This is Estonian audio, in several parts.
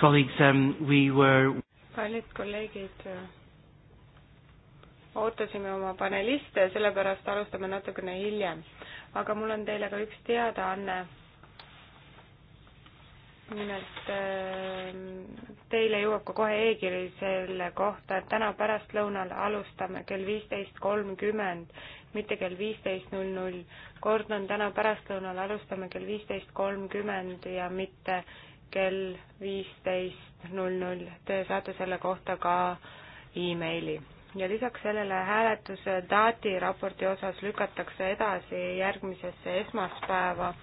Colleagues, um, we were... kallid kolleegid, ootasime oma paneliste, sellepärast alustame natukene hiljem. aga mul on teile ka üks teadaanne. nimelt ähm, teile jõuab ka kohe e-kiri selle kohta, et täna pärastlõunal alustame kell viisteist kolmkümmend, mitte kell viisteist null null. kordan, täna pärastlõunal alustame kell viisteist kolmkümmend ja mitte kell viisteist null null. Te saate selle kohta ka emaili. ja lisaks sellele hääletuse daati raporti osas lükatakse edasi järgmisesse esmaspäeva.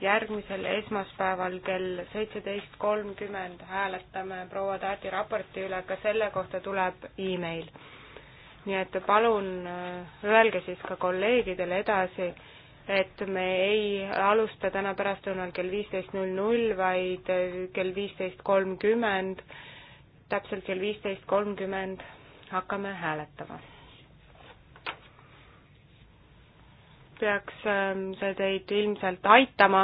järgmisel esmaspäeval kell seitseteist kolmkümmend hääletame proua Daati raporti üle, ka selle kohta tuleb email. nii et palun äh, öelge siis ka kolleegidele edasi et me ei alusta täna pärastlõunal kell viisteist null null, vaid kell viisteist kolmkümmend, täpselt kell viisteist kolmkümmend hakkame hääletama. peaks ähm, see teid ilmselt aitama,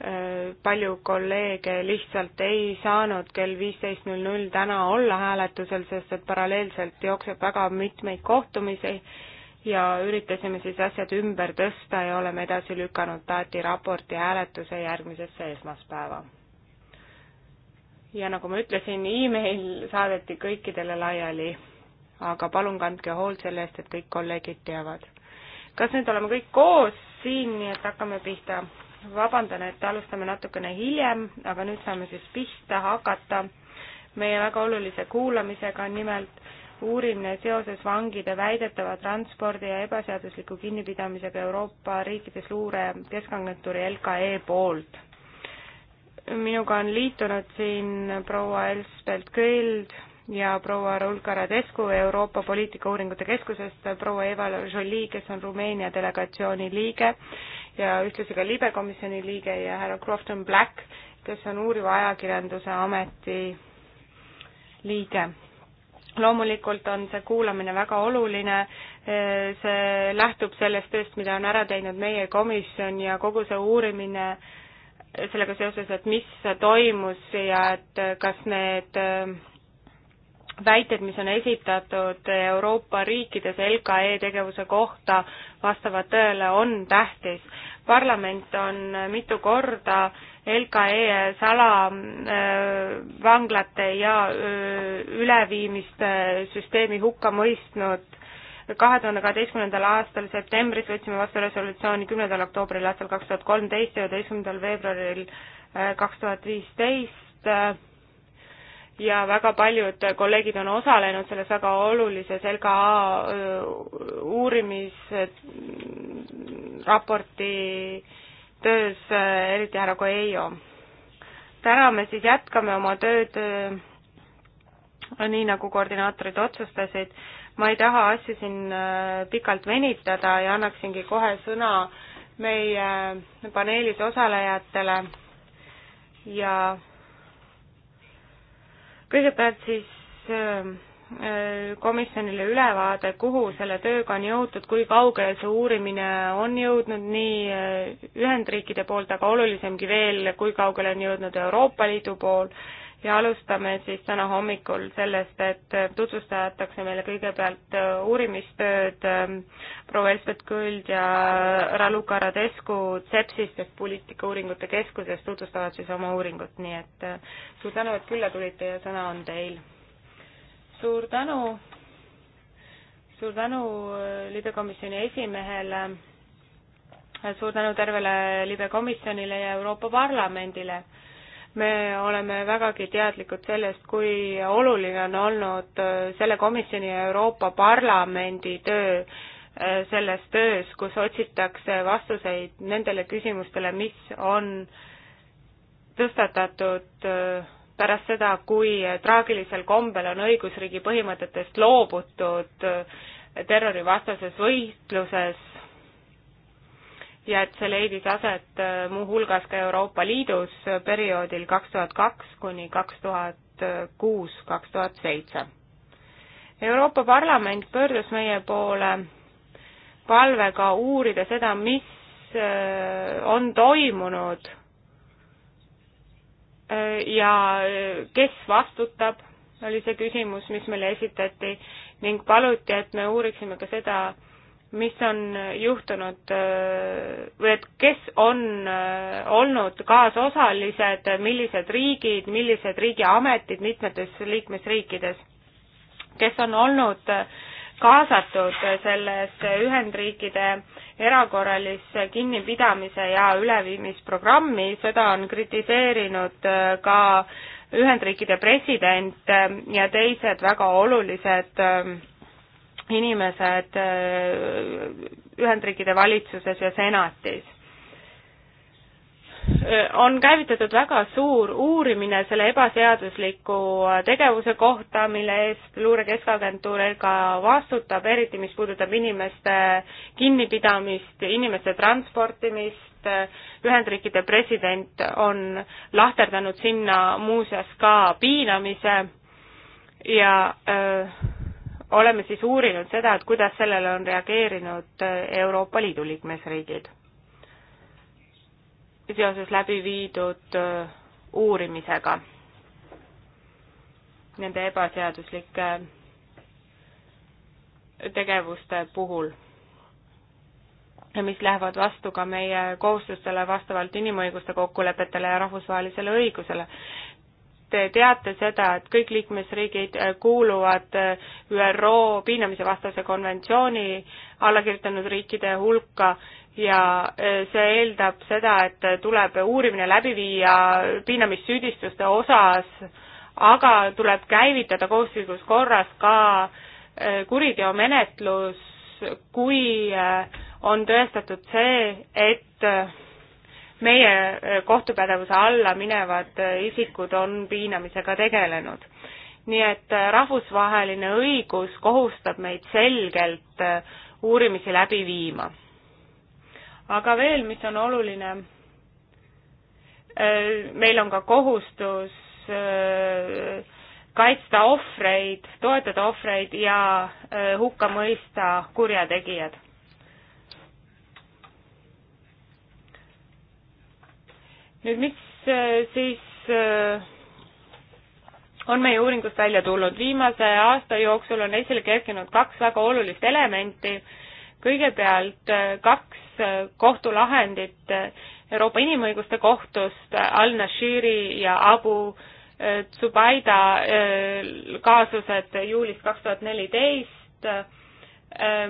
äh, palju kolleege lihtsalt ei saanud kell viisteist null null täna olla hääletusel, sest et paralleelselt jookseb väga mitmeid kohtumisi ja üritasime siis asjad ümber tõsta ja oleme edasi lükanud Taati raporti hääletuse järgmisesse esmaspäeva. ja nagu ma ütlesin e, email saadeti kõikidele laiali, aga palun kandke hoolt selle eest, et kõik kolleegid teavad. kas nüüd oleme kõik koos siin, nii et hakkame pihta? vabandan, et alustame natukene hiljem, aga nüüd saame siis pihta hakata meie väga olulise kuulamisega, nimelt uurimine seoses vangide väidetava transpordi ja ebaseadusliku kinnipidamisega Euroopa riikides luure keskagentuuri LKE poolt. minuga on liitunud siin proua Elspelt Köild ja proua Raul Karadescu Euroopa Poliitikauuringute Keskusest, proua Eva Jolie, kes on Rumeenia delegatsiooni liige ja ühtlasi ka libekomisjoni liige ja härra Crofton Black, kes on uuriva ajakirjanduse ameti liige loomulikult on see kuulamine väga oluline, see lähtub sellest tööst, mida on ära teinud meie komisjon ja kogu see uurimine sellega seoses, et mis toimus ja et kas need äh, väited, mis on esitatud Euroopa riikides LKE tegevuse kohta, vastavad tõele, on tähtis. parlament on mitu korda äh, LKE salavanglate ja üleviimiste süsteemi hukka mõistnud. kahe tuhande kaheteistkümnendal aastal septembris võtsime vastu resolutsiooni kümnendal oktoobril aastal kaks tuhat kolmteist ja üheteistkümnendal veebruaril kaks tuhat viisteist ja väga paljud kolleegid on osalenud selles väga olulises LKA uurimisraporti töös, eriti härra Coelho. täna me siis jätkame oma tööd äh, nii, nagu koordinaatorid otsustasid. ma ei taha asju siin äh, pikalt venitada ja annaksingi kohe sõna meie äh, paneelis osalejatele ja kõigepealt siis komisjonile ülevaade, kuhu selle tööga on jõutud, kui kaugele see uurimine on jõudnud nii äh, Ühendriikide poolt, aga olulisemgi veel, kui kaugele on jõudnud Euroopa Liidu pool ja alustame siis täna hommikul sellest, et äh, tutvustatakse meile kõigepealt äh, uurimistööd ähm, proua Elspet Kõld ja Raluka Radescu CEPSist ehk poliitika uuringute keskusest tutvustavad siis oma uuringut, nii et suur tänu, et külla tulite ja sõna on teil suur tänu, suur tänu äh, libekomisjoni esimehele, suur tänu tervele libekomisjonile ja Euroopa Parlamendile. me oleme vägagi teadlikud sellest, kui oluline on olnud äh, selle komisjoni ja Euroopa Parlamendi töö äh, selles töös, kus otsitakse vastuseid nendele küsimustele, mis on tõstatatud pärast seda, kui traagilisel kombel on õigusriigi põhimõtetest loobutud äh, terrorivastases võitluses ja et see leidis aset äh, muuhulgas ka Euroopa Liidus äh, perioodil kaks tuhat kaks kuni kaks tuhat kuus, kaks tuhat seitse. Euroopa Parlament pöördus meie poole palvega uurida seda, mis on toimunud ja kes vastutab, oli see küsimus, mis meile esitati ning paluti, et me uuriksime ka seda, mis on juhtunud või et kes on äh, olnud kaasosalised, millised riigid, millised riigiametid mitmetes liikmesriikides, kes on olnud äh, kaasatud äh, selles Ühendriikide erakorralise kinnipidamise ja üleviimisprogrammi, seda on kritiseerinud äh, ka Ühendriikide president äh, ja teised väga olulised äh, inimesed Ühendriikide valitsuses ja senatis Äh, on käivitatud väga suur uurimine selle ebaseadusliku äh, tegevuse kohta, mille eest Luure Keskagentuur ka vastutab, eriti mis puudutab inimeste kinnipidamist, inimeste transportimist, äh, Ühendriikide president on lahterdanud sinna muuseas ka piinamise ja öö, oleme siis uurinud seda, et kuidas sellele on reageerinud Euroopa Liidu liikmesriigid seoses läbi viidud äh, uurimisega, nende ebaseaduslike tegevuste puhul ja mis lähevad vastu ka meie kohustustele vastavalt inimõiguste kokkulepetele ja rahvusvahelisele õigusele. Te teate seda, et kõik liikmesriigid äh, kuuluvad äh, ÜRO piinamise vastase konventsiooni alla kirjutanud riikide hulka ja e, see eeldab seda, et tuleb uurimine läbi viia piinamissüüdistuste osas, aga tuleb käivitada kohustuslikus korras ka e, kuriteomenetlus, kui e, on tõestatud see, et meie kohtupädevuse alla minevad isikud on piinamisega tegelenud. nii et rahvusvaheline õigus kohustab meid selgelt uurimisi läbi viima aga veel, mis on oluline, äh, meil on ka kohustus äh, kaitsta ohvreid, toetada ohvreid ja äh, hukka mõista kurjategijad. nüüd, mis siis on meie uuringust välja tulnud. viimase aasta jooksul on esile kerkinud kaks väga olulist elementi kõigepealt äh, kaks äh, kohtulahendit äh, Euroopa Inimõiguste Kohtust, Al-Nashiri ja Abu Zubaida kaasused juulis kaks tuhat neliteist,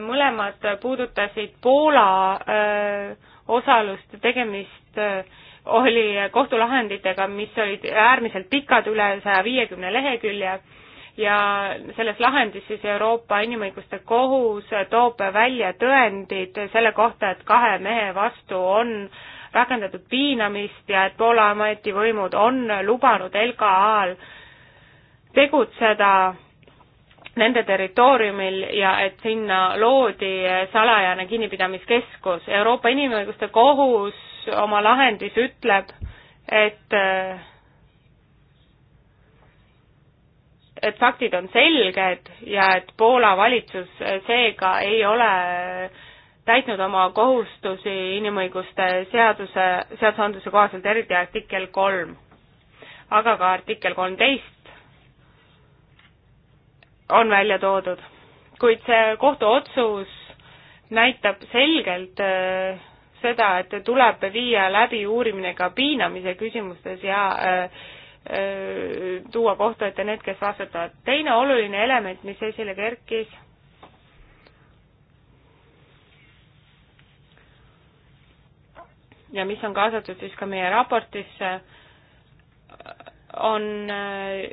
mõlemad puudutasid Poola osalust, tegemist oli kohtulahenditega, mis olid äärmiselt pikad, üle saja viiekümne lehekülje ja selles lahendis siis Euroopa Inimõiguste Kohus toob välja tõendid selle kohta, et kahe mehe vastu on rakendatud piinamist ja et Poola ametivõimud on lubanud LKA-l tegutseda nende territooriumil ja et sinna loodi salajane kinnipidamiskeskus. Euroopa Inimõiguste Kohus oma lahendis ütleb, et äh, et faktid on selged ja et Poola valitsus seega ei ole täitnud oma kohustusi inimõiguste seaduse, seadusandluse kohaselt, eriti artikkel kolm, aga ka artikkel kolmteist on välja toodud. kuid see kohtuotsus näitab selgelt äh, seda, et tuleb viia läbi uurimine ka piinamise küsimustes ja äh, Äh, tuua kohtu ette need, kes vastutavad. teine oluline element, mis esile kerkis, ja mis on kaasatud siis ka meie raportisse, on äh,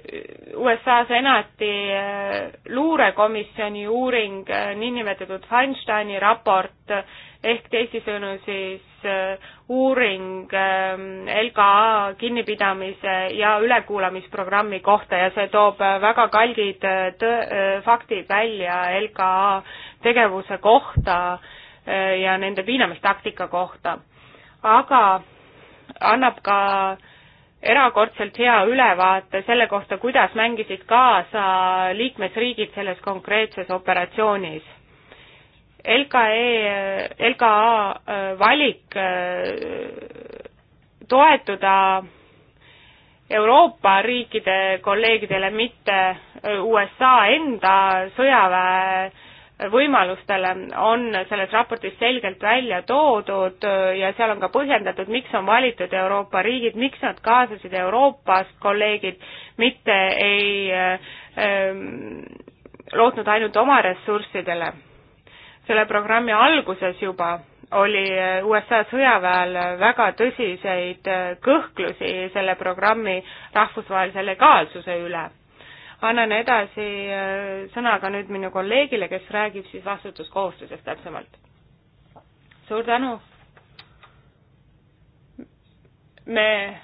USA senati äh, luurekomisjoni uuring, niinimetatud Feinsteini raport, ehk teisisõnu siis Äh, uuring ähm, LKA kinnipidamise ja ülekuulamisprogrammi kohta ja see toob äh, väga kalgid äh, tõ-, faktid välja LKA tegevuse kohta ja nende piinamistaktika kohta. aga annab ka erakordselt hea ülevaate selle kohta, kuidas mängisid kaasa liikmesriigid selles konkreetses operatsioonis LKE, LKA äh, valik äh, toetuda Euroopa riikide kolleegidele, mitte äh, USA enda sõjaväe võimalustele, on selles raportis selgelt välja toodud ja seal on ka põhjendatud, miks on valitud Euroopa riigid, miks nad kaasasid Euroopast kolleegid, mitte ei ähm, lootnud ainult oma ressurssidele selle programmi alguses juba oli USA sõjaväel väga tõsiseid kõhklusi selle programmi rahvusvahelise legaalsuse üle. annan edasi äh, sõna ka nüüd minu kolleegile, kes räägib siis vastutuskohustusest täpsemalt. suur tänu! me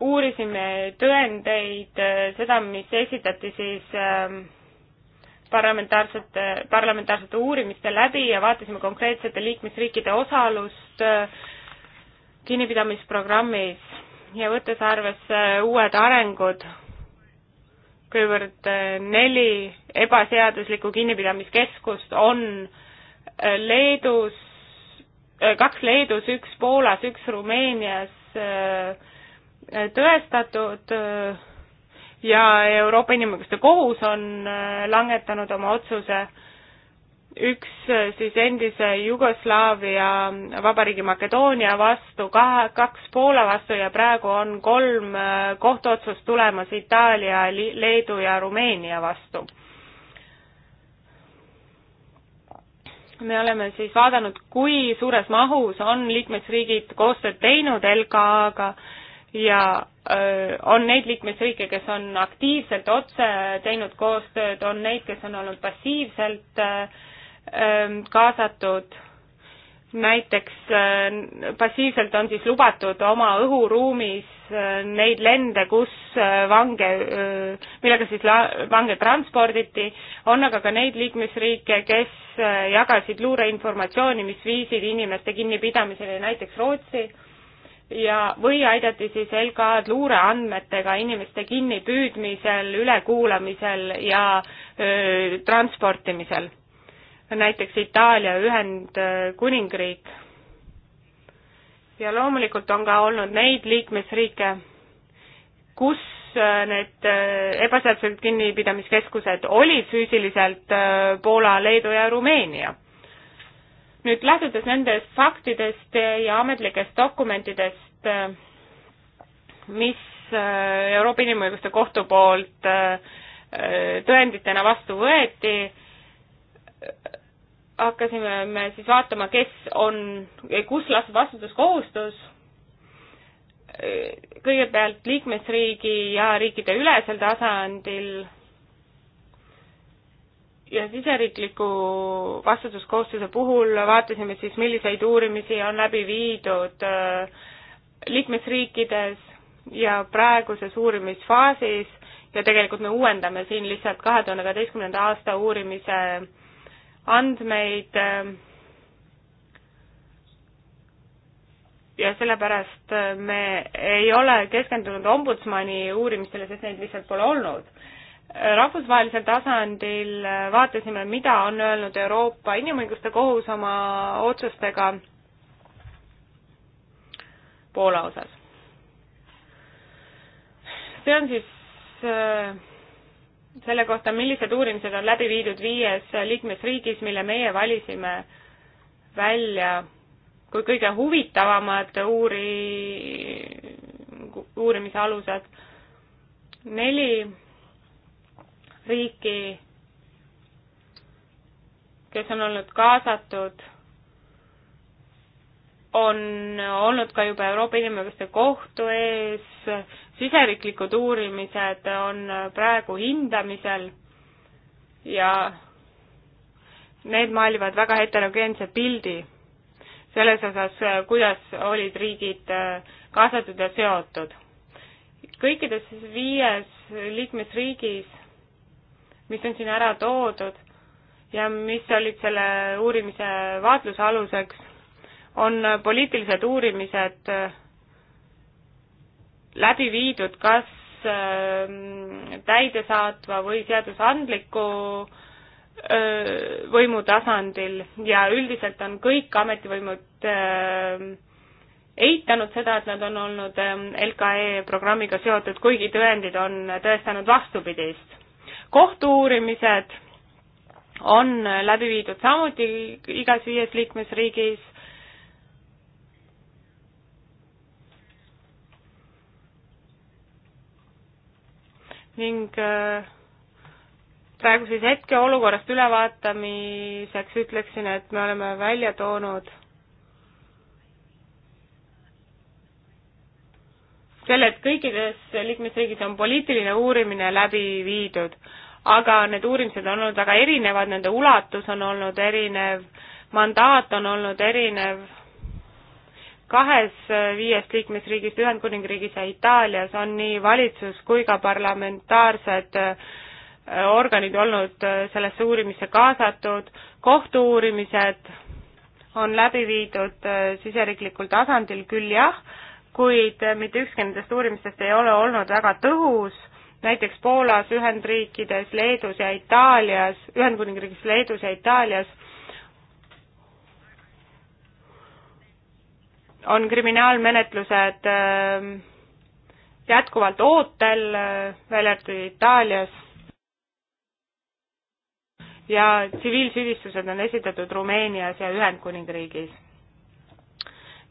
uurisime tõendeid, äh, seda, mis esitati siis äh, parlamentaarsete, parlamentaarsete uurimiste läbi ja vaatasime konkreetsete liikmesriikide osalust äh, kinnipidamisprogrammis ja võttes arvesse uued arengud, kuivõrd äh, neli ebaseaduslikku kinnipidamiskeskust on äh, Leedus, kaks Leedus, üks Poolas, üks Rumeenias tõestatud ja Euroopa Inimõiguste Kohus on äh, langetanud oma otsuse üks äh, siis endise Jugoslaavia vabariigi Makedoonia vastu, kahe, kaks Poola vastu ja praegu on kolm äh, kohtuotsust tulemas Itaalia, Leedu ja Rumeenia vastu. me oleme siis vaadanud, kui suures mahus on liikmesriigid koostööd teinud LKA-ga ja öö, on neid liikmesriike, kes on aktiivselt otse teinud koostööd, on neid, kes on olnud passiivselt öö, kaasatud, näiteks öö, passiivselt on siis lubatud oma õhuruumis öö, neid lende, kus öö, vange, millega siis la-, vange transporditi, on aga ka neid liikmesriike, kes öö, jagasid luureinformatsiooni, mis viisid inimeste kinnipidamiseni, näiteks Rootsi öö, ja, või aidati siis LKA-d luureandmetega inimeste kinnipüüdmisel, ülekuulamisel ja öö, transportimisel. näiteks Itaalia, Ühendkuningriik. ja loomulikult on ka olnud neid liikmesriike, kus need ebaseaduslikud kinnipidamiskeskused olid füüsiliselt Poola, Leedu ja Rumeenia nüüd lähtudes nendest faktidest ja ametlikest dokumentidest, mis äh, Euroopa Inimõiguste Kohtu poolt äh, tõenditena vastu võeti, hakkasime me siis vaatama, kes on, kus lasub vastutuskohustus, kõigepealt liikmesriigi ja riikide ülesel tasandil ja siseriikliku vastutuskohustuse puhul vaatasime siis, milliseid uurimisi on läbi viidud äh, liikmesriikides ja praeguses uurimisfaasis ja tegelikult me uuendame siin lihtsalt kahe tuhande kaheteistkümnenda aasta uurimise andmeid äh, ja sellepärast äh, me ei ole keskendunud ombudsmani uurimistele, sest neid lihtsalt pole olnud rahvusvahelisel tasandil vaatasime, mida on öelnud Euroopa Inimõiguste Kohus oma otsustega Poola osas. see on siis äh, selle kohta, millised uurimised on läbi viidud viies liikmesriigis, mille meie valisime välja kui kõige huvitavamad uuri-, uurimise alused. neli riiki, kes on olnud kaasatud, on olnud ka juba Euroopa Inimõiguste Kohtu ees, siseriiklikud uurimised on praegu hindamisel ja need maalivad väga heterogeense pildi selles osas, kuidas olid riigid kaasatud ja seotud kõikides viies liikmesriigis mis on siin ära toodud ja mis olid selle uurimise vaatluse aluseks, on poliitilised uurimised äh, läbi viidud kas ähm, täidesaatva või seadusandliku äh, võimu tasandil ja üldiselt on kõik ametivõimud ähm, eitanud seda, et nad on olnud ähm, LKE programmiga seotud, kuigi tõendid on tõestanud vastupidist kohtu-uurimised on läbi viidud samuti igas viies liikmesriigis. ning äh, praegu siis hetkeolukorrast ülevaatamiseks ütleksin, et me oleme välja toonud selle, et kõikides liikmesriigis on poliitiline uurimine läbi viidud, aga need uurimised on olnud väga erinevad, nende ulatus on olnud erinev, mandaat on olnud erinev, kahes viiest liikmesriigist, Ühendkuningriigis ja Itaalias on nii valitsus kui ka parlamentaarsed äh, organid olnud äh, sellesse uurimisse kaasatud, kohtu-uurimised on läbi viidud äh, siseriiklikul tasandil küll jah, kuid mitte ükski nendest uurimistest ei ole olnud väga tõhus, näiteks Poolas, Ühendriikides, Leedus ja Itaalias, Ühendkuningriigis, Leedus ja Itaalias on kriminaalmenetlused ähm, jätkuvalt ootel, äh, välja arvatud Itaalias, ja tsiviilsüüdistused on esitatud Rumeenias ja Ühendkuningriigis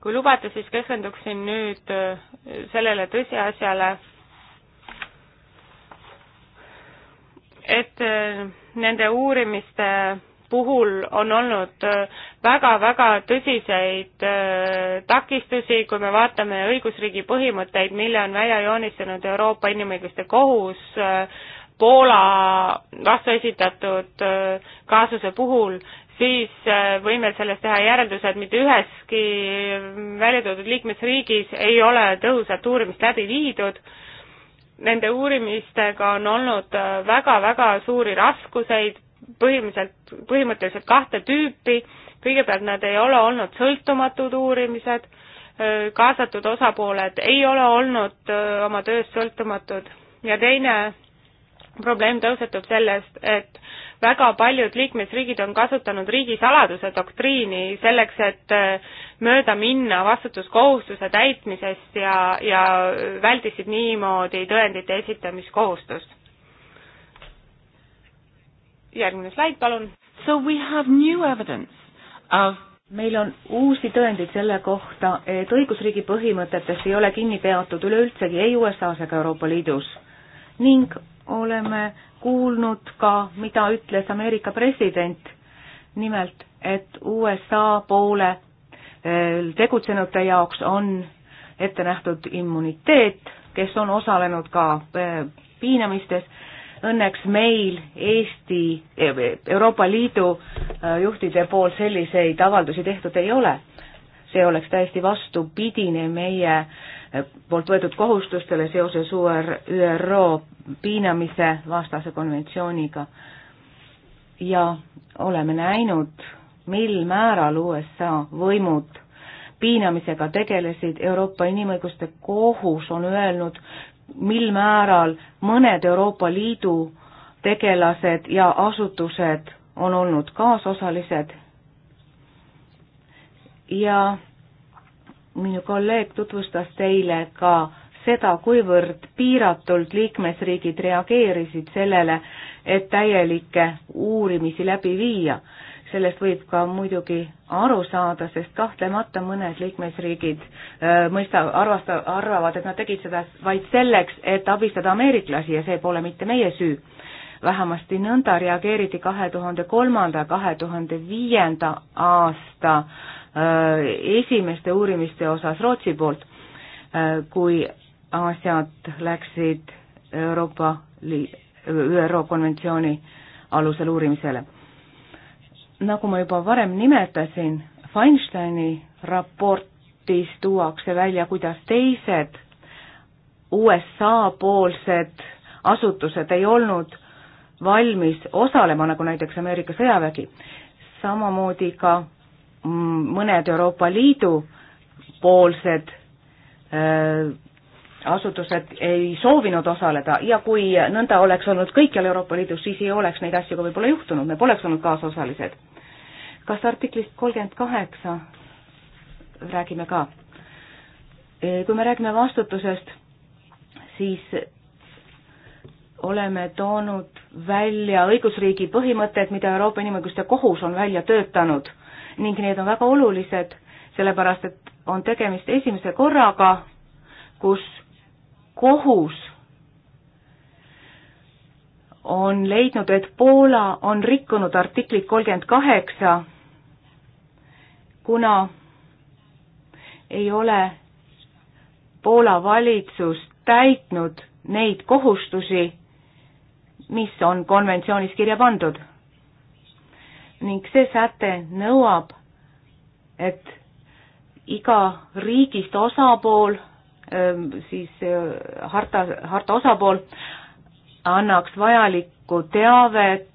kui lubate, siis keskenduksin nüüd äh, sellele tõsiasjale, et äh, nende uurimiste puhul on olnud väga-väga äh, tõsiseid takistusi, kui me vaatame õigusriigi põhimõtteid, mille on välja joonistanud Euroopa Inimõiguste Kohus Poola vastu esitatud kaasuse puhul siis äh, võime sellest teha järelduse, et mitte üheski välja toodud liikmesriigis ei ole tõhusat uurimist läbi viidud. Nende uurimistega on olnud väga-väga äh, suuri raskuseid, põhimõtteliselt, põhimõtteliselt kahte tüüpi. kõigepealt nad ei ole olnud sõltumatud uurimised, äh, kaasatud osapooled ei ole olnud oma tööst sõltumatud ja teine probleem tõusetub sellest, et väga paljud liikmesriigid on kasutanud riigisaladuse doktriini selleks, et äh, mööda minna vastutuskohustuse täitmisest ja, ja väldisid niimoodi tõendite esitamiskohustust. järgmine slaid, palun. So we have new evidence of meil on uusi tõendeid selle kohta, et õigusriigi põhimõtetest ei ole kinni peatud üleüldsegi ei USA-s ega Euroopa Liidus ning oleme kuulnud ka, mida ütles Ameerika president, nimelt, et USA poole eh, tegutsenute jaoks on ette nähtud immuniteet, kes on osalenud ka eh, piinamistes, õnneks meil Eesti, eh, Euroopa Liidu juhtide poolt selliseid avaldusi tehtud ei ole see oleks täiesti vastupidine meie eh, poolt võetud kohustustele seoses ÜRO piinamise vastase konventsiooniga. ja oleme näinud, mil määral USA võimud piinamisega tegelesid, Euroopa Inimõiguste Kohus on öelnud, mil määral mõned Euroopa Liidu tegelased ja asutused on olnud kaasosalised ja minu kolleeg tutvustas teile ka seda, kuivõrd piiratult liikmesriigid reageerisid sellele, et täielikke uurimisi läbi viia. sellest võib ka muidugi aru saada, sest kahtlemata mõned liikmesriigid öö, äh, mõista, arvasta, arvavad, et nad tegid seda vaid selleks, et abistada ameeriklasi ja see pole mitte meie süü. vähemasti nõnda reageeriti kahe tuhande kolmanda, kahe tuhande viienda aasta öö, Äh, esimeste uurimiste osas Rootsi poolt, äh, kui asjad läksid Euroopa ÜRO konventsiooni alusel uurimisele. nagu ma juba varem nimetasin, Feinsteini raportis tuuakse välja, kuidas teised USA-poolsed asutused ei olnud valmis osalema, nagu näiteks Ameerika sõjavägi, samamoodi ka mõned Euroopa Liidu poolsed äh, asutused ei soovinud osaleda ja kui nõnda oleks olnud kõikjal Euroopa Liidus, siis ei oleks neid asju ka võib-olla juhtunud, me poleks olnud kaasosalised. kas artiklist kolmkümmend kaheksa räägime ka? kui me räägime vastutusest, siis oleme toonud välja õigusriigi põhimõtted, mida Euroopa Inimõiguste Kohus on välja töötanud ning need on väga olulised, sellepärast et on tegemist esimese korraga, kus kohus on leidnud, et Poola on rikkunud artiklit kolmkümmend kaheksa, kuna ei ole Poola valitsus täitnud neid kohustusi, mis on konventsioonis kirja pandud ning see säte nõuab, et iga riigist osapool, ähm, siis äh, harta, harta osapool annaks vajalikku teavet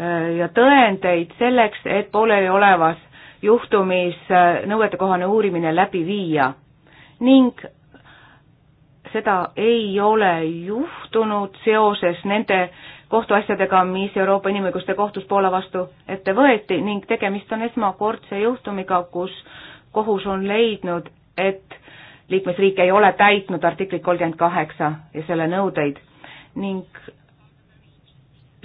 äh, ja tõendeid selleks, et pooleliolevas juhtumis äh, nõuetekohane uurimine läbi viia ning seda ei ole juhtunud seoses nende kohtuasjadega, mis Euroopa Inimõiguste Kohtus Poola vastu ette võeti ning tegemist on esmakordse juhtumiga, kus kohus on leidnud, et liikmesriik ei ole täitnud artiklit kolmkümmend kaheksa ja selle nõudeid ning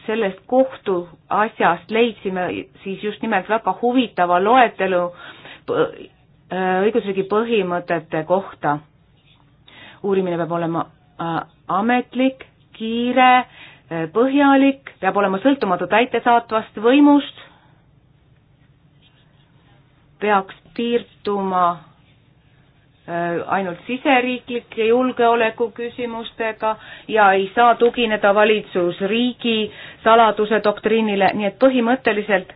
sellest kohtuasjast leidsime siis just nimelt väga huvitava loetelu äh, õigusriigi põhimõtete kohta. uurimine peab olema äh, ametlik, kiire Äh, põhjalik, peab olema sõltumatu täitesaatvast võimust, peaks piirduma äh, ainult siseriiklike julgeoleku küsimustega ja ei saa tugineda valitsusriigi saladuse doktriinile, nii et põhimõtteliselt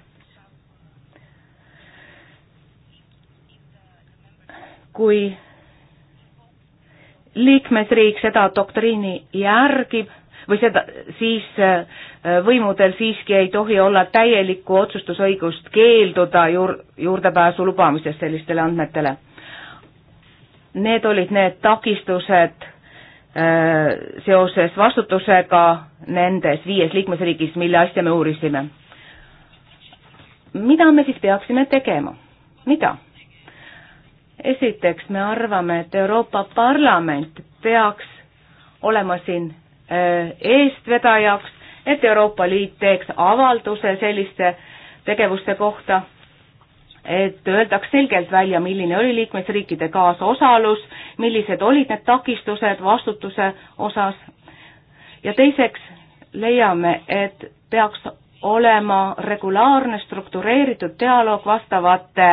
kui liikmesriik seda doktriini järgib, või seda, siis äh, võimudel siiski ei tohi olla täielikku otsustusõigust keelduda juur, juurdepääsu lubamisest sellistele andmetele. Need olid need takistused äh, seoses vastutusega nendes viies liikmesriigis, mille asja me uurisime. mida me siis peaksime tegema? mida? esiteks me arvame, et Euroopa Parlament peaks olema siin Äh, eestvedajaks, et Euroopa Liit teeks avalduse selliste tegevuste kohta, et öeldaks selgelt välja, milline oli liikmesriikide kaasosalus, millised olid need takistused vastutuse osas ja teiseks leiame, et peaks olema regulaarne struktureeritud dialoog vastavate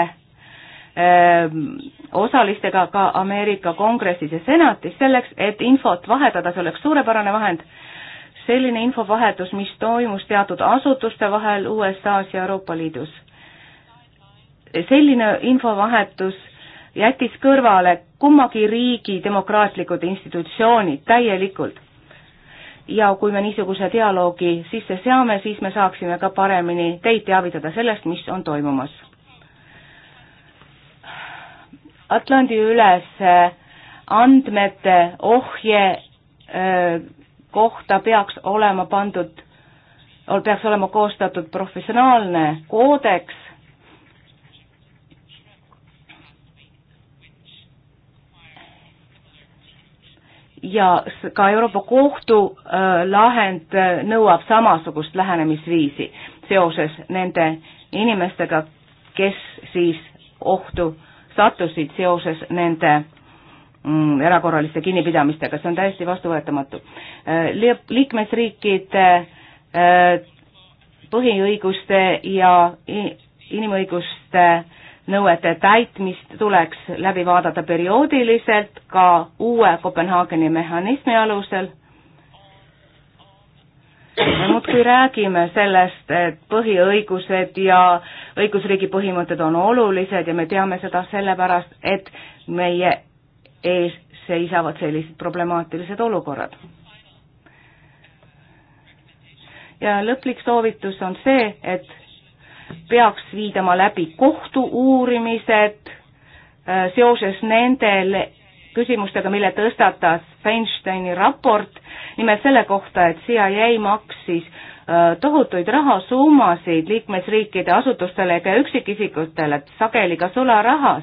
Ähm, osalistega ka Ameerika Kongressis ja Senatis selleks, et infot vahetada, see oleks suurepärane vahend. selline infovahetus, mis toimus teatud asutuste vahel USA-s ja Euroopa Liidus. selline infovahetus jättis kõrvale kummagi riigi demokraatlikud institutsioonid täielikult. ja kui me niisuguse dialoogi sisse seame, siis me saaksime ka paremini teid teavitada sellest, mis on toimumas Atlandi-ülese andmete ohje öö, kohta peaks olema pandud, peaks olema koostatud professionaalne koodeks, ja ka Euroopa Kohtu lahend nõuab samasugust lähenemisviisi seoses nende inimestega, kes siis ohtu sattusid seoses nende mm, erakorraliste kinnipidamistega, see on täiesti vastuvõetamatu. Äh, liikmesriikide äh, põhiõiguste ja inimõiguste nõuete täitmist tuleks läbi vaadata perioodiliselt ka uue Kopenhaageni mehhanismi alusel me muudkui räägime sellest, et põhiõigused ja õigusriigi põhimõtted on olulised ja me teame seda sellepärast, et meie ees seisavad sellised problemaatilised olukorrad. ja lõplik soovitus on see, et peaks viidama läbi kohtu-uurimised äh, seoses nendele küsimustega, mille tõstatas Feinsteini raport, nimelt selle kohta, et CIA maksis äh, tohutuid rahasummasid liikmesriikide asutustele ega üksikisikutele, sageli ka sularahas,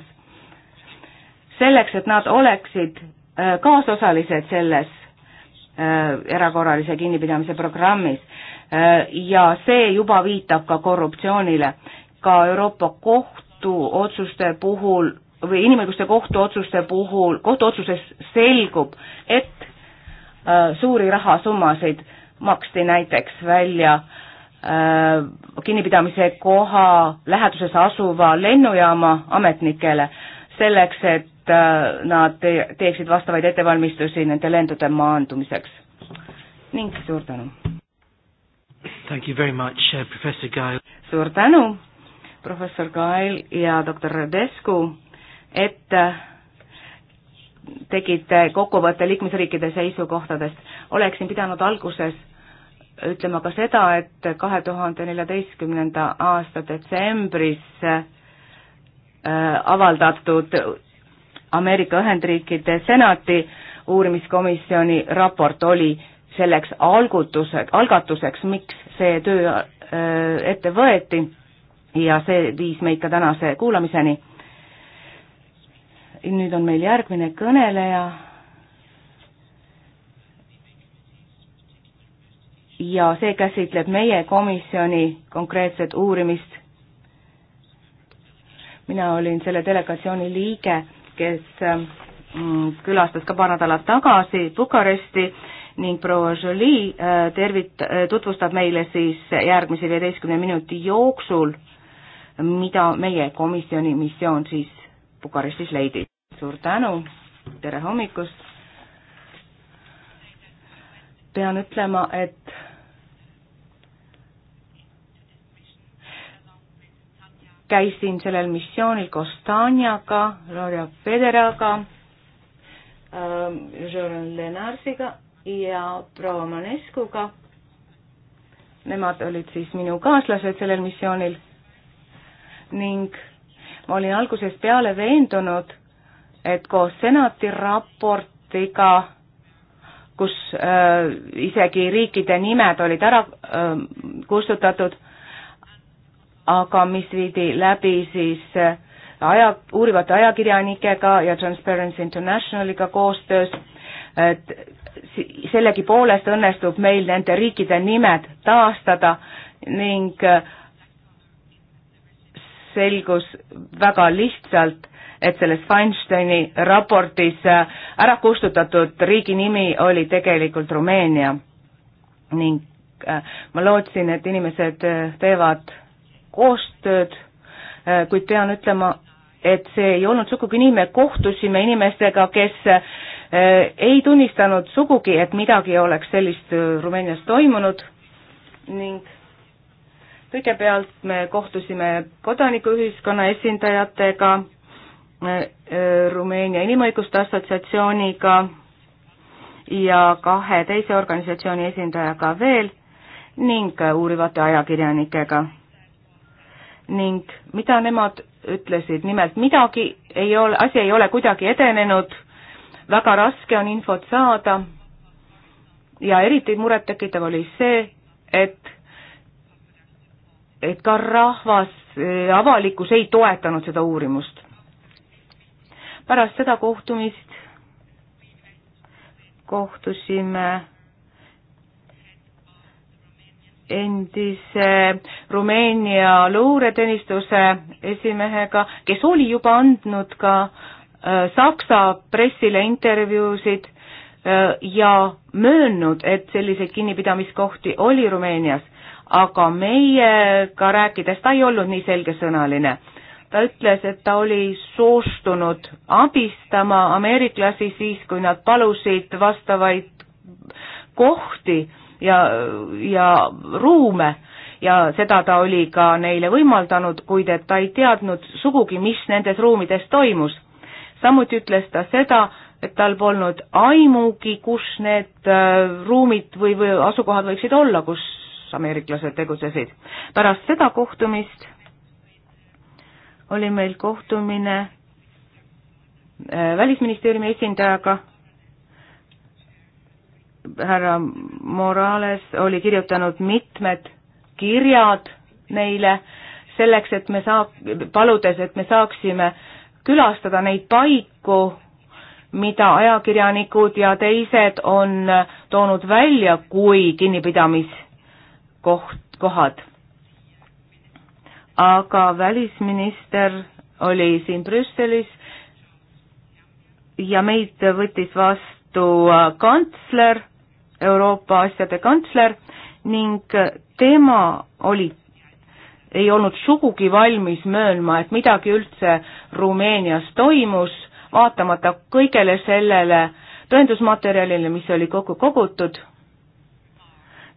selleks, et nad oleksid äh, kaasosalised selles äh, erakorralise kinnipidamise programmis. ja see juba viitab ka korruptsioonile. ka Euroopa Kohtu otsuste puhul või inimõiguste kohtuotsuste puhul, kohtuotsuses selgub, et äh, suuri rahasummasid maksti näiteks välja äh, kinnipidamise koha läheduses asuva lennujaama ametnikele selleks, et äh, nad te teeksid vastavaid ettevalmistusi nende lendude maandumiseks. ning suur tänu! Thank you very much, uh, Professor Gail. suur tänu, professor Gail ja doktor Redescu et tegite kokkuvõtte liikmesriikide seisukohtadest. oleksin pidanud alguses ütlema ka seda, et kahe tuhande neljateistkümnenda aasta detsembris äh, avaldatud Ameerika Ühendriikide senati uurimiskomisjoni raport oli selleks algutuseks, algatuseks, miks see töö äh, ette võeti ja see viis meid ka tänase kuulamiseni nüüd on meil järgmine kõneleja. ja see käsitleb meie komisjoni konkreetset uurimist. mina olin selle delegatsiooni liige, kes ähm, külastas ka paar nädalat tagasi Bukaresti ning proua Jolie äh, tervit-, äh, tutvustab meile siis järgmise viieteistkümne minuti jooksul, mida meie komisjoni missioon siis Bukarestis leidis suur tänu, tere hommikust! pean ütlema, et käisin sellel missioonil koos Tanjaga, Gloria Federaga ähm,, Jean Lenarsiga ja proua Manescuga. Nemad olid siis minu kaaslased sellel missioonil ning ma olin algusest peale veendunud, et koos senati raportiga, kus äh, isegi riikide nimed olid ära äh, kustutatud, aga mis viidi läbi siis äh, aja, uurivate ajakirjanikega ja Transparency Internationaliga koostöös, et sellegipoolest õnnestub meil nende riikide nimed taastada ning äh, selgus väga lihtsalt, et selles Feinsteini raportis äh, ära kustutatud riigi nimi oli tegelikult Rumeenia ning äh, ma lootsin, et inimesed äh, teevad koostööd, kuid pean ütlema, et see ei olnud sugugi nii, me kohtusime inimestega, kes ei tunnistanud sugugi, et midagi oleks sellist Rumeenias toimunud ning kõigepealt me kohtusime kodanikuühiskonna esindajatega, Äh, äh, Rumeenia Inimõiguste Assotsiatsiooniga ja kahe teise organisatsiooni esindajaga veel ning äh, uurivate ajakirjanikega. ning mida nemad ütlesid, nimelt midagi ei ole, asi ei ole kuidagi edenenud, väga raske on infot saada ja eriti murettekitav oli see, et et ka rahvas, avalikkus ei toetanud seda uurimust pärast seda kohtumist kohtusime endise Rumeenia luureteenistuse esimehega, kes oli juba andnud ka äh, Saksa pressile intervjuusid äh, ja möönnud, et selliseid kinnipidamiskohti oli Rumeenias, aga meiega rääkides ta ei olnud nii selgesõnaline ta ütles, et ta oli soostunud abistama ameeriklasi siis, kui nad palusid vastavaid kohti ja, ja ruume ja seda ta oli ka neile võimaldanud, kuid et ta ei teadnud sugugi, mis nendes ruumides toimus. samuti ütles ta seda, et tal polnud aimugi, kus need äh, ruumid või, või asukohad võiksid olla, kus ameeriklased tegutsesid. pärast seda kohtumist oli meil kohtumine äh, välisministeeriumi esindajaga, härra Morales oli kirjutanud mitmed kirjad neile selleks, et me saa-, paludes, et me saaksime külastada neid paiku, mida ajakirjanikud ja teised on toonud välja kui kinnipidamiskoht, kohad aga välisminister oli siin Brüsselis ja meid võttis vastu äh, kantsler, Euroopa asjade kantsler ning äh, tema oli, ei olnud sugugi valmis möönma, et midagi üldse Rumeenias toimus, vaatamata kõigele sellele tõendusmaterjalile, mis oli kokku kogutud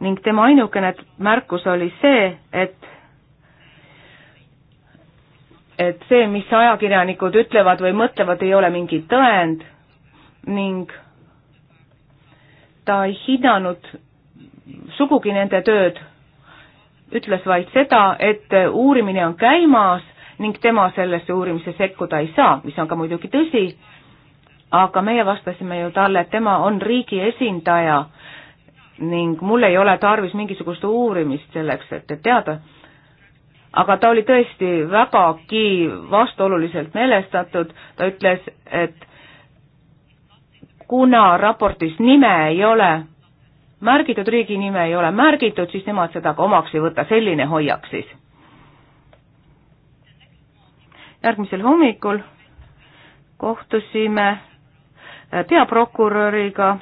ning tema ainukene märkus oli see, et et see, mis ajakirjanikud ütlevad või mõtlevad, ei ole mingi tõend ning ta ei hinnanud sugugi nende tööd, ütles vaid seda, et uurimine on käimas ning tema sellesse uurimisse sekkuda ei saa, mis on ka muidugi tõsi, aga meie vastasime ju talle, et tema on riigi esindaja ning mul ei ole tarvis mingisugust uurimist selleks, et, et teada, aga ta oli tõesti vägagi vastuoluliselt meelestatud, ta ütles, et kuna raportis nime ei ole märgitud, riigi nime ei ole märgitud, siis nemad seda ka omaks ei võta, selline hoiak siis. järgmisel hommikul kohtusime peaprokuröriga,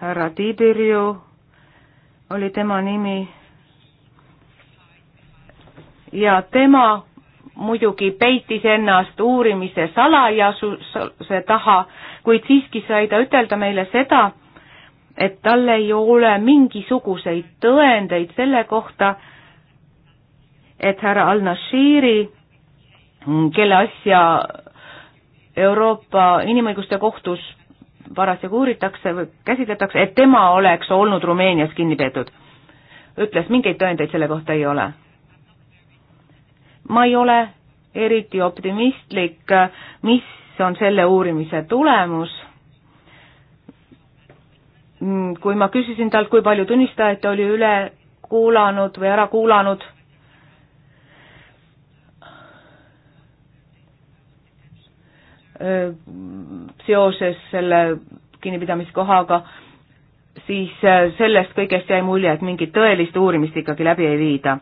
härra Tiibirju oli tema nimi ja tema muidugi peitis ennast uurimise salajasuse taha, kuid siiski sai ta ütelda meile seda, et tal ei ole mingisuguseid tõendeid selle kohta, et härra al-Nashiri, kelle asja Euroopa Inimõiguste Kohtus parasjagu uuritakse või käsitletakse, et tema oleks olnud Rumeenias kinni peetud. ütles, mingeid tõendeid selle kohta ei ole ma ei ole eriti optimistlik, mis on selle uurimise tulemus. kui ma küsisin talt, kui palju tunnistajaid ta oli üle kuulanud või ära kuulanud, seoses selle kinnipidamiskohaga, siis sellest kõigest jäi mulje, et mingit tõelist uurimist ikkagi läbi ei viida.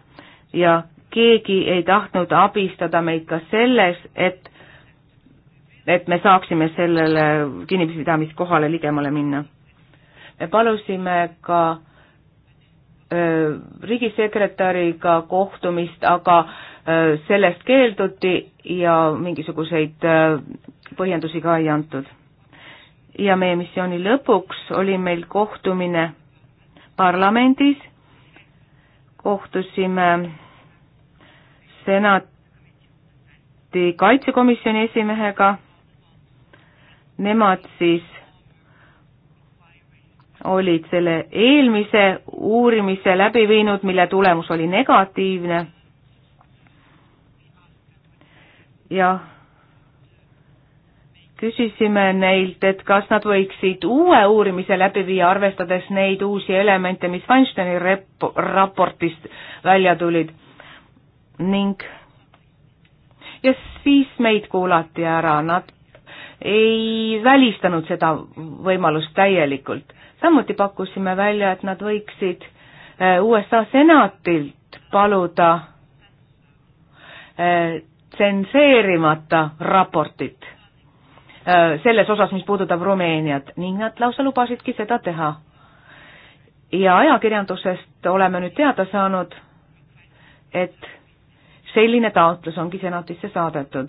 ja keegi ei tahtnud abistada meid ka selles, et, et me saaksime sellele kinnipidamiskohale ligemale minna. me palusime ka öö, riigisekretäriga kohtumist, aga öö, sellest keelduti ja mingisuguseid öö, põhjendusi ka ei antud. ja meie missiooni lõpuks oli meil kohtumine parlamendis, kohtusime senati kaitsekomisjoni esimehega. Nemad siis olid selle eelmise uurimise läbi viinud, mille tulemus oli negatiivne. jah, küsisime neilt, et kas nad võiksid uue uurimise läbi viia, arvestades neid uusi elemente, mis Weinsteini rep-, raportist välja tulid ning ja siis meid kuulati ära, nad ei välistanud seda võimalust täielikult. samuti pakkusime välja, et nad võiksid äh, USA senatilt paluda äh, tsenseerimata raportit äh, selles osas, mis puudutab Rumeeniat ning nad lausa lubasidki seda teha. ja ajakirjandusest oleme nüüd teada saanud, et selline taotlus ongi senatisse saadetud.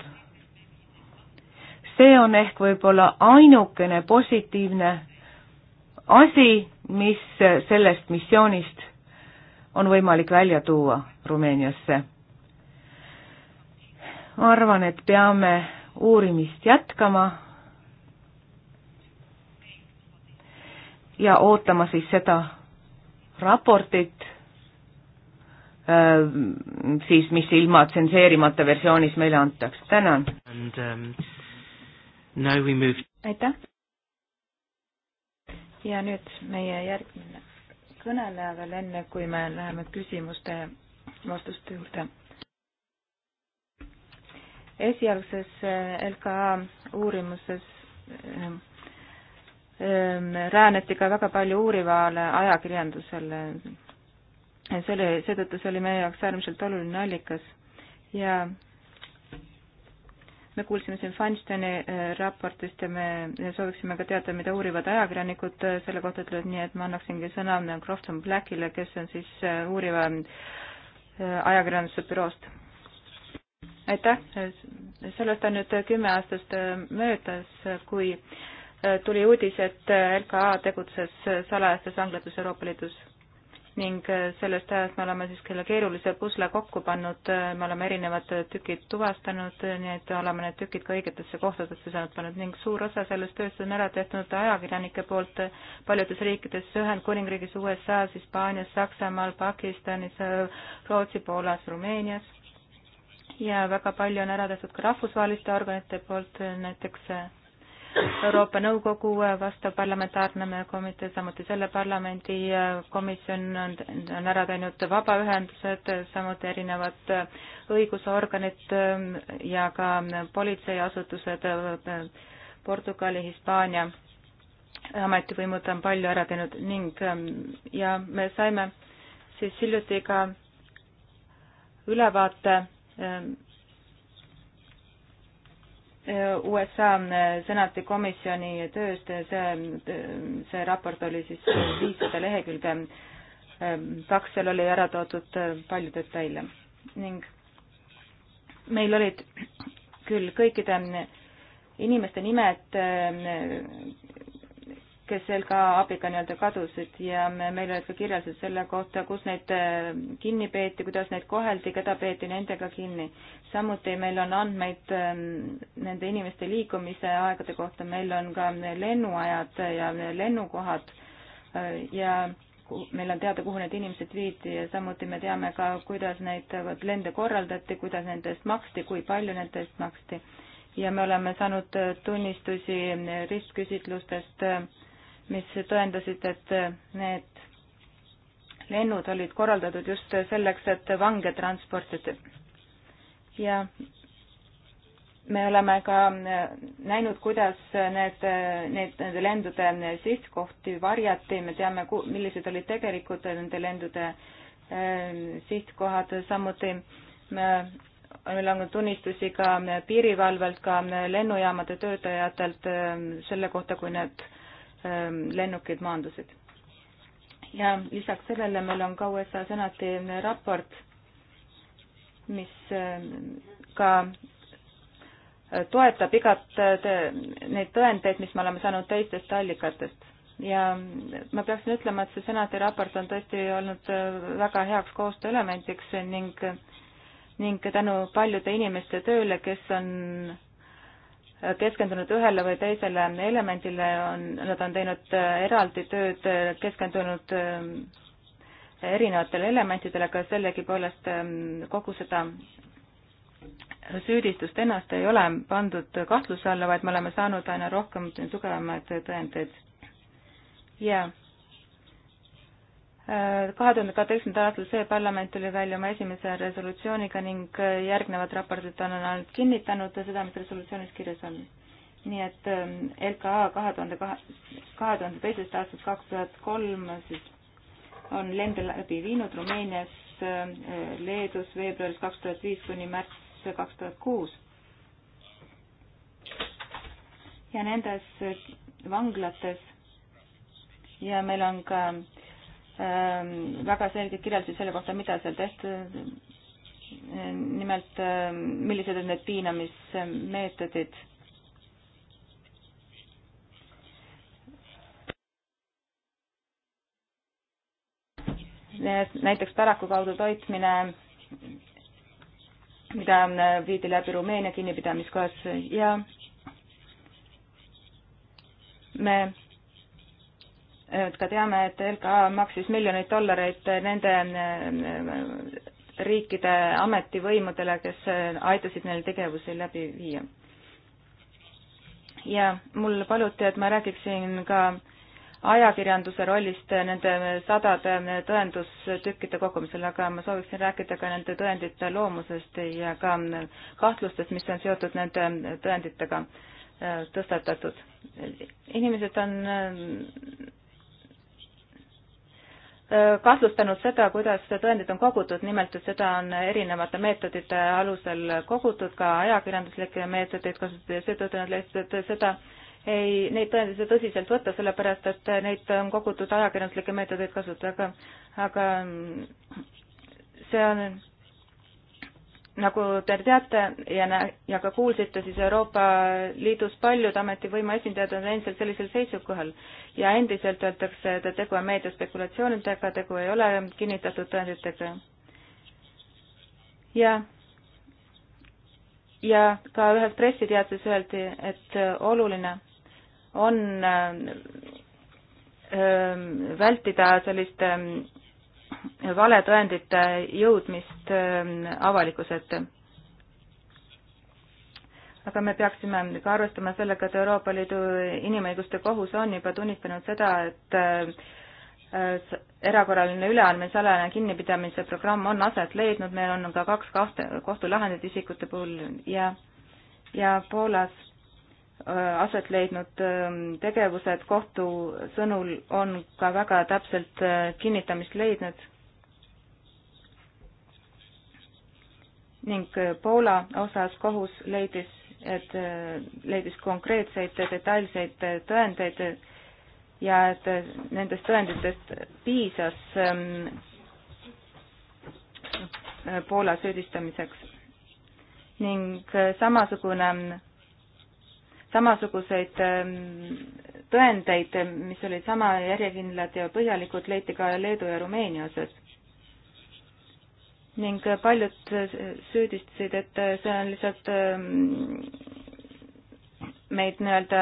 see on ehk võib-olla ainukene positiivne asi, mis sellest missioonist on võimalik välja tuua Rumeeniasse. ma arvan, et peame uurimist jätkama ja ootama siis seda raportit Äh, siis mis ilma tsenseerimata versioonis meile antaks, tänan. Um, aitäh. ja nüüd meie järgmine kõneleja veel enne, kui me läheme küsimuste vastuste juurde. esialgses äh, LKA uurimuses äh, ähm, rääneti ka väga palju uurivale ajakirjandusele see oli, seetõttu see oli meie jaoks äärmiselt oluline allikas ja me kuulsime siin Feinsteini äh, raportist ja me sooviksime ka teada, mida uurivad ajakirjanikud äh, selle kohta ütlevad, nii et ma annaksingi sõna Crofton Blackile, kes on siis äh, uuriva ajakirjanduse büroost. aitäh, sellest on nüüd kümme aastast möödas, kui tuli uudis, et LKA tegutses salajastes vanglates Euroopa Liidus ning äh, sellest ajast me oleme siis selle keerulise pusle kokku pannud, äh, me oleme erinevad tükid tuvastanud, äh, nii et oleme need tükid ka õigetesse kohtadesse saanud pannud ning suur osa sellest tööst on ära tehtud ajakirjanike poolt paljudes riikides, Ühendkuningriigis, USA-s, Hispaanias, Saksamaal, Pakistanis, Rootsi, Poolas, Rumeenias ja väga palju on ära tehtud ka rahvusvaheliste organite poolt, näiteks Euroopa Nõukogu äh, vastav parlamentaarne komitee, samuti selle parlamendi äh, komisjon on, on ära teinud vabaühendused, samuti erinevad äh, õigusorganid ja ka politseiasutused Portugali, Hispaania ametivõimud on palju ära teinud ning ähm, ja me saime siis hiljuti ka ülevaate ähm, USA mm, senati komisjoni tööst, see, see raport oli siis viissada lehekülge mm, paks, seal oli ära toodud mm, palju detaile ning meil olid küll kõikide inimeste nimed kesel ka abiga nii-öelda kadusid ja meil olid ka kirjeldused selle kohta, kus neid äh, kinni peeti, kuidas neid koheldi, keda peeti nendega kinni. samuti meil on andmeid ähm, nende inimeste liikumise aegade kohta, meil on ka lennuajad ja lennukohad äh, ja meil on teada, kuhu need inimesed viidi ja samuti me teame ka, kuidas neid äh, lende korraldati, kuidas nende eest maksti, kui palju nende eest maksti. ja me oleme saanud tunnistusi ristküsitlustest äh, mis tõendasid, et need lennud olid korraldatud just selleks, et vange transportida. ja me oleme ka näinud, kuidas need, need, nende lendude sihtkohti varjati, me teame, millised olid tegelikult nende lendude ähm, sihtkohad, samuti me meil on tunnistusi ka piirivalvelt, ka lennujaamade töötajatelt ähm, selle kohta, kui need Ähm, lennukid maandusid. ja lisaks sellele meil on ka USA senati raport, mis ähm, ka äh, toetab igat äh, neid tõendeid, mis me oleme saanud teistest allikatest ja ma peaksin ütlema, et see senati raport on tõesti olnud äh, väga heaks koostööelemendiks ning ning tänu paljude inimeste tööle, kes on keskendunud ühele või teisele elemendile, on, nad on teinud äh, eraldi tööd, äh, keskendunud äh, erinevatele elementidele, aga sellegipoolest ähm, kogu seda süüdistust ennast ei ole pandud kahtluse alla, vaid me oleme saanud aina rohkem tugevamaid tõendeid. jaa kahe tuhande kaheteistkümnendal aastal see parlament tuli välja oma esimese resolutsiooniga ning äh, järgnevad raportid on ainult kinnitanud seda, mis resolutsioonis kirjas on. nii et ähm, LKA kahe tuhande kahe, kahe tuhande teisest aastast kaks tuhat kolm siis on lende läbi viinud Rumeenias, äh, Leedus veebruaris kaks tuhat viis kuni märts kaks tuhat kuus. ja nendes vanglates ja meil on ka äh, Ehm, väga selgeid kirjeldusi selle kohta, mida seal tehtud, ehm, nimelt ehm, millised on need piinamismeetodid. näiteks päraku kaudu toitmine, mida viidi läbi Rumeenia kinnipidamiskohas ja me et ka teame, et LKA maksis miljoneid dollareid nende äh, riikide ametivõimudele, kes äh, aitasid neil tegevusi läbi viia. ja mul paluti, et ma räägiksin ka ajakirjanduse rollist nende sadade tõendustükkide kogumisel, aga ma sooviksin rääkida ka nende tõendite loomusest ja ka kahtlustest, mis on seotud nende tõenditega äh, tõstatatud. inimesed on kahtlustanud seda, kuidas tõendid on kogutud, nimelt et seda on erinevate meetodite alusel kogutud, ka ajakirjanduslikke meetodeid kasutati ja seetõttu nad leidsid, et seda ei, neid tõendeid ei saa tõsiselt võtta, sellepärast et neid on kogutud ajakirjanduslikke meetodeid kasutada, aga, aga see on nagu te teate ja, ja ka kuulsite, siis Euroopa Liidus paljud ametivõimu esindajad on endiselt sellisel seisukohal ja endiselt öeldakse, et tegu on meediaspekulatsioonidega, tegu ei ole kinnitatud tõenditega. ja, ja ka ühes pressiteates öeldi, et oluline on öö, ähm, vältida selliste öö, ähm, valetõendite jõudmist ähm, avalikkuse ette. aga me peaksime ka arvestama sellega, et Euroopa Liidu Inimõiguste Kohus on juba tunnistanud seda, et äh, erakorraline üleandmine, salajane kinnipidamise programm on aset leidnud, meil on ka kaks kahte kohtulahendit isikute puhul ja, ja Poolas äh, aset leidnud ähm, tegevused kohtu sõnul on ka väga täpselt äh, kinnitamist leidnud ning äh, Poola osas kohus leidis, et äh, leidis konkreetseid detailseid äh, tõendeid ja et nendest tõenditest piisas ähm, Poola süüdistamiseks ning samasugune, samasuguseid ähm, tõendeid, mis olid sama järjekindlad ja põhjalikud, leiti ka Leedu ja Rumeenia osas ning paljud süüdistasid, et see on lihtsalt ähm, meid nii-öelda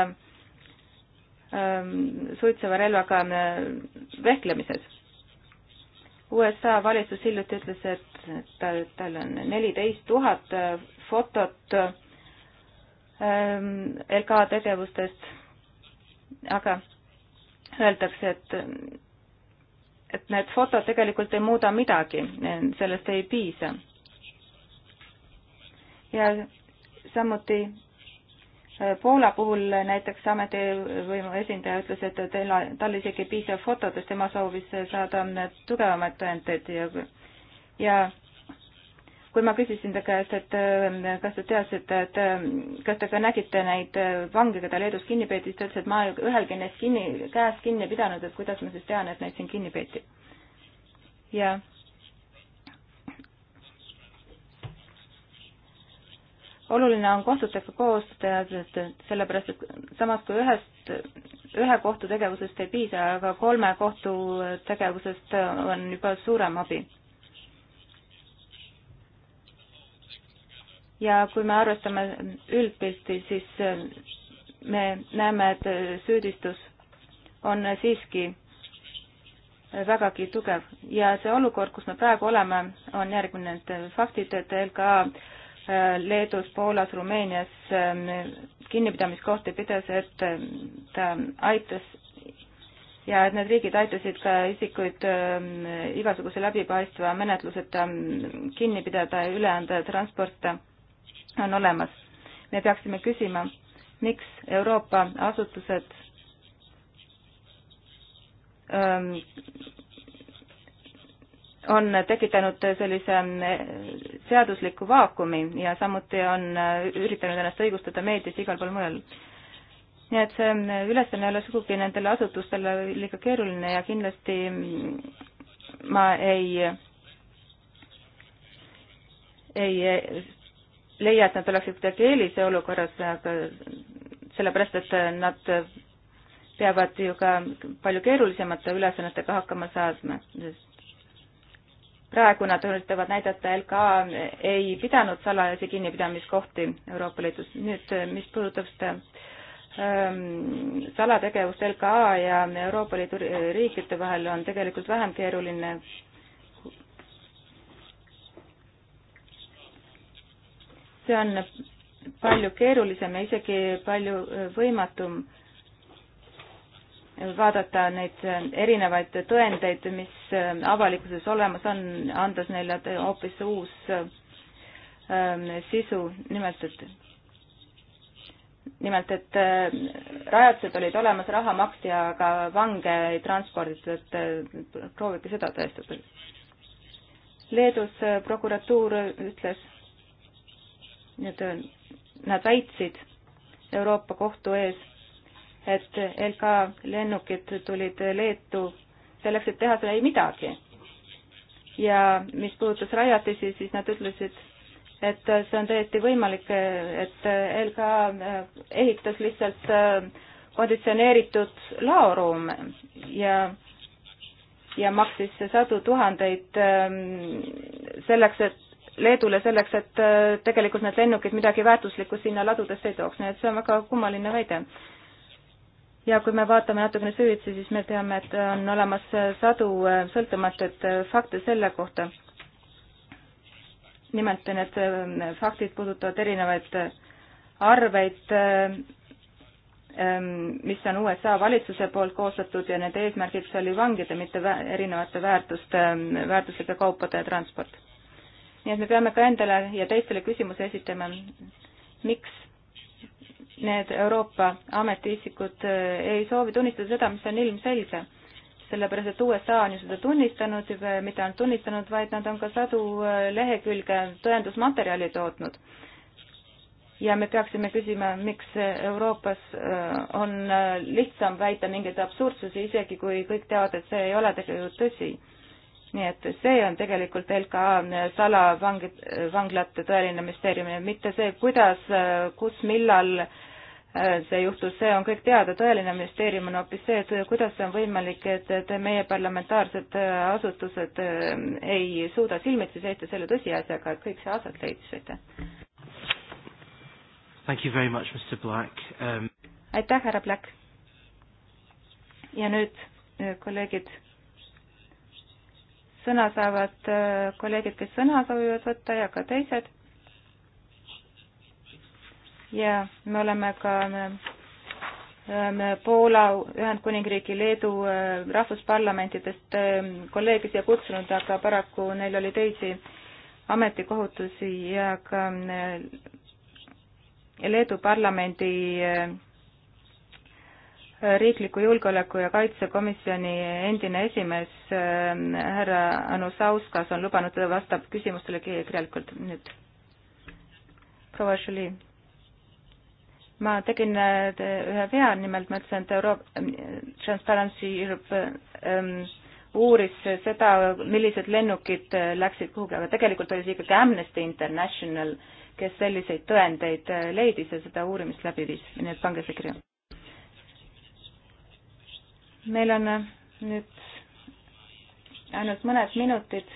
ähm, suitseva relvaga äh, vehklemises. USA valitsus hiljuti ütles, et tal, tal on neliteist tuhat äh, fotot ähm, LK tegevustest, aga öeldakse, et et need fotod tegelikult ei muuda midagi, sellest ei piisa. ja samuti äh, Poola puhul näiteks ametivõimu esindaja ütles, et teil, tal isegi ei piisa fotodest, tema soovis saada äh, tugevamat tõendeid ja, ja kui ma küsisin ta käest, et äh, kas te teadsite, et äh, kas te ka nägite neid äh, vange, keda Leedus kinni peeti, siis ta ütles, et ma ühelgi neist kinni, käest kinni ei pidanud, et kuidas ma siis tean, et neid siin kinni peeti. ja oluline on kohtutega koostöö, sellepärast et samas kui ühest, ühe kohtu tegevusest ei piisa, aga kolme kohtu tegevusest on juba suurem abi ja kui me arvestame üldpilti, siis äh, me näeme, et äh, süüdistus on äh, siiski vägagi tugev ja see olukord, kus me praegu oleme, on järgmine, et faktid, et LKA Leedus, Poolas, Rumeenias ähm, kinnipidamiskohti pidas, et ta aitas ja et need riigid aitasid ka isikuid ähm, igasuguse läbipaistva menetluseta ähm, kinni pidada ja üle anda ja transporta on olemas. me peaksime küsima, miks Euroopa asutused ähm, on tekitanud sellise äh, seadusliku vaakumi ja samuti on äh, üritanud ennast õigustada meedias igal pool mujal. nii et see äh, ülesanne ei ole sugugi nendele asutustele liiga keeruline ja kindlasti mm, ma ei, ei leia, et nad oleksid kuidagi eelise olukorras, aga sellepärast, et nad peavad ju ka palju keerulisemate ülesannetega hakkama saama. praegu nad üritavad näidata, LKA ei pidanud salajasi kinnipidamiskohti Euroopa Liidus. nüüd, mis puudutab seda ähm, salategevust LKA ja Euroopa Liidu riikide vahel, on tegelikult vähem keeruline see on palju keerulisem ja isegi palju äh, võimatum vaadata neid äh, erinevaid tõendeid, mis äh, avalikkuses olemas on, andes neile hoopis uus ähm, sisu, nimelt et, nimelt et rajatised olid olemas, raha maksti, aga vange ei transporditud, et proovige seda tõestada. Leedus prokuratuur ütles nad väitsid Euroopa Kohtu ees, et LK lennukid tulid Leetu selleks, et teha seal ei midagi. ja mis puudutas rajatisi, siis nad ütlesid, et see on täiesti võimalik, et LK äh, ehitas lihtsalt äh, konditsioneeritud laoruume ja ja maksis sadu tuhandeid ähm, selleks, et Leedule selleks, et äh, tegelikult need lennukid midagi väärtuslikku sinna ladudesse ei tooks, nii et see on väga kummaline väide. ja kui me vaatame natukene süvitsi, siis me teame, et on olemas äh, sadu äh, sõltumatuid fakte selle kohta. nimelt need faktid puudutavad erinevaid arveid, ähm, mis on USA valitsuse poolt koostatud ja nende eesmärgiks oli vangide, mitte erinevate väärtuste, ähm, väärtuslike kaupade transport nii et me peame ka endale ja teistele küsimuse esitama, miks need Euroopa ametiisikud äh, ei soovi tunnistada seda, mis on ilmselge. sellepärast, et USA on ju seda tunnistanud, mitte ainult tunnistanud, vaid nad on ka sadu äh, lehekülge tõendusmaterjali tootnud. ja me peaksime küsima, miks Euroopas äh, on lihtsam väita mingeid absurdsusi, isegi kui kõik teavad, et see ei ole tegelikult tõsi nii et see on tegelikult LKA salavangid, vanglate tõeline müsteerium ja mitte see, kuidas, kus, millal äh, see juhtus, see on kõik teada, tõeline müsteerium on hoopis see, et kuidas on võimalik, et, et meie parlamentaarsed äh, asutused äh, ei suuda silmitsi seista selle tõsiasjaga, et kõik see aset leidis, aitäh. Thank you very much, Mr Black um.... aitäh, härra Black. ja nüüd kolleegid sõna saavad äh, kolleegid, kes sõna soovivad võtta ja ka teised. ja me oleme ka äh, Poola, Ühendkuningriigi, Leedu äh, rahvusparlamentidest kolleege siia kutsunud, aga paraku neil oli teisi ametikohutusi ja ka Leedu parlamendi riikliku julgeoleku ja kaitsekomisjoni endine esimees ähm, härra Anusauskas on lubanud, ta vastab küsimustele kirjalikult nüüd. proua Žuli, ma tegin äh, ühe vea, nimelt ma ütlesin, et Euroop-, äh, Transparency Europe um, uuris seda, millised lennukid äh, läksid kuhugi, aga tegelikult oli see ikkagi Amnesty International, kes selliseid tõendeid leidis ja seda uurimist läbi viis, nii et pange see kirja meil on äh, nüüd ainult mõned minutid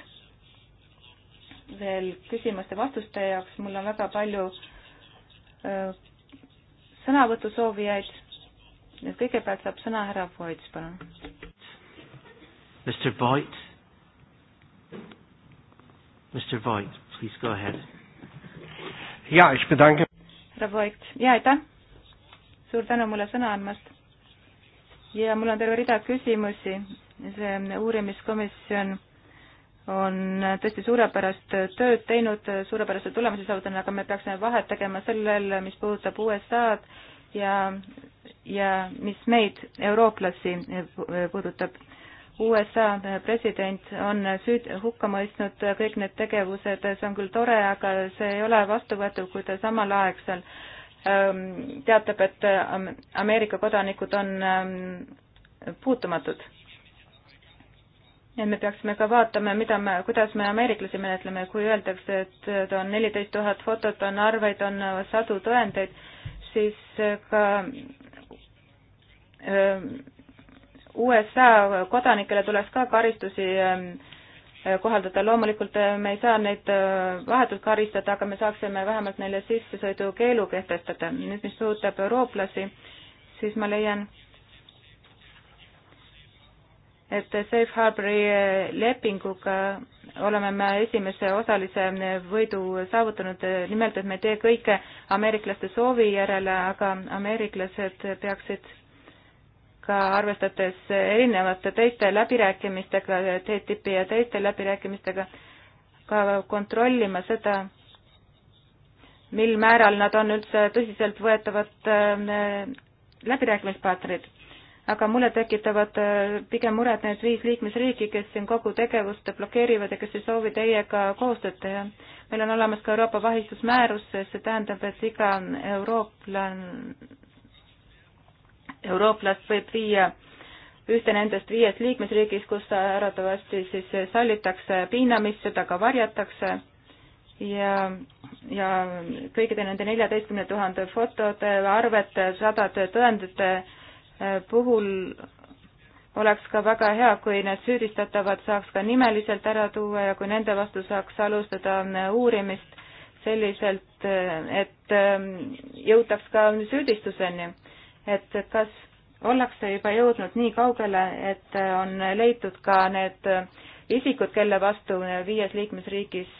veel küsimuste-vastuste jaoks, mul on väga palju äh, sõnavõtusoovijaid. nüüd kõigepealt saab sõna härra Voits, palun. Mr Voit. Mr Voit, please go ahead. ja, ich bedanke. härra Voit, ja aitäh. suur tänu mulle sõna andmast ja mul on terve rida küsimusi. see uurimiskomisjon on tõesti suurepärast tööd teinud, suurepärase tulemuse saavutanud, aga me peaksime vahet tegema sellel, mis puudutab USA-d ja, ja mis meid, eurooplasi, puudutab. USA president on süüd-, hukka mõistnud kõik need tegevused, see on küll tore, aga see ei ole vastuvõetav, kui ta samal ajal Ähm, teatab, et ähm, Ameerika kodanikud on ähm, puutumatud. et me peaksime ka vaatama, mida me, kuidas me ameeriklasi menetleme, kui öeldakse, et on neliteist tuhat fotot, on arveid, on äh, sadu tõendeid, siis äh, ka USA kodanikele tuleks ka karistusi Äh, kohaldada. loomulikult äh, me ei saa neid äh, vahetult karistada, aga me saaksime vähemalt neile sissesõidukeelu kehtestada. nüüd, mis puudutab eurooplasi, siis ma leian, et Safe Harbori lepinguga oleme me esimese osalise võidu saavutanud, nimelt et me ei tee kõike ameeriklaste soovi järele, aga ameeriklased peaksid ka arvestades erinevate teiste läbirääkimistega, TTIP-i ja teiste läbirääkimistega, ka kontrollima seda, mil määral nad on üldse tõsiseltvõetavad äh, läbirääkimispartnerid. aga mulle tekitavad äh, pigem muret need viis liikmesriiki, kes siin kogu tegevust blokeerivad ja kes ei soovi teiega koostööd teha. meil on olemas ka Euroopa vahistusmäärus, see tähendab, et iga eurooplan-, eurooplast võib viia ühte nendest viiest liikmesriigist, kus ta arvatavasti siis sallitakse piinamist, seda ka varjatakse ja, ja kõikide nende neljateistkümne tuhande fotode, arvete, sadade tõendite äh, puhul oleks ka väga hea, kui need süüdistatavad saaks ka nimeliselt ära tuua ja kui nende vastu saaks alustada uurimist selliselt, äh, et ähm, jõutaks ka süüdistuseni et kas ollakse juba jõudnud nii kaugele, et on leitud ka need isikud, kelle vastu viies liikmesriigis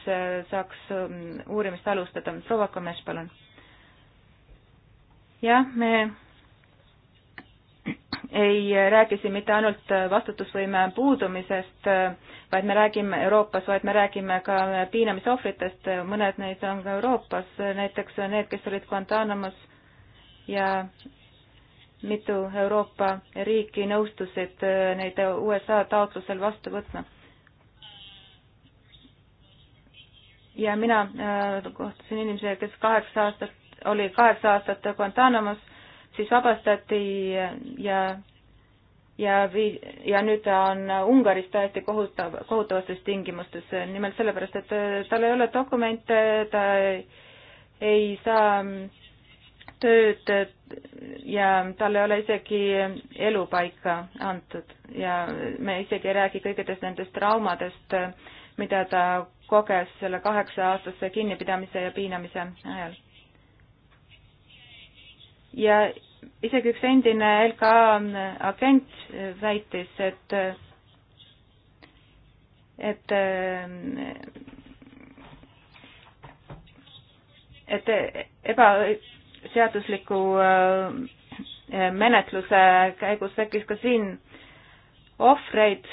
saaks um, uurimist alustada. proua Komes, palun. jah, me ei räägi siin mitte ainult vastutusvõime puudumisest, vaid me räägime Euroopas, vaid me räägime ka piinamisohvritest, mõned neist on ka Euroopas, näiteks need, kes olid Guantanamos ja mitu Euroopa riiki nõustusid äh, neid USA taotlusel vastu võtma. ja mina äh, kohtusin inimesega, kes kaheksa aastat, oli kaheksa aastat Guantanamos, siis vabastati ja ja vii-, ja nüüd ta on Ungaris täiesti kohutav, kohutavates tingimustes, nimelt sellepärast, et äh, tal ei ole dokumente, ta ei, ei saa mm, tööd ja tal ei ole isegi elupaika antud ja me isegi ei räägi kõikidest nendest traumadest, mida ta koges selle kaheksa-aastase kinnipidamise ja piinamise ajal. ja isegi üks endine LKA agent väitis, et, et et eba, seadusliku äh, äh, menetluse käigus tekkis ka siin ohvreid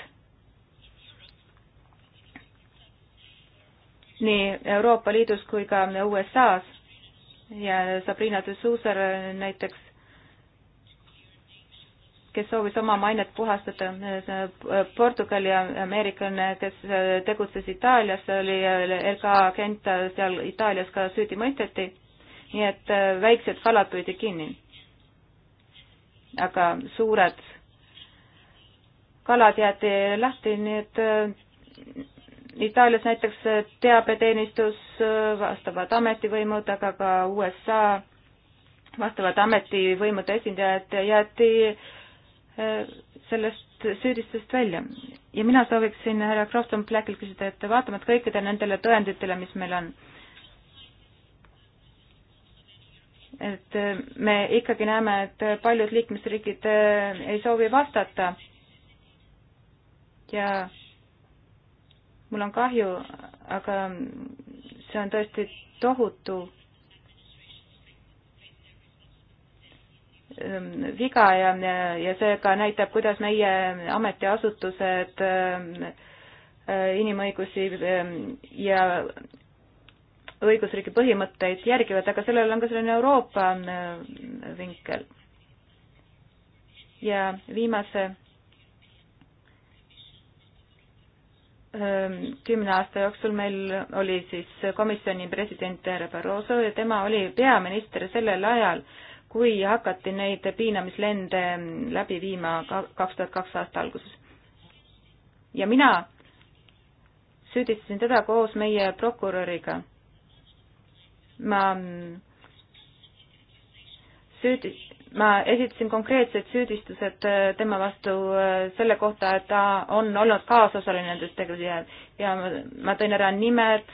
nii Euroopa Liidus kui ka USA-s ja Sabrina de Suuser näiteks, kes soovis oma mainet puhastada, Portugal ja ameeriklane, kes tegutses Itaalias, oli LKA agent seal Itaalias ka süüdi mõisteti nii et äh, väiksed kalad püüdi kinni. aga suured kalad jäeti lahti, nii et äh, Itaalias näiteks äh, teabeteenistus, vastavad ametivõimud, aga ka USA vastavad ametivõimude esindajad jäeti sellest süüdistust välja. ja mina sooviksin härra Crofton Blackilt küsida, et vaatamata kõikidele nendele tõenditele, mis meil on, et äh, me ikkagi näeme, et paljud liikmesriigid äh, ei soovi vastata. ja mul on kahju, aga see on tõesti tohutu ähm, viga ja, ja see ka näitab, kuidas meie ametiasutused ähm, äh, inimõigusi ähm, ja õigusriigi põhimõtteid järgivad, aga sellel on ka selline Euroopa äh, vinkel. ja viimase ähm, kümne aasta jooksul meil oli siis komisjoni president härra Barroso ja tema oli peaminister sellel ajal, kui hakati neid piinamislende läbi viima kaks tuhat kaks aasta alguses. ja mina süüdistasin teda koos meie prokuröriga ma süüdi, ma esitasin konkreetsed süüdistused äh, tema vastu äh, selle kohta, et ta on olnud kaasosaline nendes tegevuses ja ma, ma tõin ära nimed.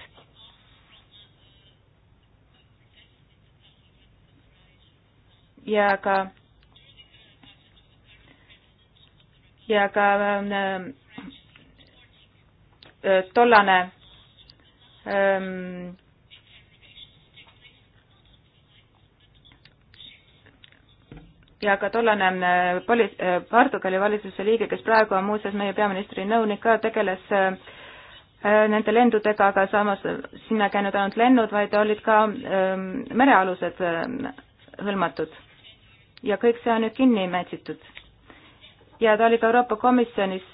ja ka, ja ka ähm, äh, tollane ähm, ja ka tollane äh, poli-, äh, Portugali valitsuse liige, kes praegu on muuseas meie peaministri nõunik ka, tegeles äh, nende lendudega, aga samas sinna ei käinud ainult lennud, vaid olid ka ähm, merealused hõlmatud. ja kõik see on nüüd kinni mätsitud. ja ta oli ka Euroopa Komisjonis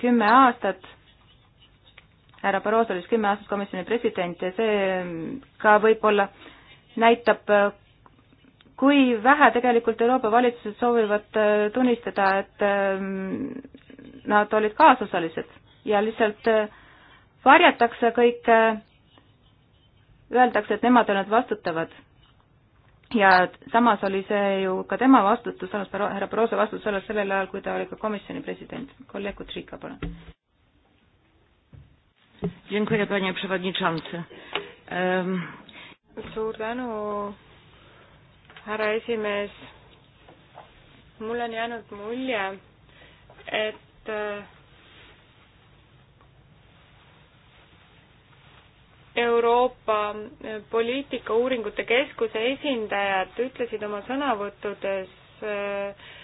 kümme aastat, härra Barroso oli siis kümme aastat komisjoni president ja see ähm, ka võib-olla näitab kui vähe tegelikult Euroopa valitsused soovivad äh, tunnistada, et ähm, nad olid kaasosalised ja lihtsalt äh, varjatakse kõike, äh, öeldakse, et nemad ainult vastutavad. ja samas oli see ju ka tema vastutus, härra Barroso vastutus alles sellel ajal, kui ta oli ka komisjoni president. kolleeg Kutšika, palun. suur tänu härra esimees. mul on jäänud mulje, et äh, Euroopa äh, poliitikauuringute keskuse esindajad ütlesid oma sõnavõttudes äh,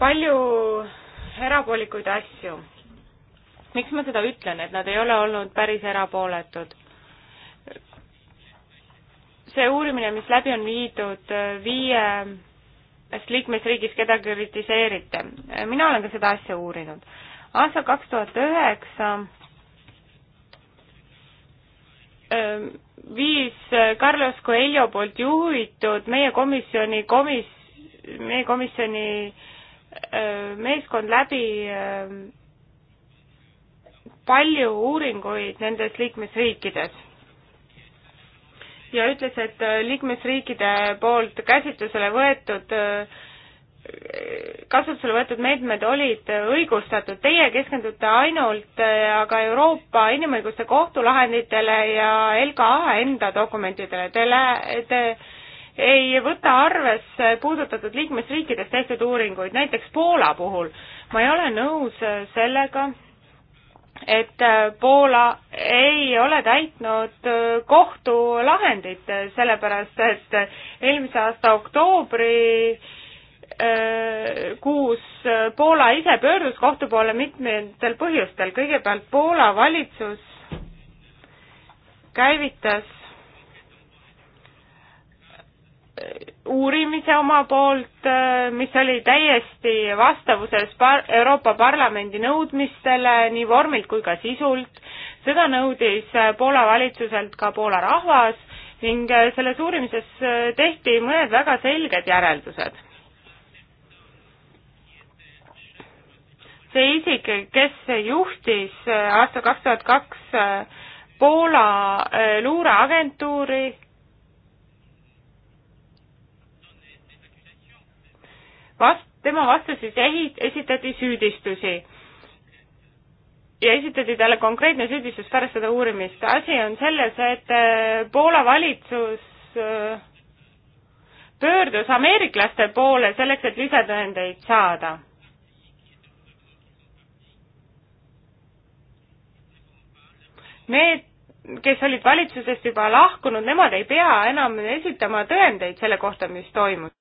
palju erapoolikuid asju. miks ma seda ütlen, et nad ei ole olnud päris erapooletud? see uurimine, mis läbi on viidud äh, viies liikmesriigis, keda kritiseerite, mina olen ka seda asja uurinud. aastal kaks tuhat üheksa ähm, viis Carlos Coelho poolt juhitud meie komisjoni komis-, meie komisjoni äh, meeskond läbi ähm, palju uuringuid nendes liikmesriikides ja ütles, et äh, liikmesriikide poolt käsitlusele võetud äh, kasutusele võetud meetmed olid äh, õigustatud, teie keskendute ainult aga Euroopa Inimõiguste Kohtu lahenditele ja LKA enda dokumentidele, te lä-, te ei võta arvesse puudutatud liikmesriikides tehtud uuringuid, näiteks Poola puhul. ma ei ole nõus sellega, et äh, Poola ei ole täitnud äh, kohtulahendit, äh, sellepärast et eelmise aasta oktoobri kuus Poola ise pöördus kohtu poole mitmetel põhjustel. kõigepealt Poola valitsus käivitas uurimise oma poolt, äh, mis oli täiesti vastavuses par-, Euroopa Parlamendi nõudmistele nii vormilt kui ka sisult. seda nõudis äh, Poola valitsuselt ka Poola rahvas ning äh, selles uurimises tehti mõned väga selged järeldused. see isik, kes juhtis aastal kaks tuhat kaks Poola luureagentuuri, vast-, tema vastu siis ehit-, esitati süüdistusi. ja esitati talle konkreetne süüdistus pärast seda uurimist. asi on selles, et äh, Poola valitsus äh, pöördus ameeriklaste poole selleks, et lisatõendeid saada. Need, kes olid valitsusest juba lahkunud, nemad ei pea enam esitama tõendeid selle kohta, mis toimus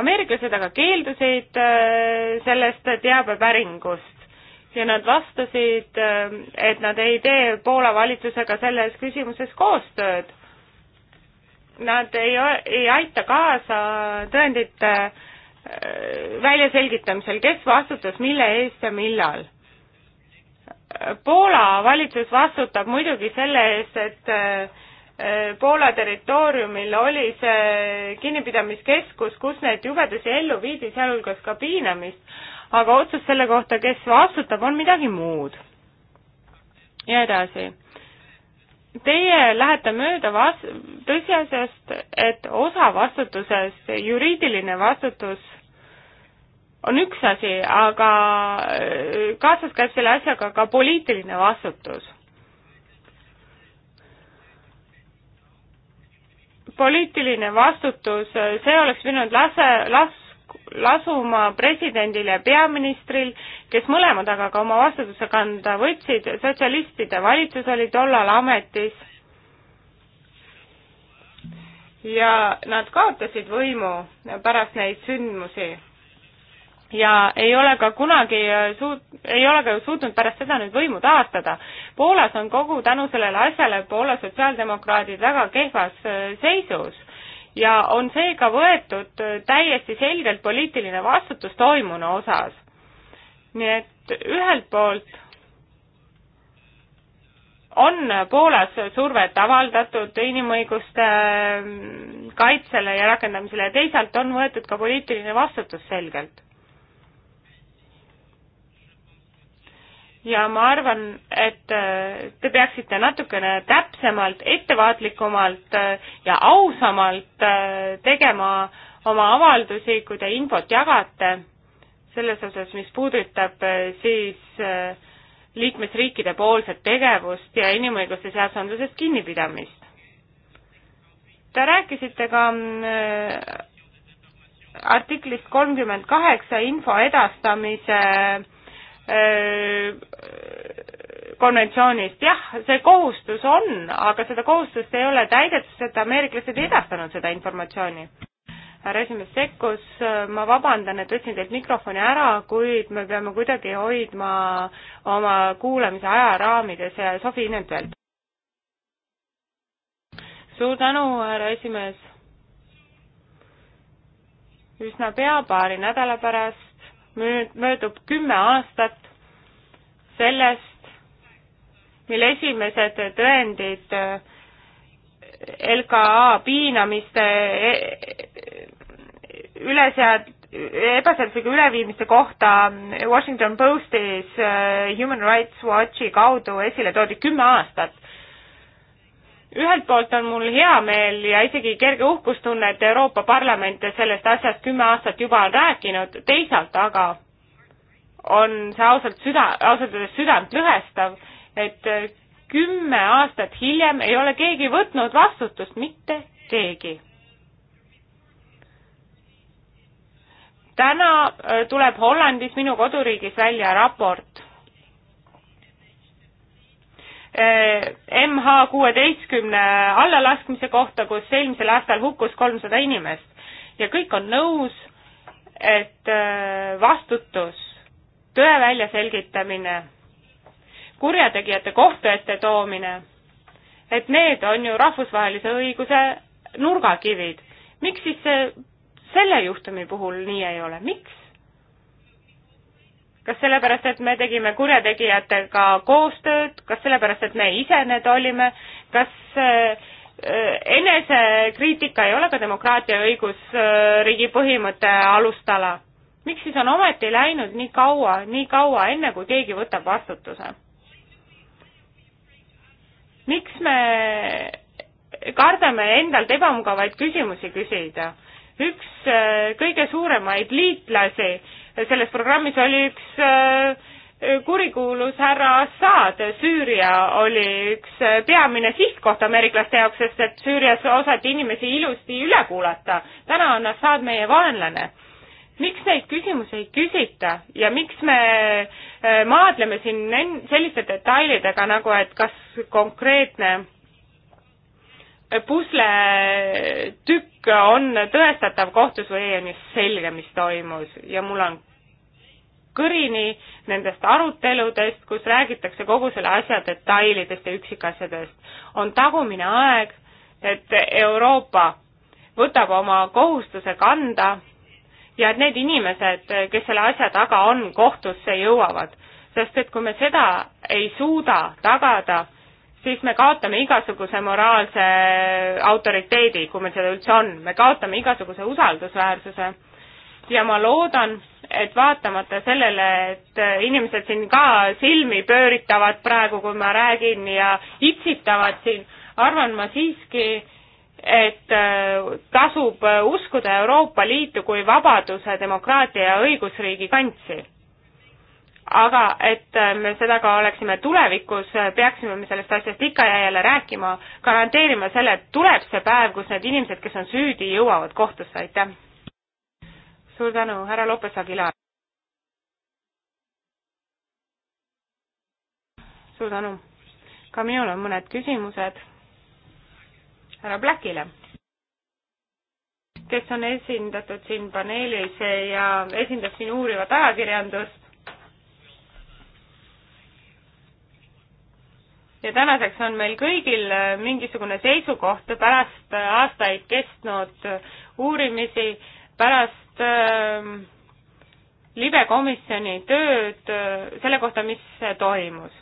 ameeriklased aga keeldusid äh, sellest teabepäringust ja nad vastasid, äh, et nad ei tee Poola valitsusega selles küsimuses koostööd. Nad ei, ei aita kaasa tõendite äh, väljaselgitamisel, kes vastutas mille eest ja millal. Poola valitsus vastutab muidugi selle eest, et Äh, Poola territooriumil oli see kinnipidamiskeskus, kus neid jubedusi ellu viidi, sealhulgas ka piinamist, aga otsus selle kohta, kes vastutab, on midagi muud. ja edasi. Teie lähete mööda vas-, tõsiasjast, et osa vastutusest, juriidiline vastutus on üks asi, aga äh, kaasas käib selle asjaga ka poliitiline vastutus poliitiline vastutus, see oleks pidanud lase, las-, lasuma presidendil ja peaministril, kes mõlemad aga ka oma vastutuse kanda võtsid, sotsialistide valitsus oli tollal ametis ja nad kaotasid võimu pärast neid sündmusi ja ei ole ka kunagi äh, suut-, ei ole ka suutnud pärast seda nüüd võimu taastada. Poolas on kogu tänu sellele asjale Poola sotsiaaldemokraadid väga kehvas äh, seisus ja on seega võetud äh, täiesti selgelt poliitiline vastutus toimunu osas. nii et ühelt poolt on Poolas survet avaldatud inimõiguste kaitsele ja rakendamisele ja teisalt on võetud ka poliitiline vastutus selgelt. ja ma arvan, et äh, te peaksite natukene täpsemalt, ettevaatlikumalt äh, ja ausamalt äh, tegema oma avaldusi, kui te infot jagate, selles osas, mis puudutab siis liikmesriikide poolset tegevust ja inimõiguste seadusandlusest kinnipidamist. Te rääkisite ka artiklist kolmkümmend kaheksa info edastamise Äh, konventsioonist, jah, see kohustus on, aga seda kohustust ei ole täidetud, sest ameeriklased ei edastanud seda informatsiooni. härra esimees sekkus, ma vabandan, et võtsin teilt mikrofoni ära, kuid me peame kuidagi hoidma oma kuulamise ajaraamides ja Sofi Inentvelt. suur tänu, härra esimees. üsna pea, paari nädala pärast nüüd möödub kümme aastat sellest, mille esimesed tõendid äh, LKA piinamiste e, ülesead-, ebaseadusliku üleviimiste kohta Washington Postis äh, Human Rights Watchi kaudu esile toodi kümme aastat ühelt poolt on mul hea meel ja isegi kerge uhkustunne, et Euroopa Parlament sellest asjast kümme aastat juba on rääkinud, teisalt aga on see ausalt süda, ausalt öeldes südant lõhestav, et kümme aastat hiljem ei ole keegi võtnud vastutust, mitte keegi. täna äh, tuleb Hollandis, minu koduriigis, välja raport MH kuueteistkümne allalaskmise kohta, kus eelmisel aastal hukkus kolmsada inimest ja kõik on nõus, et äh, vastutus, tõe väljaselgitamine, kurjategijate kohtu ette toomine, et need on ju rahvusvahelise õiguse nurgakivid. miks siis see selle juhtumi puhul nii ei ole, miks? kas sellepärast, et me tegime kurjategijatega koostööd, kas sellepärast, et me ise need olime, kas äh, enesekriitika ei ole ka demokraatia õigusriigi põhimõtte alustala? miks siis on ometi läinud nii kaua, nii kaua, enne kui keegi võtab vastutuse? miks me kardame endalt ebamugavaid küsimusi küsida? üks äh, kõige suuremaid liitlasi äh, selles programmis oli üks äh, kurikuulus härra Assad, Süüria oli üks äh, peamine sihtkoht ameeriklaste jaoks, sest et Süürias osati inimesi ilusti üle kuulata. täna on Assad meie vaenlane. miks neid küsimusi ei küsita ja miks me äh, maadleme siin selliste detailidega nagu, et kas konkreetne pusletükk on tõestatav kohtus või on just selge, mis toimus ja mul on kõrini nendest aruteludest, kus räägitakse kogu selle asja detailidest ja üksikasjadest. on tagumine aeg, et Euroopa võtab oma kohustuse kanda ja et need inimesed, kes selle asja taga on, kohtusse jõuavad. sest et kui me seda ei suuda tagada, siis me kaotame igasuguse moraalse autoriteedi, kui meil seda üldse on, me kaotame igasuguse usaldusväärsuse ja ma loodan, et vaatamata sellele, et inimesed siin ka silmi pööritavad praegu, kui ma räägin ja itsitavad siin, arvan ma siiski, et äh, tasub uskuda Euroopa Liitu kui vabaduse, demokraatia ja õigusriigi kantsi aga et äh, me seda ka oleksime tulevikus, äh, peaksime me sellest asjast ikka ja jälle rääkima, garanteerima selle, et tuleb see päev, kus need inimesed, kes on süüdi, jõuavad kohtusse, aitäh! suur tänu, härra Lopes Aguilar! suur tänu! ka minul on mõned küsimused härra Blackile, kes on esindatud siin paneelis ja esindab siin uurivat ajakirjandust ja tänaseks on meil kõigil äh, mingisugune seisukoht pärast äh, aastaid kestnud äh, uurimisi, pärast äh, libekomisjoni tööd äh, selle kohta, mis toimus.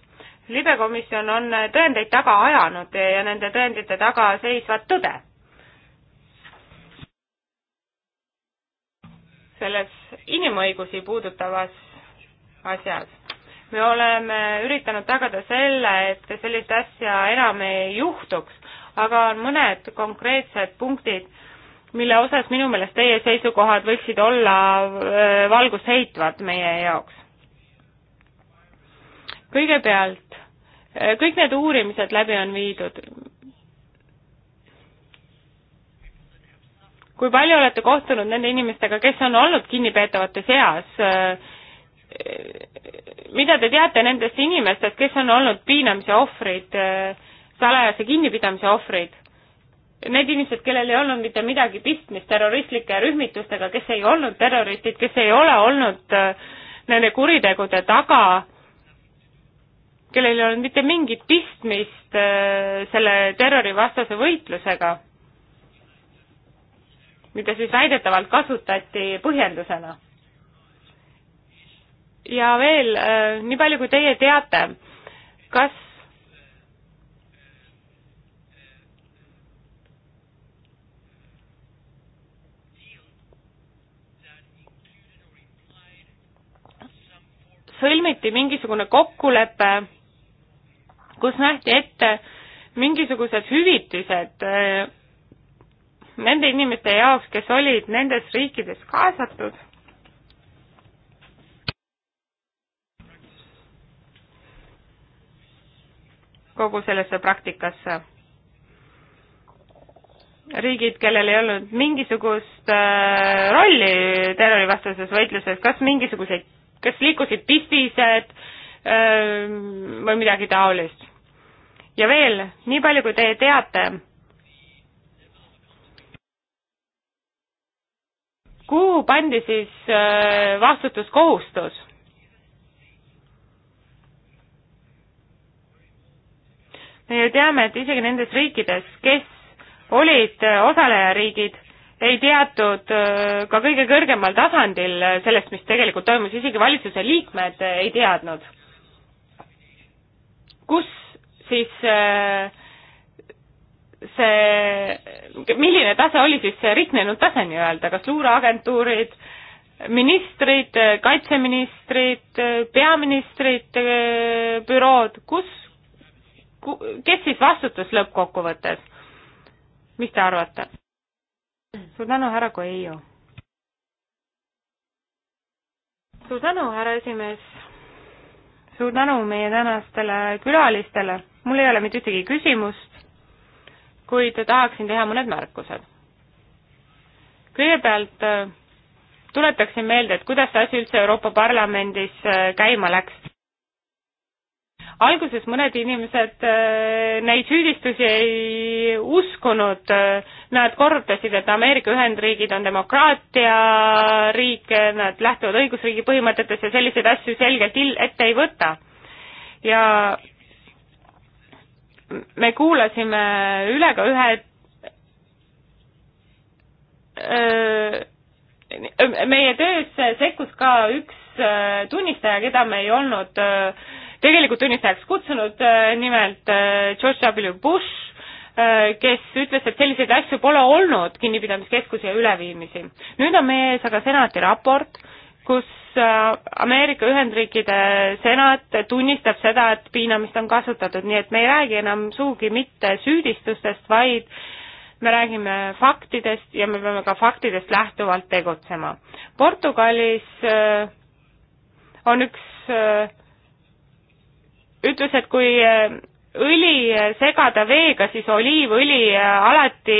libekomisjon on tõendeid taga ajanud ja, ja nende tõendite taga seisvat tõde. selles inimõigusi puudutavas asjas me oleme üritanud tagada selle, et sellist asja enam ei juhtuks, aga on mõned konkreetsed punktid, mille osas minu meelest teie seisukohad võiksid olla valgust heitvad meie jaoks. kõigepealt, kõik need uurimised läbi on viidud. kui palju olete kohtunud nende inimestega, kes on olnud kinnipeetavate seas äh, mida te teate nendest inimestest, kes on olnud piinamise ohvrid, salajase kinnipidamise ohvrid? Need inimesed, kellel ei olnud mitte midagi pistmist terroristlike rühmitustega, kes ei olnud terroristid, kes ei ole olnud äh, nende kuritegude taga, kellel ei olnud mitte mingit pistmist äh, selle terrorivastase võitlusega, mida siis väidetavalt kasutati põhjendusena ja veel, äh, nii palju kui teie teate, kas sõlmiti mingisugune kokkulepe, kus nähti ette mingisugused hüvitised äh, nende inimeste jaoks, kes olid nendes riikides kaasatud kogu sellesse praktikasse. riigid, kellel ei olnud mingisugust äh, rolli terrorivastases võitluses, kas mingisuguseid, kas liikusid pistised äh, või midagi taolist. ja veel, nii palju kui teie teate, kuhu pandi siis äh, vastutuskohustus? me ju teame, et isegi nendes riikides, kes olid äh, osalejariigid, ei teatud äh, ka kõige kõrgemal tasandil äh, sellest, mis tegelikult toimus, isegi valitsuse liikmed ei teadnud. kus siis see, milline tase oli siis see riknenud tase nii-öelda, kas luureagentuurid, ministrid, kaitseministrid, peaministrid, bürood, kus, kes siis vastutas lõppkokkuvõttes? mis te arvate? suur tänu, härra Koeiu. suur tänu, härra esimees. suur tänu meie tänastele külalistele. mul ei ole mitte ühtegi küsimust, kuid tahaksin teha mõned märkused. kõigepealt äh, tuletaksin meelde, et kuidas see asi üldse Euroopa Parlamendis äh, käima läks alguses mõned inimesed äh, neid süüdistusi ei uskunud, nad korrutasid, et Ameerika Ühendriigid on demokraatia riik, nad lähtuvad õigusriigi põhimõtetest ja selliseid asju selgelt ette ei võta. ja me kuulasime üle ka ühe äh, meie töös sekkus ka üks äh, tunnistaja, keda me ei olnud öö, tegelikult tunnistajaks kutsunud, äh, nimelt äh, George W Bush, äh, kes ütles, et selliseid asju pole olnud, kinnipidamiskeskuse üleviimisi. nüüd on meie ees aga senati raport, kus Ameerika Ühendriikide senat tunnistab seda, et piinamist on kasutatud, nii et me ei räägi enam sugugi mitte süüdistustest, vaid me räägime faktidest ja me peame ka faktidest lähtuvalt tegutsema. Portugalis on üks ütles, et kui äh, õli äh, segada veega, siis oliivõli äh, alati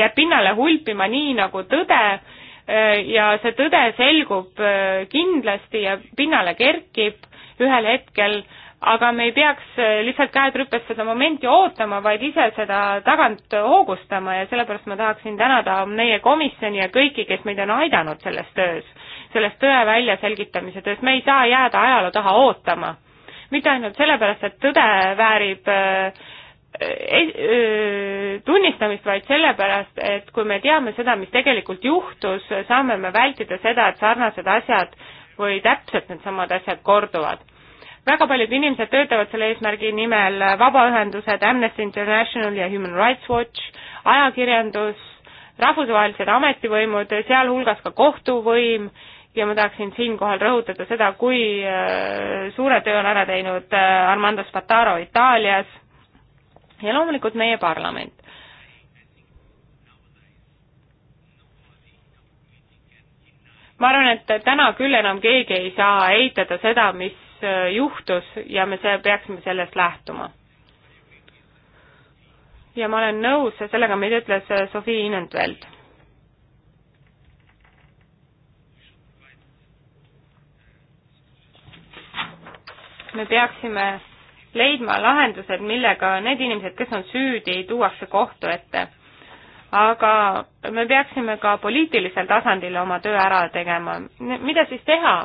jääb pinnale hulpima, nii nagu tõde, ja see tõde selgub kindlasti ja pinnale kerkib ühel hetkel, aga me ei peaks lihtsalt käed rüpes seda momenti ootama, vaid ise seda tagant hoogustama ja sellepärast ma tahaksin tänada meie komisjoni ja kõiki, kes meid on aidanud selles töös, selles tõe väljaselgitamise töös, me ei saa jääda ajaloo taha ootama mitte ainult sellepärast, et tõde väärib äh, äh, äh, tunnistamist, vaid sellepärast, et kui me teame seda, mis tegelikult juhtus, saame me vältida seda, et sarnased asjad või täpselt needsamad asjad korduvad väga paljud inimesed töötavad selle eesmärgi nimel, vabaühendused, Amnesty International ja Human Rights Watch, ajakirjandus, rahvusvahelised ametivõimud, sealhulgas ka kohtuvõim ja ma tahaksin siinkohal rõhutada seda, kui äh, suure töö on ära teinud äh, Armando Spataro Itaalias ja loomulikult meie parlament. ma arvan, et täna küll enam keegi ei saa eitada seda, mis äh, juhtus ja me peaksime sellest lähtuma. ja ma olen nõus sellega, mida ütles Sofii Inentveld me peaksime leidma lahendused, millega need inimesed, kes on süüdi, tuuakse kohtu ette. aga me peaksime ka poliitilisel tasandil oma töö ära tegema. mida siis teha?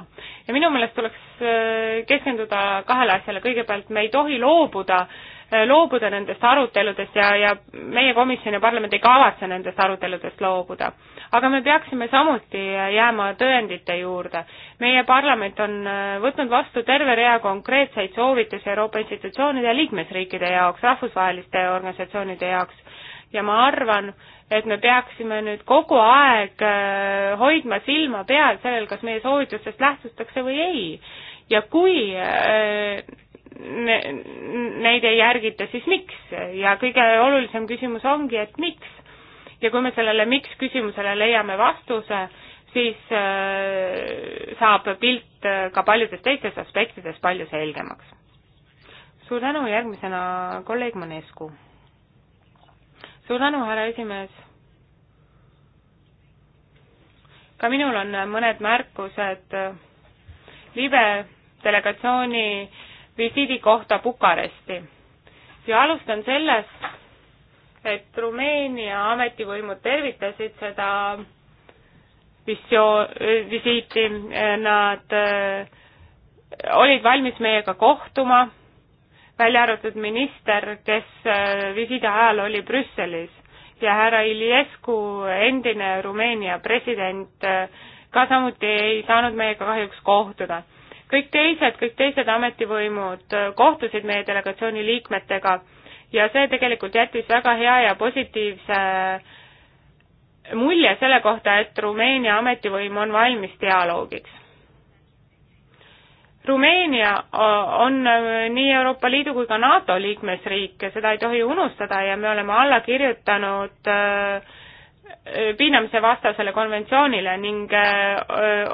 ja minu meelest tuleks äh, keskenduda kahele asjale, kõigepealt me ei tohi loobuda äh, loobuda nendest aruteludest ja, ja meie komisjon ja parlament ei kavatse nendest aruteludest loobuda. aga me peaksime samuti jääma tõendite juurde. meie parlament on äh, võtnud vastu terve rea konkreetseid soovitusi Euroopa institutsioonide ja liikmesriikide jaoks, rahvusvaheliste organisatsioonide jaoks ja ma arvan, et me peaksime nüüd kogu aeg äh, hoidma silma peal sellel, kas meie soovitustest lähtutakse või ei. ja kui äh, ne, neid ei järgita, siis miks? ja kõige olulisem küsimus ongi, et miks? ja kui me sellele miks küsimusele leiame vastuse, siis äh, saab pilt äh, ka paljudes teistes aspektides palju selgemaks. suur tänu, järgmisena kolleeg Manescu. suur tänu, härra esimees. ka minul on mõned märkused libe delegatsiooni visiidi kohta Bukaresti. ja alustan sellest, et Rumeenia ametivõimud tervitasid seda visio-, visiiti, nad äh, olid valmis meiega kohtuma, välja arvatud minister, kes äh, visiidi ajal oli Brüsselis ja härra Iliescu, endine Rumeenia president, äh, ka samuti ei saanud meiega kahjuks kohtuda kõik teised, kõik teised ametivõimud äh, kohtusid meie delegatsiooni liikmetega ja see tegelikult jättis väga hea ja positiivse äh, mulje selle kohta, et Rumeenia ametivõim on valmis dialoogiks. Rumeenia äh, on nii Euroopa Liidu kui ka NATO liikmesriik ja seda ei tohi unustada ja me oleme alla kirjutanud piinamise vastasele konventsioonile ning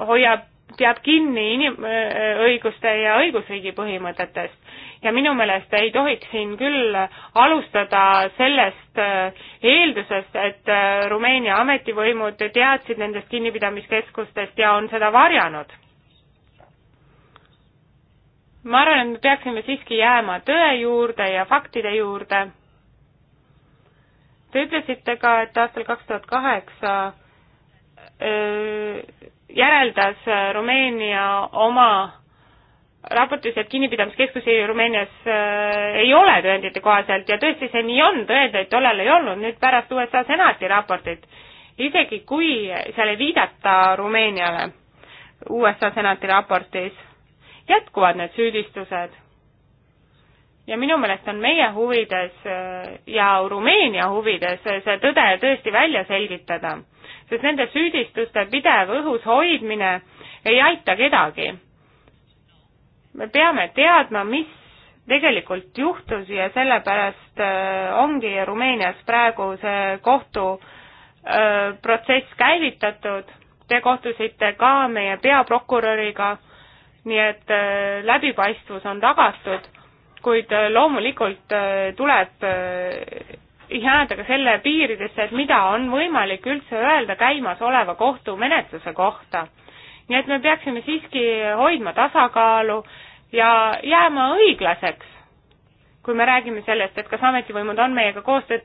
hoiab peab kinni inimõiguste ja õigusriigi põhimõtetest. ja minu meelest ei tohiks siin küll alustada sellest äh, eeldusest, et äh, Rumeenia ametivõimud teadsid nendest kinnipidamiskeskustest ja on seda varjanud. ma arvan, et me peaksime siiski jääma tõe juurde ja faktide juurde. Te ütlesite ka, et aastal kaks tuhat kaheksa äh, järeldas äh, Rumeenia oma raportis, et kinnipidamiskeskusi Rumeenias äh, ei ole tõendite kohaselt ja tõesti see nii on, tõendeid tollal ei olnud, nüüd pärast USA senati raportit, isegi kui seal ei viidata Rumeeniale USA senati raportis, jätkuvad need süüdistused. ja minu meelest on meie huvides äh, ja Rumeenia huvides see tõde tõesti välja selgitada sest nende süüdistuste pidev õhus hoidmine ei aita kedagi. me peame teadma, mis tegelikult juhtus ja sellepärast äh, ongi Rumeenias praegu see kohtuprotsess äh, käivitatud. Te kohtusite ka meie peaprokuröriga, nii et äh, läbipaistvus on tagatud, kuid loomulikult tuleb jääda ka selle piiridesse, et mida on võimalik üldse öelda käimasoleva kohtumenetluse kohta. nii et me peaksime siiski hoidma tasakaalu ja jääma õiglaseks, kui me räägime sellest, et kas ametivõimud on meiega koostööd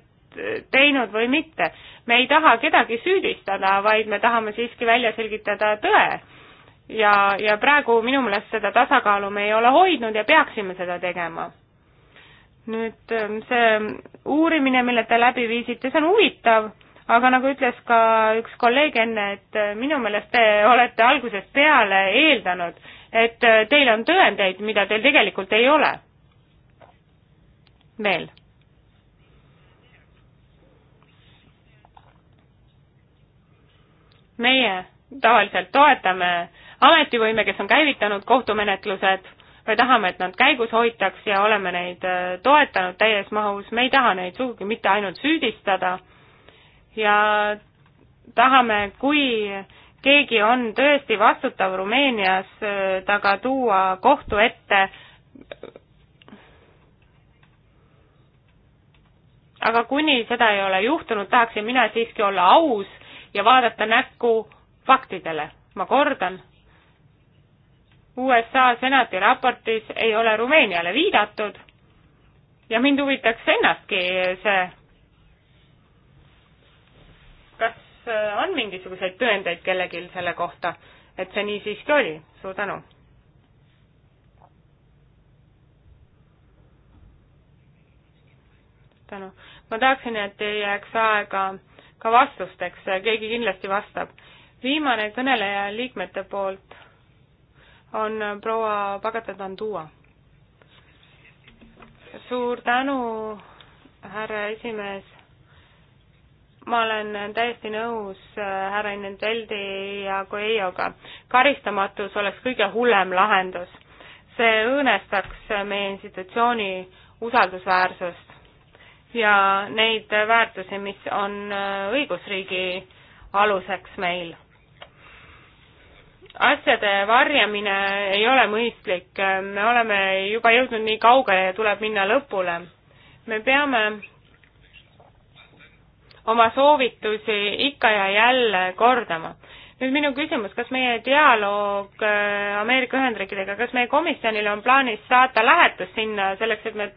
teinud või mitte. me ei taha kedagi süüdistada, vaid me tahame siiski välja selgitada tõe. ja, ja praegu minu meelest seda tasakaalu me ei ole hoidnud ja peaksime seda tegema nüüd ähm, see uurimine, mille te läbi viisite, see on huvitav, aga nagu ütles ka üks kolleeg enne, et äh, minu meelest te olete algusest peale eeldanud, et äh, teil on tõendeid, mida teil tegelikult ei ole veel. meie tavaliselt toetame ametivõime, kes on käivitanud kohtumenetlused me tahame, et nad käigus hoitaks ja oleme neid äh, toetanud täies mahus, me ei taha neid sugugi mitte ainult süüdistada ja tahame, kui keegi on tõesti vastutav Rumeenias, äh, ta ka tuua kohtu ette. aga kuni seda ei ole juhtunud, tahaksin mina siiski olla aus ja vaadata näkku faktidele. ma kordan USA senati raportis ei ole Rumeeniale viidatud ja mind huvitaks ennastki see, kas äh, on mingisuguseid tõendeid kellelgi selle kohta, et see nii siiski oli, suur tänu. tänu, ma tahaksin, et ei jääks aega ka vastusteks, keegi kindlasti vastab. viimane kõneleja liikmete poolt on proua Pagatatandua. suur tänu, härra esimees. ma olen täiesti nõus äh, härra Inendeldi ja Coelhoga. karistamatus oleks kõige hullem lahendus. see õõnestaks meie institutsiooni usaldusväärsust ja neid väärtusi, mis on äh, õigusriigi aluseks meil asjade varjamine ei ole mõistlik, me oleme juba jõudnud nii kaugele ja tuleb minna lõpule. me peame oma soovitusi ikka ja jälle kordama. nüüd minu küsimus, kas meie dialoog äh, Ameerika Ühendriikidega, kas meie komisjonil on plaanis saata lähetus sinna selleks, et me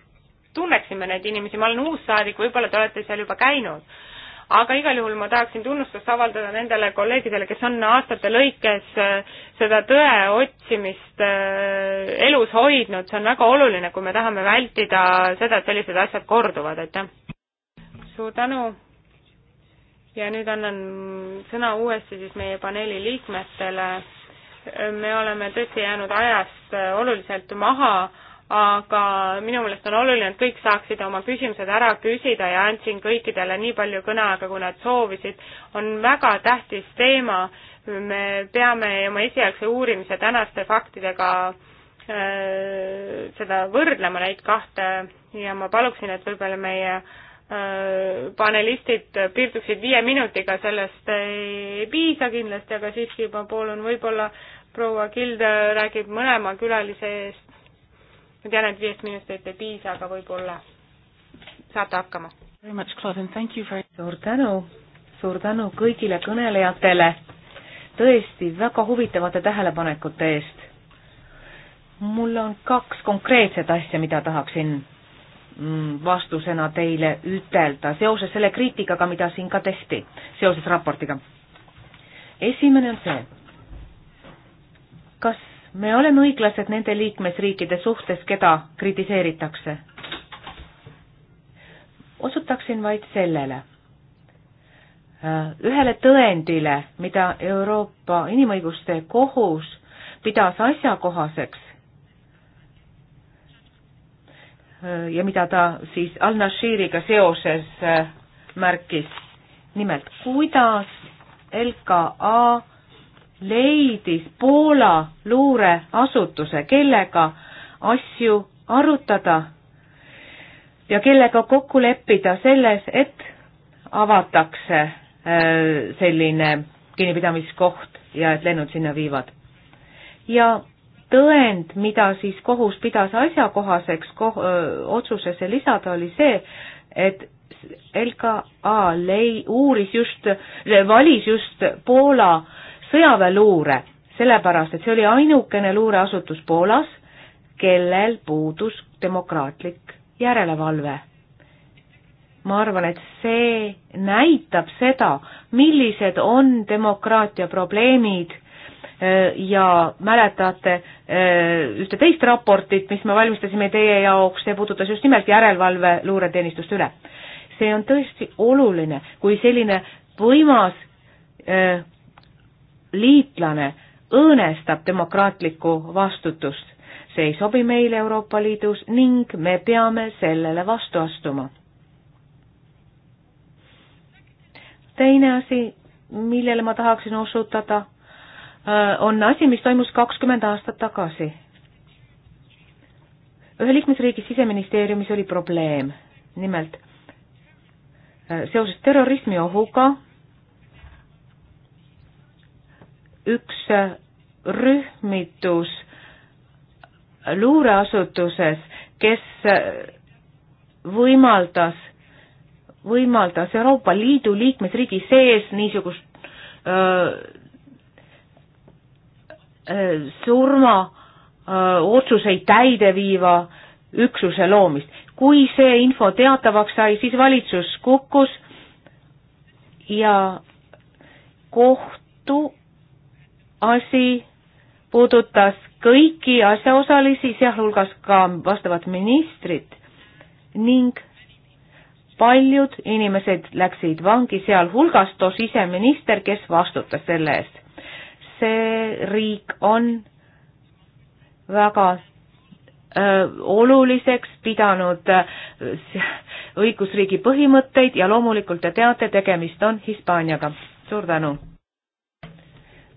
tunneksime neid inimesi, ma olen uus saadik, võib-olla te olete seal juba käinud aga igal juhul ma tahaksin tunnustust avaldada nendele kolleegidele, kes on aastate lõikes äh, seda tõe otsimist äh, elus hoidnud, see on väga oluline, kui me tahame vältida seda, et sellised asjad korduvad, aitäh! suur tänu ja nüüd annan sõna uuesti siis meie paneeli liikmetele, äh, me oleme tõesti jäänud ajast oluliselt maha aga minu meelest on oluline, et kõik saaksid oma küsimused ära küsida ja andsin kõikidele nii palju kõneaega, kui nad soovisid. on väga tähtis teema, me peame oma esialgse uurimise tänaste faktidega äh, seda võrdlema, neid kahte, ja ma paluksin, et võib-olla meie äh, panelistid piirduksid viie minutiga, sellest ei piisa kindlasti, aga siiski juba pool on võib-olla proua Kild räägib mõlema külalise eest ma tean, et viiest minutist ei piisa, aga võib-olla saate hakkama. suur tänu, suur tänu kõigile kõnelejatele tõesti väga huvitavate tähelepanekute eest. mul on kaks konkreetset asja, mida tahaksin mm, vastusena teile ütelda seoses selle kriitikaga, mida siin ka tehti seoses raportiga. esimene on see, kas me oleme õiglased nende liikmesriikide suhtes, keda kritiseeritakse. osutaksin vaid sellele, äh, ühele tõendile, mida Euroopa Inimõiguste Kohus pidas asjakohaseks äh, ja mida ta siis Al-Nashiriga seoses äh, märkis. nimelt, kuidas LKA leidis Poola luureasutuse, kellega asju arutada ja kellega kokku leppida selles, et avatakse äh, selline kinnipidamiskoht ja et lennud sinna viivad. ja tõend, mida siis kohus pidas asjakohaseks koh-, otsusesse lisada, oli see, et LKA lei-, uuris just, valis just Poola sõjaväeluure, sellepärast et see oli ainukene luureasutus Poolas, kellel puudus demokraatlik järelevalve. ma arvan, et see näitab seda, millised on demokraatia probleemid äh, ja mäletate äh, ühte teist raportit, mis me valmistasime teie jaoks, see puudutas just nimelt järelevalve luureteenistust üle. see on tõesti oluline, kui selline võimas äh, liitlane õõnestab demokraatlikku vastutust. see ei sobi meile Euroopa Liidus ning me peame sellele vastu astuma. teine asi, millele ma tahaksin osutada, äh, on asi, mis toimus kakskümmend aastat tagasi. ühe liikmesriigi siseministeeriumis oli probleem, nimelt äh, seoses terrorismi ohuga üks rühmitus luureasutuses, kes võimaldas, võimaldas Euroopa Liidu liikmesriigi sees niisugust öö, surma öö, otsuseid täide viiva üksuse loomist. kui see info teatavaks sai, siis valitsus kukkus ja kohtu asi puudutas kõiki asjaosalisi, sealhulgas ka vastavat ministrit ning paljud inimesed läksid vangi, sealhulgas too siseminister, kes vastutas selle eest. see riik on väga öö, oluliseks pidanud öö, õigusriigi põhimõtteid ja loomulikult te teate, tegemist on Hispaaniaga. suur tänu!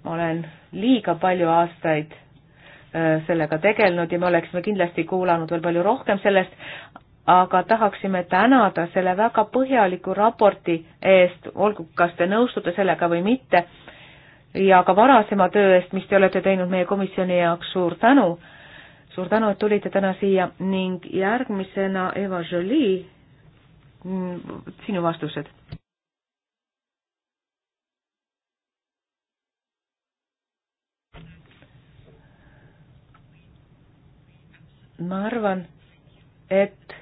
ma olen liiga palju aastaid äh, sellega tegelenud ja me oleksime kindlasti kuulanud veel palju rohkem sellest, aga tahaksime tänada selle väga põhjaliku raporti eest, olgu kas te nõustute sellega või mitte, ja ka varasema töö eest, mis te olete teinud meie komisjoni jaoks, suur tänu. suur tänu, et tulite täna siia ning järgmisena Eva Jolie, mm, sinu vastused ma arvan, et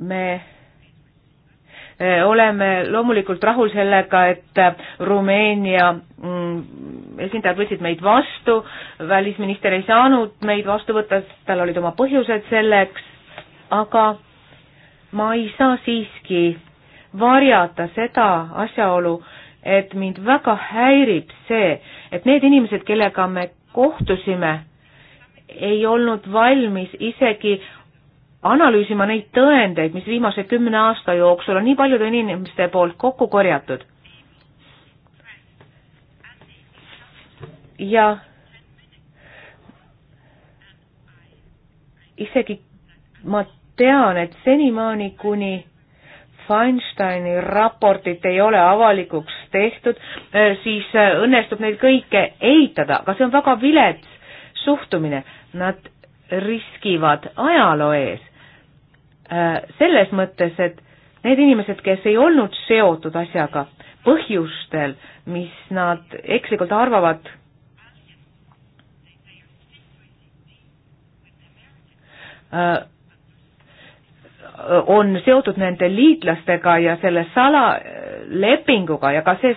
me e, oleme loomulikult rahul sellega, et Rumeenia mm, esindajad võtsid meid vastu, välisminister ei saanud meid vastu võtta, tal olid oma põhjused selleks, aga ma ei saa siiski varjata seda asjaolu, et mind väga häirib see, et need inimesed, kellega me kohtusime, ei olnud valmis isegi analüüsima neid tõendeid, mis viimase kümne aasta jooksul on nii paljude inimeste poolt kokku korjatud. ja isegi ma tean, et senimaani, kuni Feinsteini raportit ei ole avalikuks tehtud, siis õnnestub neid kõike eitada, aga see on väga vilets suhtumine, nad riskivad ajaloo ees. Äh, selles mõttes, et need inimesed, kes ei olnud seotud asjaga põhjustel, mis nad ekslikult arvavad, äh, on seotud nende liitlastega ja selle salalepinguga ja ka see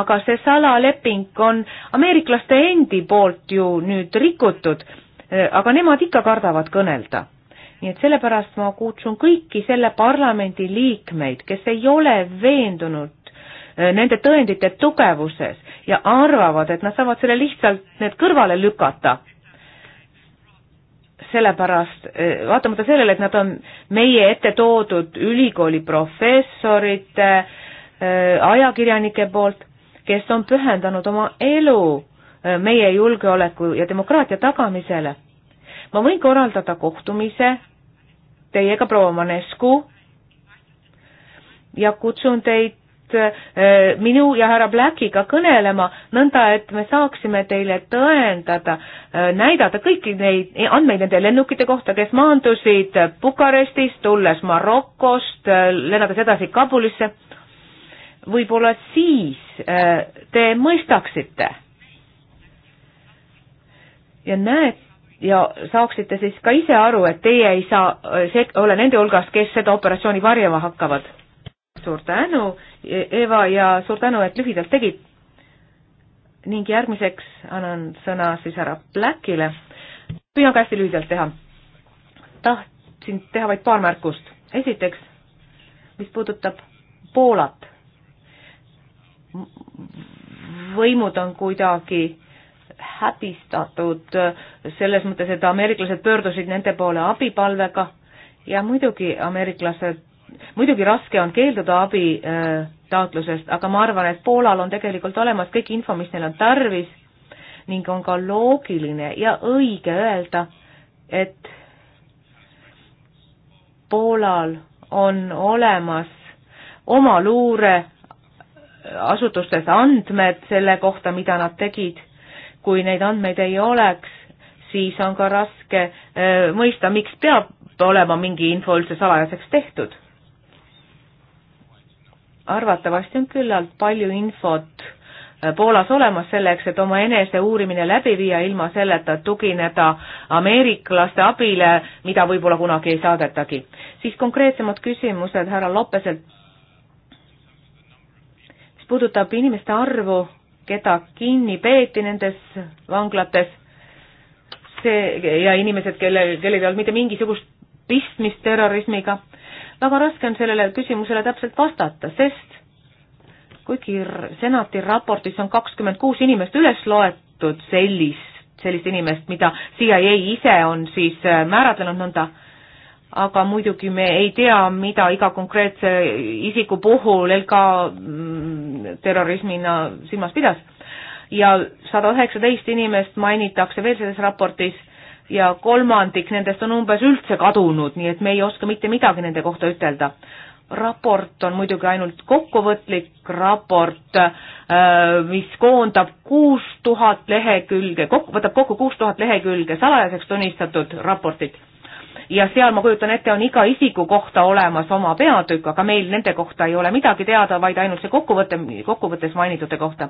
aga see salaleping on ameeriklaste endi poolt ju nüüd rikutud, aga nemad ikka kardavad kõnelda. nii et sellepärast ma kutsun kõiki selle parlamendi liikmeid, kes ei ole veendunud eh, nende tõendite tugevuses ja arvavad, et nad saavad selle lihtsalt need kõrvale lükata, sellepärast, eh, vaatamata sellele, et nad on meie ette toodud ülikooli professorite, eh, ajakirjanike poolt, kes on pühendanud oma elu äh, meie julgeoleku ja demokraatia tagamisele. ma võin korraldada kohtumise teiega, proua Manescu, ja kutsun teid äh, minu ja härra Blackiga kõnelema, nõnda et me saaksime teile tõendada, äh, näidata kõiki neid andmeid nende lennukite kohta, kes maandusid Bukarestist, tulles Marokost, lennades edasi Kabulisse võib-olla siis äh, te mõistaksite ja näete, ja saaksite siis ka ise aru, et teie ei saa äh, sek-, ole nende hulgas, kes seda operatsiooni varjama hakkavad. suur tänu, Eva, ja suur tänu, et lühidalt tegid. ning järgmiseks annan sõna siis härra Blackile. püüan ka hästi lühidalt teha. tahtsin teha vaid paar märkust. esiteks, mis puudutab Poolat võimud on kuidagi häbistatud selles mõttes, et ameeriklased pöördusid nende poole abipalvega ja muidugi ameeriklased, muidugi raske on keelduda abi äh, taotlusest, aga ma arvan, et Poolal on tegelikult olemas kõik info, mis neil on tarvis ning on ka loogiline ja õige öelda, et Poolal on olemas oma luure asutustes andmed selle kohta, mida nad tegid. kui neid andmeid ei oleks, siis on ka raske äh, mõista, miks peab olema mingi info üldse salajaseks tehtud. arvatavasti on küllalt palju infot äh, Poolas olemas selleks, et oma eneseuurimine läbi viia ilma selleta, et tugineda ameeriklaste abile, mida võib-olla kunagi ei saadetagi. siis konkreetsemad küsimused härra Lopeselt puudutab inimeste arvu, keda kinni peeti nendes vanglates, see ja inimesed, kelle, kellel ei olnud mitte mingisugust pistmist terrorismiga, väga raske on sellele küsimusele täpselt vastata, sest kuigi senati raportis on kakskümmend kuus inimest üles loetud sellist, sellist inimest, mida CIA ise on siis äh, määratlenud nõnda aga muidugi me ei tea, mida iga konkreetse isiku puhul LK mm, terrorismina silmas pidas. ja sada üheksateist inimest mainitakse veel selles raportis ja kolmandik nendest on umbes üldse kadunud, nii et me ei oska mitte midagi nende kohta ütelda. raport on muidugi ainult kokkuvõtlik raport, äh, mis koondab kuus tuhat lehekülge, kokku, võtab kokku kuus tuhat lehekülge salajaseks tunnistatud raportit ja seal, ma kujutan ette, on iga isiku kohta olemas oma peatükk, aga meil nende kohta ei ole midagi teada, vaid ainult see kokkuvõte, kokkuvõttes mainitute kohta.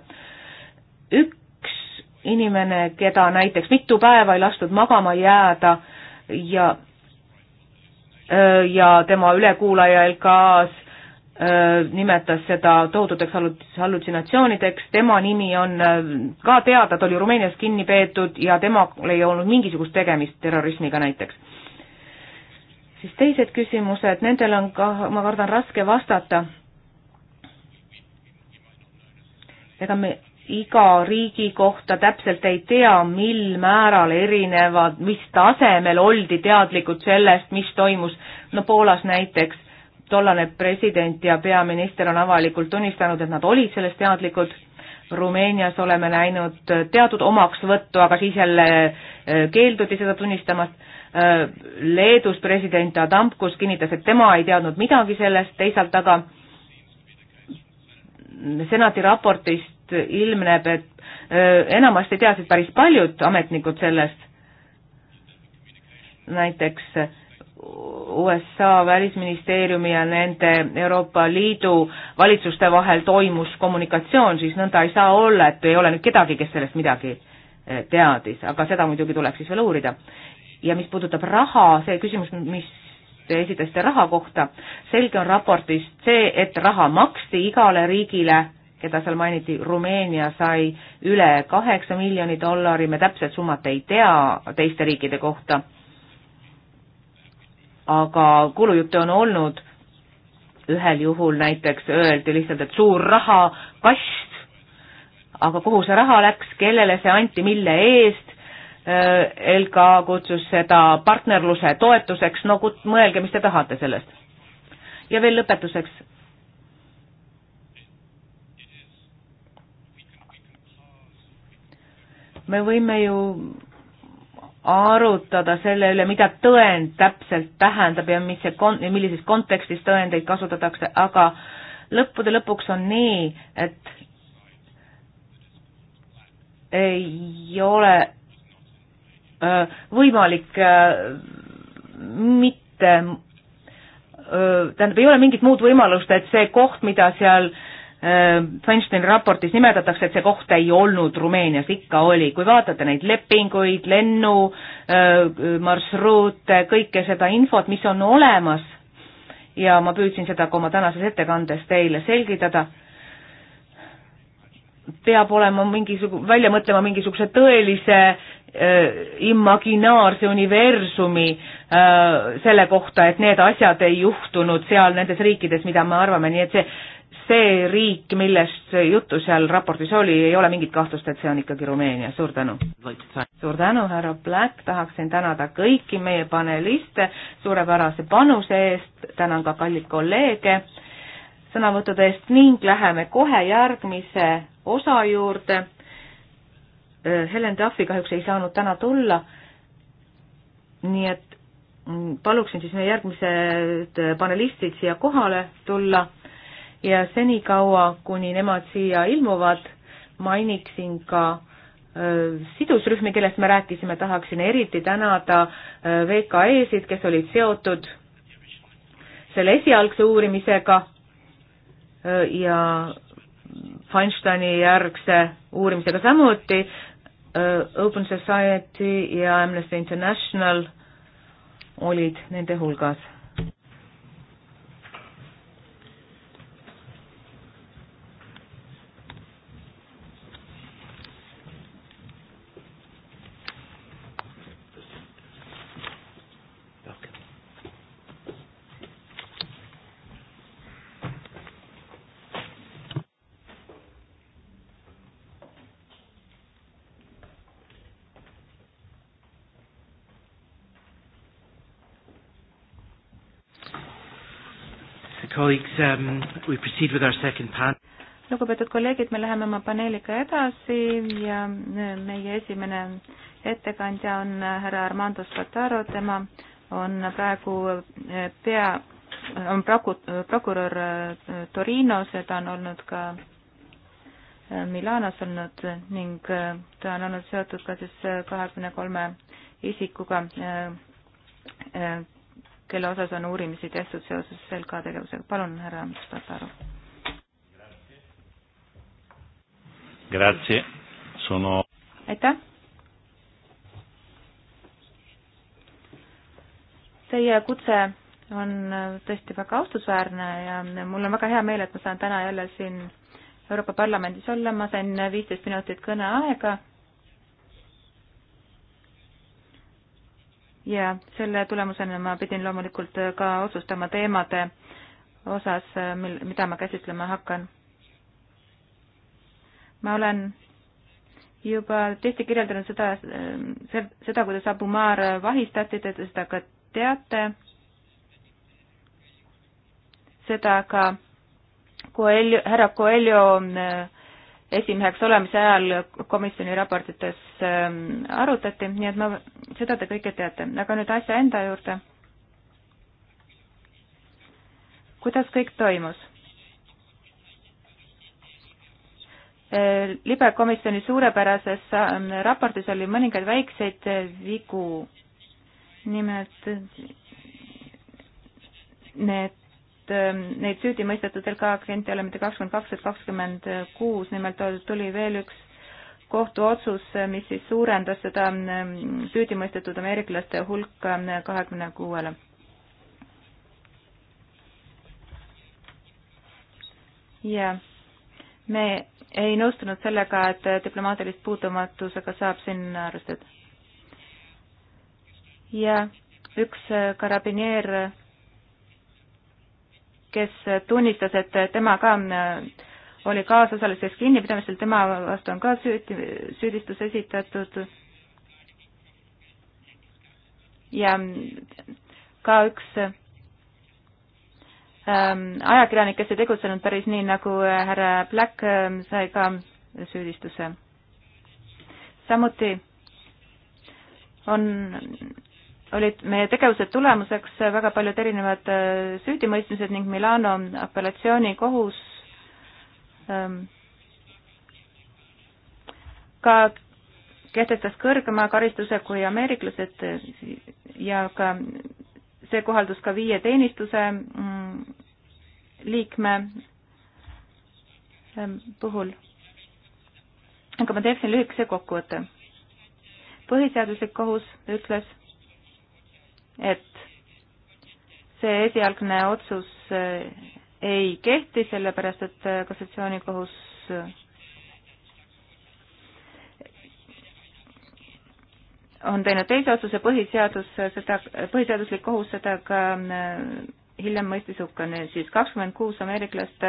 üks inimene, keda näiteks mitu päeva ei lastud magama jääda ja ja tema ülekuulaja LKA-s nimetas seda tohututeks hallutsinatsioonideks, tema nimi on ka teada, ta oli Rumeenias kinni peetud ja temal ei olnud mingisugust tegemist terrorismiga näiteks siis teised küsimused, nendel on ka, ma kardan, raske vastata. ega me iga riigi kohta täpselt ei tea, mil määral erinevad, mis tasemel oldi teadlikud sellest, mis toimus. no Poolas näiteks tollane president ja peaminister on avalikult tunnistanud, et nad olid sellest teadlikud. Rumeenias oleme näinud teatud omaksvõttu, aga siis jälle eh, keelduti seda tunnistamast Äh, Leedus president Adamp, kus kinnitas, et tema ei teadnud midagi sellest, teisalt aga senati raportist ilmneb, et äh, enamasti teadsid päris paljud ametnikud sellest, näiteks USA välisministeeriumi ja nende Euroopa Liidu valitsuste vahel toimus kommunikatsioon, siis nõnda ei saa olla, et ei ole nüüd kedagi, kes sellest midagi äh, teadis, aga seda muidugi tuleb siis veel uurida ja mis puudutab raha, see küsimus, mis te esitasite raha kohta, selge on raportist see, et raha maksti igale riigile, keda seal mainiti, Rumeenia sai üle kaheksa miljoni dollari, me täpset summat ei tea teiste riikide kohta, aga kulujutte on olnud, ühel juhul näiteks öeldi lihtsalt, et suur raha, kast, aga kuhu see raha läks, kellele see anti, mille eest, Äh, LKA kutsus seda partnerluse toetuseks, no kut-, mõelge, mis te tahate sellest. ja veel lõpetuseks. me võime ju arutada selle üle, mida tõend täpselt tähendab ja mis see kon-, millises kontekstis tõendeid kasutatakse, aga lõppude lõpuks on nii, et ei ole Äh, võimalik äh, mitte, äh, tähendab, ei ole mingit muud võimalust, et see koht, mida seal Feinsteini raportis nimetatakse, et see koht ei olnud Rumeenias, ikka oli, kui vaatate neid lepinguid, lennu, marsruute, kõike seda infot, mis on olemas ja ma püüdsin seda ka oma tänases ettekandes teile selgitada peab olema mingisugune, välja mõtlema mingisuguse tõelise äh, imaginaarse universumi äh, selle kohta, et need asjad ei juhtunud seal nendes riikides, mida me arvame, nii et see, see riik, millest juttu seal raportis oli, ei ole mingit kahtlust, et see on ikkagi Rumeenia, suur tänu. suur tänu, härra Black, tahaksin tänada kõiki meie paneliste suurepärase panuse eest, tänan ka kallid kolleege sõnavõttude eest ning läheme kohe järgmise osa juurde. Äh, Helen Duffy kahjuks ei saanud täna tulla, nii et mm, paluksin siis meie järgmised äh, panelistid siia kohale tulla ja senikaua, kuni nemad siia ilmuvad, mainiksin ka äh, sidusrühmi, kellest me rääkisime, tahaksin eriti tänada VKE-sid, kes olid seotud selle esialgse uurimisega ja Feinsteini järgse uurimisega samuti, äh, Open Society ja Amnesty International olid nende hulgas colleagues, um, we proceed with our second panel. lugupeetud kolleegid, me läheme oma paneeliga edasi ja äh, meie esimene ettekandja on äh, härra Armando Spataro, tema on praegu äh, pea, on proku-, prokurör Torinos ja ta on olnud ka Milanos olnud ning ta on olnud seotud ka siis kahekümne kolme isikuga, kelle osas on uurimisi tehtud seoses SELK tegevusega. palun, härra Tataru. Sono... aitäh. Teie kutse on tõesti väga austusväärne ja mul on väga hea meel, et ma saan täna jälle siin Euroopa Parlamendis olla, ma sain viisteist minutit kõneaega ja selle tulemusena ma pidin loomulikult äh, ka otsustama teemade osas, äh, mil, mida ma käsitlema hakkan. ma olen juba tihti kirjeldanud seda, äh, seda, kuidas Abu Maar vahistati, te seda ka teate, seda ka Coelho, härra Coelho esimeheks olemise ajal komisjoni raportites ähm, arutati, nii et ma, seda te kõike teate. aga nüüd asja enda juurde. kuidas kõik toimus? Äh, libekomisjoni suurepärases ähm, raportis oli mõningaid väikseid äh, vigu. nimelt need et ähm, neid süüdimõistetutel ka kliente ei ole mitte kakskümmend kaks, vaid kakskümmend kuus, nimelt tuli veel üks kohtuotsus, äh, mis siis suurendas seda ähm, süüdimõistetud ameeriklaste hulka äh, kahekümne kuuele. ja me ei nõustunud sellega, et äh, diplomaatilist puutumatusega saab siin arvestada. ja üks karabineer kes tunnistas, et tema ka äh, oli kaasosaliseks kinnipidamisel, tema vastu on ka süüdi, süüdistus esitatud. ja ka üks ähm, ajakirjanik, kes ei tegutsenud päris nii, nagu äh, härra Black ähm, sai ka süüdistuse. samuti on olid meie tegevuse tulemuseks väga paljud erinevad äh, süüdimõistmised ning Milano apellatsioonikohus ähm, ka kehtestas kõrgema karistuse kui ameeriklased äh, ja ka see kohaldus ka viie teenistuse mm, liikme ähm, puhul. aga ma teeksin lühikese kokkuvõtte. põhiseaduslik kohus ütles, et see esialgne otsus eh, ei kehti, sellepärast et eh, kassatsioonikohus eh, on teinud teise otsuse, põhiseadus seda, põhiseaduslik kohus seda ka hiljem mõistis hukka, siis kakskümmend kuus ameeriklast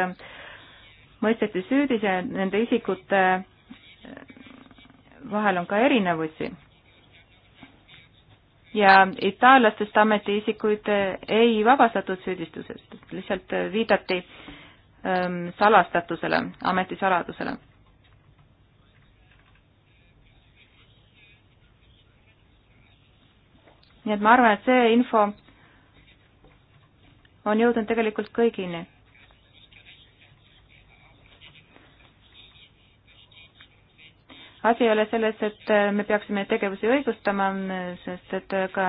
mõisteti süüdis ja nende isikute vahel on ka erinevusi ja itaallastest ametiisikuid ei vabastatud süüdistusest, lihtsalt viidati ähm, salastatusele, ametisaladusele. nii et ma arvan, et see info on jõudnud tegelikult kõigini asi ei ole selles, et äh, me peaksime tegevusi õigustama, sest et äh, ka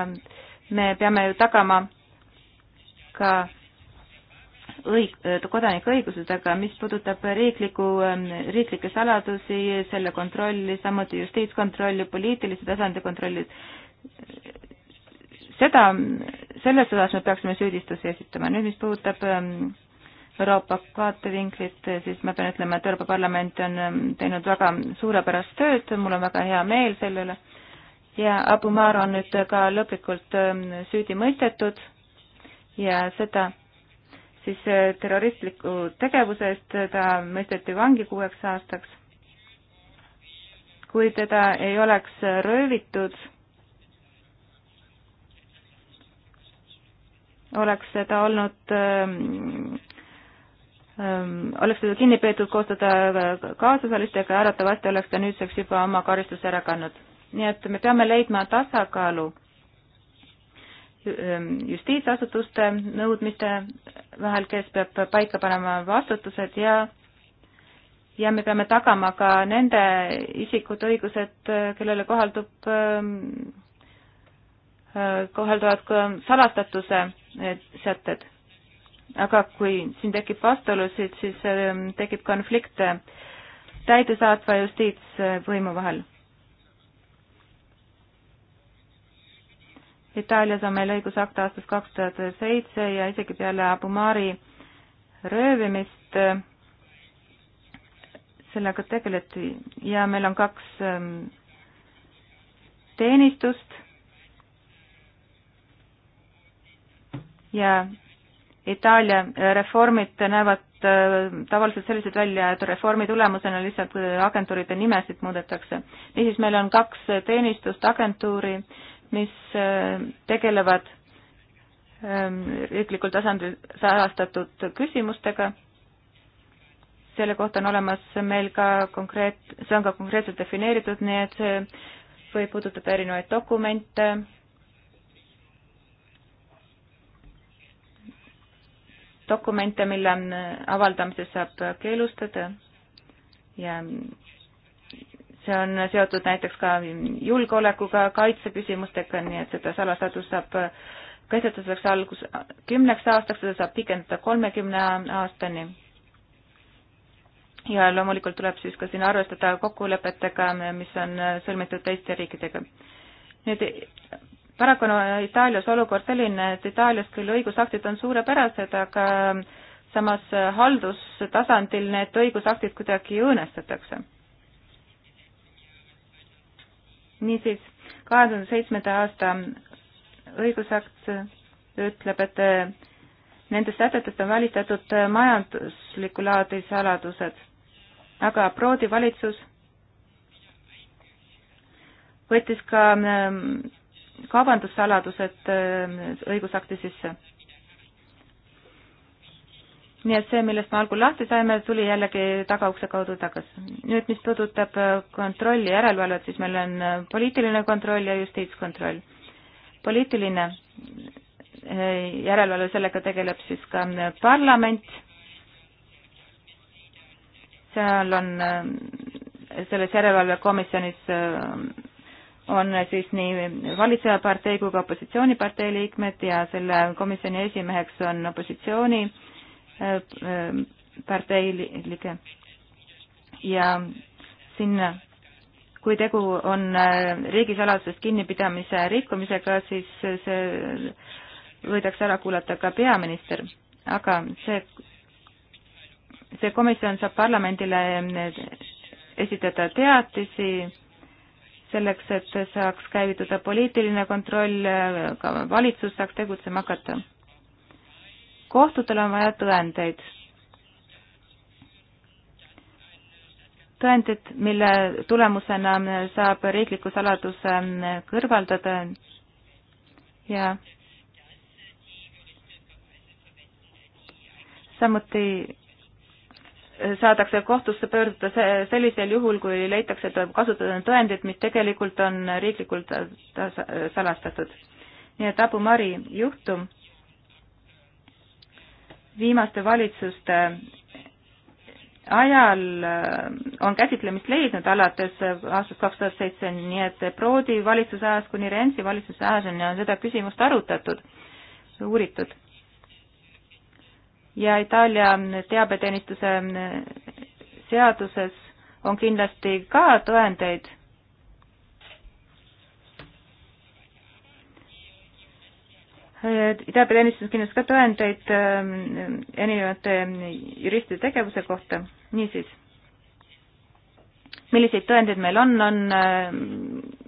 me peame ju tagama ka õig-, äh, kodanike õigused, aga mis puudutab riikliku, ähm, riiklikke saladusi, selle kontrolli, samuti justiitskontrolli, poliitilise tasandi kontrolli, seda, selles osas me peaksime süüdistusi esitama. nüüd, mis puudutab ähm, Euroopa vaatevinklist, siis ma pean ütlema, et Euroopa Parlament on ähm, teinud väga suurepärast tööd, mul on väga hea meel selle üle ja Abu Maar on nüüd ka lõplikult ähm, süüdi mõistetud ja seda siis äh, terroristliku tegevuse eest ta mõisteti vangi kuueks aastaks. kui teda ei oleks röövitud, oleks ta olnud ähm, Ähm, oleks seda kinni peetud koostada äh, kaasosalistega ja arvatavasti oleks ta nüüdseks juba oma karistuse ära kandnud. nii et me peame leidma tasakaalu ähm, justiitsasutuste nõudmiste vahel, kes peab paika panema vastutused ja ja me peame tagama ka nende isikute õigused, äh, kellele kohaldub, ähm, äh, kohalduvad ka salastatuse sätted aga kui siin tekib vastuolusid, siis ähm, tekib konflikte äh, täidesaatva justiitsvõimu vahel. Itaalias on meil õigusakt aastast kaks tuhat seitse ja isegi peale Abu Mari röövimist äh, sellega tegeleti ja meil on kaks ähm, teenistust ja Itaalia äh, reformid näevad äh, tavaliselt sellised välja, et reformi tulemusena lihtsalt äh, agentuuride nimesid muudetakse. niisiis, meil on kaks teenistust, agentuuri, mis tegelevad ähm, riiklikul tasandil salastatud küsimustega, selle kohta on olemas meil ka konkreet-, see on ka konkreetselt defineeritud, nii et see võib puudutada erinevaid dokumente, dokumente, mille avaldamise saab keelustada ja see on seotud näiteks ka julgeolekuga, kaitseküsimustega, nii et seda salasadust saab kehtestatakse algus kümneks aastaks, seda saab pikendada kolmekümne aastani. ja loomulikult tuleb siis ka siin arvestada kokkulepetega, mis on sõlmitud teiste riikidega. nüüd paraku on Itaalias olukord selline, et Itaalias küll õigusaktid on suurepärased, aga äh, samas äh, haldustasandil need õigusaktid kuidagi õõnestatakse. niisiis, kahe tuhande seitsmenda aasta õigusakt ütleb, et äh, nendest sätetest on välistatud majanduslikku laadi saladused, aga Prodi valitsus võttis ka kaubandussaladused äh, õigusakti sisse. nii et see, millest me algul lahti saime, tuli jällegi tagaukse kaudu tagasi. nüüd, mis puudutab äh, kontrolli järelevalvet, siis meil on äh, poliitiline kontroll ja justiitskontroll. poliitiline järelevalve, sellega tegeleb siis ka parlament, seal on selles järelevalvekomisjonis on siis nii valitseja partei kui ka opositsioonipartei liikmed ja selle komisjoni esimeheks on opositsiooni äh, partei liige. ja sinna, kui tegu on äh, riigisaladusest kinnipidamise rikkumisega, siis see võidakse ära kuulata ka peaminister, aga see, see komisjon saab parlamendile äh, esitada teatisi selleks, et saaks käivituda poliitiline kontroll, ka valitsus saaks tegutsema hakata. kohtutel on vaja tõendeid. tõendid, mille tulemusena saab riikliku saladuse kõrvaldada ja samuti saadakse kohtusse pöörduda sellisel juhul, kui leitakse, et tuleb kasutada tõendeid, mis tegelikult on riiklikult salastatud. nii et Abu Mari juhtum viimaste valitsuste ajal äh, on käsitlemist leidnud alates äh, aastast kaks tuhat seitse, nii et Prodi valitsuse ajast kuni Rensi valitsuse ajani on seda küsimust arutatud, uuritud ja Itaalia teabeteenistuse seaduses on kindlasti ka tõendeid teabeteenistus kindlasti ka tõendeid eh, erinevate juristide tegevuse kohta, niisiis. milliseid tõendeid meil on, on eh,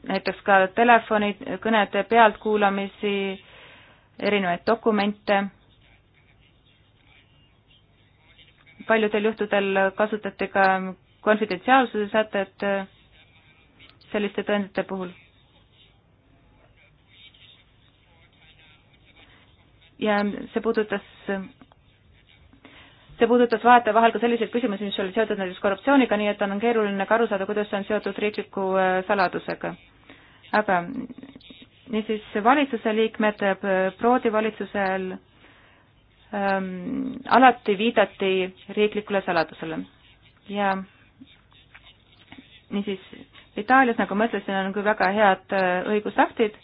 näiteks ka telefonikõnede pealtkuulamisi, erinevaid dokumente paljudel juhtudel kasutati ka konfidentsiaalsuse sätet äh, selliste tõendite puhul. ja see puudutas, see puudutas vahetevahel ka selliseid küsimusi, mis olid seotud näiteks korruptsiooniga, nii et on keeruline ka aru saada, kuidas see on seotud riikliku äh, saladusega. aga niisiis valitsuse liikmed äh, Prodi valitsuse ajal ähm, alati viidati riiklikule saladusele ja niisiis Itaalias, nagu ma ütlesin, on küll väga head äh, õigusaktid,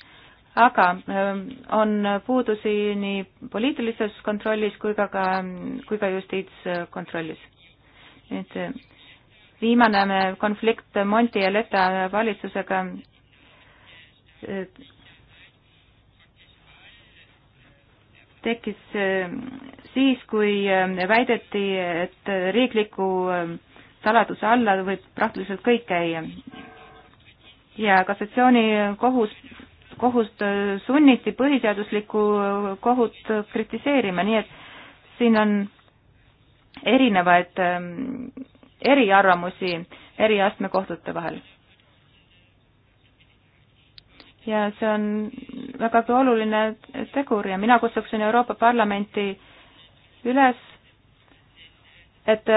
aga ähm, on puudusi nii poliitilises kontrollis kui ka, ka ähm, kui ka justiitskontrollis. nüüd äh, viimane konflikt Monti ja Leta valitsusega äh, tekkis ehm, siis, kui ehm, väideti, et riikliku ehm, saladuse alla võib praktiliselt kõik käia. ja kassatsioonikohus, kohust sunniti põhiseaduslikku kohut kritiseerima, nii et siin on erinevaid eriarvamusi eri astmekohtute vahel ja see on vägagi oluline tegur ja mina kutsuksin Euroopa Parlamenti üles, et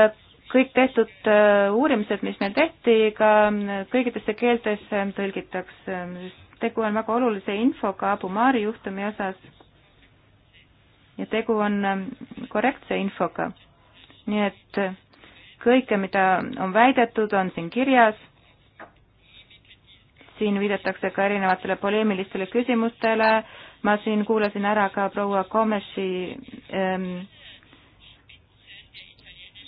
kõik tehtud äh, uurimised, mis meil tehti, ka äh, kõikidesse keeltesse tõlgitakse. tegu on väga olulise infoga Abu Mari juhtumi osas ja tegu on äh, korrektse infoga. nii et kõike, mida on väidetud, on siin kirjas siin viidatakse ka erinevatele poleemilistele küsimustele, ma siin kuulasin ära ka proua Komeši ähm,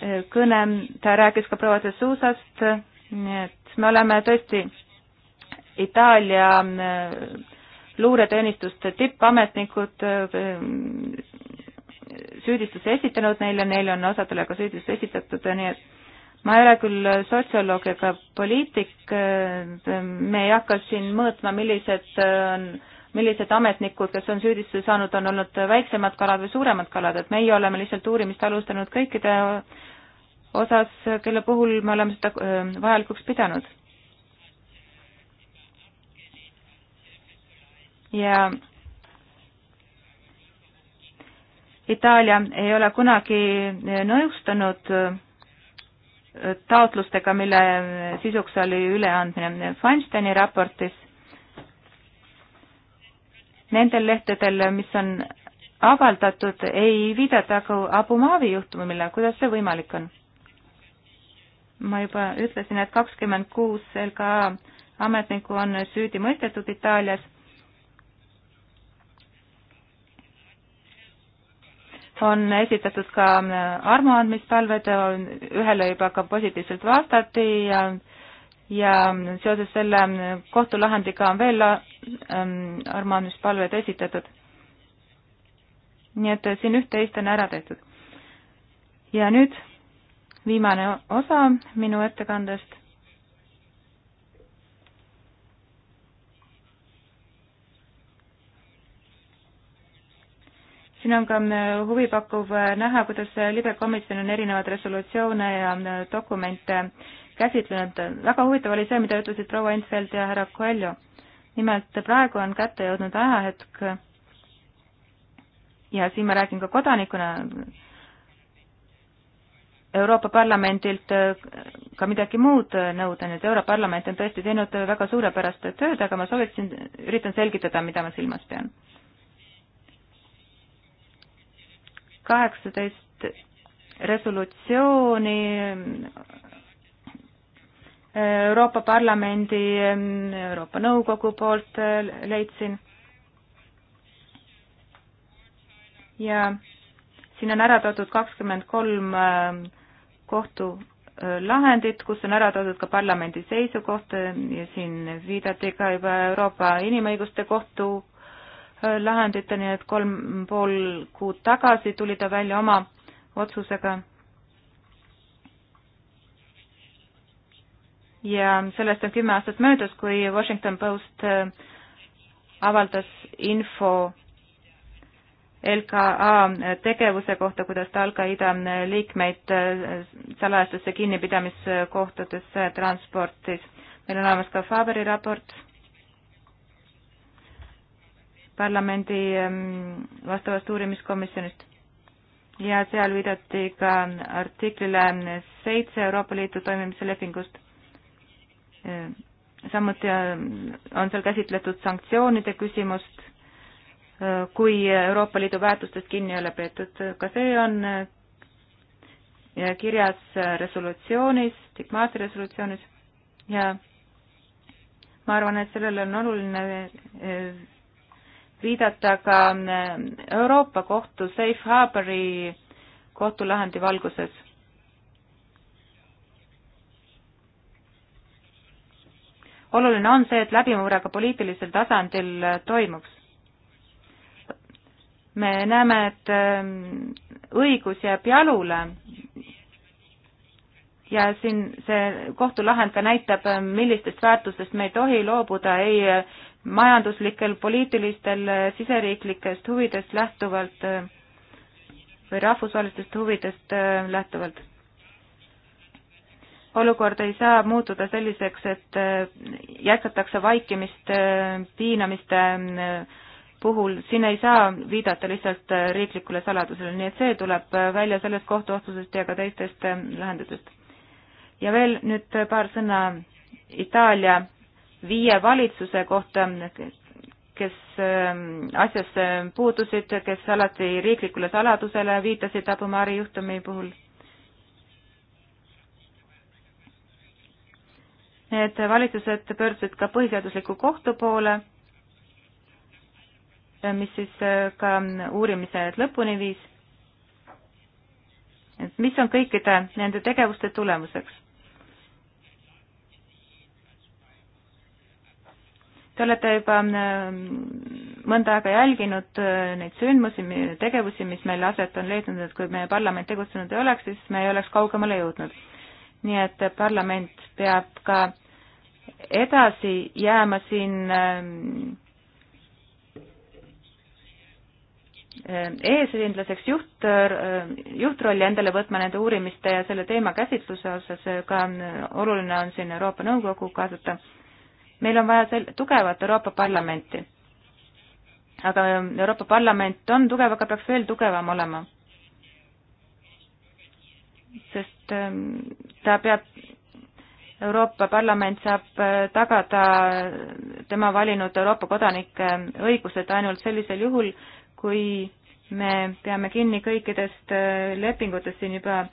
äh, kõne, ta rääkis ka proua Sessusast, nii et me oleme tõesti Itaalia äh, luureteenistuste tippametnikud äh, süüdistuse esitanud neile, neile on osadele ka süüdistus esitatud, nii et ma ei ole küll sotsioloog ega poliitik, me ei hakka siin mõõtma, millised on, millised ametnikud, kes on süüdistuse saanud, on olnud väiksemad kalad või suuremad kalad, et meie oleme lihtsalt uurimist alustanud kõikide osas, kelle puhul me oleme seda vajalikuks pidanud. ja Itaalia ei ole kunagi nõustanud taotlustega, mille sisuks oli üleandmine Feinsteini raportis. Nendel lehtedel, mis on avaldatud, ei viidata aga Abu Maavi juhtumile, kuidas see võimalik on? ma juba ütlesin, et kakskümmend kuus LKA ametnikku on süüdi mõistetud Itaalias on esitatud ka äh, armuandmispalved, äh, ühele juba ka positiivselt vastati ja, ja seoses selle äh, kohtulahendiga on veel ähm, armuandmispalved esitatud. nii et siin üht-teist on ära tehtud. ja nüüd viimane osa minu ettekandest siin on ka äh, huvipakkuv äh, näha, kuidas äh, libe komisjon on erinevaid resolutsioone ja dokumente käsitlenud. väga huvitav oli see, mida ütlesid proua Enfeld ja härra Coelho. nimelt praegu on kätte jõudnud ajahetk ja siin ma räägin ka kodanikuna Euroopa Parlamendilt ka midagi muud nõuda, nii et Europarlament on tõesti teinud väga suurepärast tööd, aga ma sooviksin, üritan selgitada, mida ma silmas pean kaheksateist resolutsiooni Euroopa Parlamendi, Euroopa Nõukogu poolt äh, leidsin. ja siin on ära toodud kakskümmend kolm äh, kohtulahendit, äh, kus on ära toodud ka parlamendi seisukoht ja siin viidati ka juba Euroopa Inimõiguste Kohtu lahenditeni, et kolm pool kuud tagasi tuli ta välja oma otsusega. ja sellest on kümme aastat möödas, kui Washington Post äh, avaldas info LKA tegevuse kohta, kuidas ta Al-Qaeda liikmeid äh, salajastesse kinnipidamiskohtadesse transportis. meil on olemas ka Faberi raport parlamendi ähm, vastavast uurimiskomisjonist ja seal viidati ka artiklile seitse Euroopa Liidu toimimise lepingust. Äh, samuti äh, on seal käsitletud sanktsioonide küsimust, äh, kui Euroopa Liidu väärtustest kinni ei ole peetud, ka see on kirjas resolutsioonis, stigmaati resolutsioonis ja ma arvan, et sellele on oluline viidata ka mm, Euroopa Kohtu Safe Harbori kohtulahendi valguses. oluline on see, et läbimurre ka poliitilisel tasandil toimuks. me näeme, et mm, õigus jääb jalule ja siin see kohtulahend ka näitab, mm, millistest väärtustest me ei tohi loobuda ei majanduslikel, poliitilistel, siseriiklikest huvidest lähtuvalt äh, või rahvusvahelistest huvidest äh, lähtuvalt. olukord ei saa muutuda selliseks, et äh, jätkatakse vaikimist piinamiste puhul, siin ei saa viidata lihtsalt riiklikule saladusele, nii et see tuleb välja sellest kohtuotsusest ja ka teistest lahenditest. ja veel nüüd paar sõna Itaalia viie valitsuse kohta, kes ähm, asjasse puudusid, kes alati riiklikule saladusele viitasid Abu Mari juhtumi puhul. Need valitsused pöördusid ka põhiseadusliku kohtu poole, mis siis äh, ka uurimise lõpuni viis. et mis on kõikide nende tegevuste tulemuseks? Te olete juba mm, äh, mõnda aega jälginud äh, neid sündmusi, tegevusi, mis meil aset on leidnud, et kui meie parlament tegutsenud ei oleks, siis me ei oleks kaugemale jõudnud. nii et parlament peab ka edasi jääma siin ähm, äh, eesrindlaseks juht, juhtrolli endale võtma nende uurimiste ja selle teema käsitluse osas, ka oluline on siin Euroopa Nõukogu kaasata meil on vaja sel-, tugevat Euroopa Parlamenti. aga Euroopa Parlament on tugev, aga peaks veel tugevam olema. sest ähm, ta peab, Euroopa Parlament saab äh, tagada tema valinud Euroopa kodanike õigused ainult sellisel juhul, kui me peame kinni kõikidest äh, lepingutest siin juba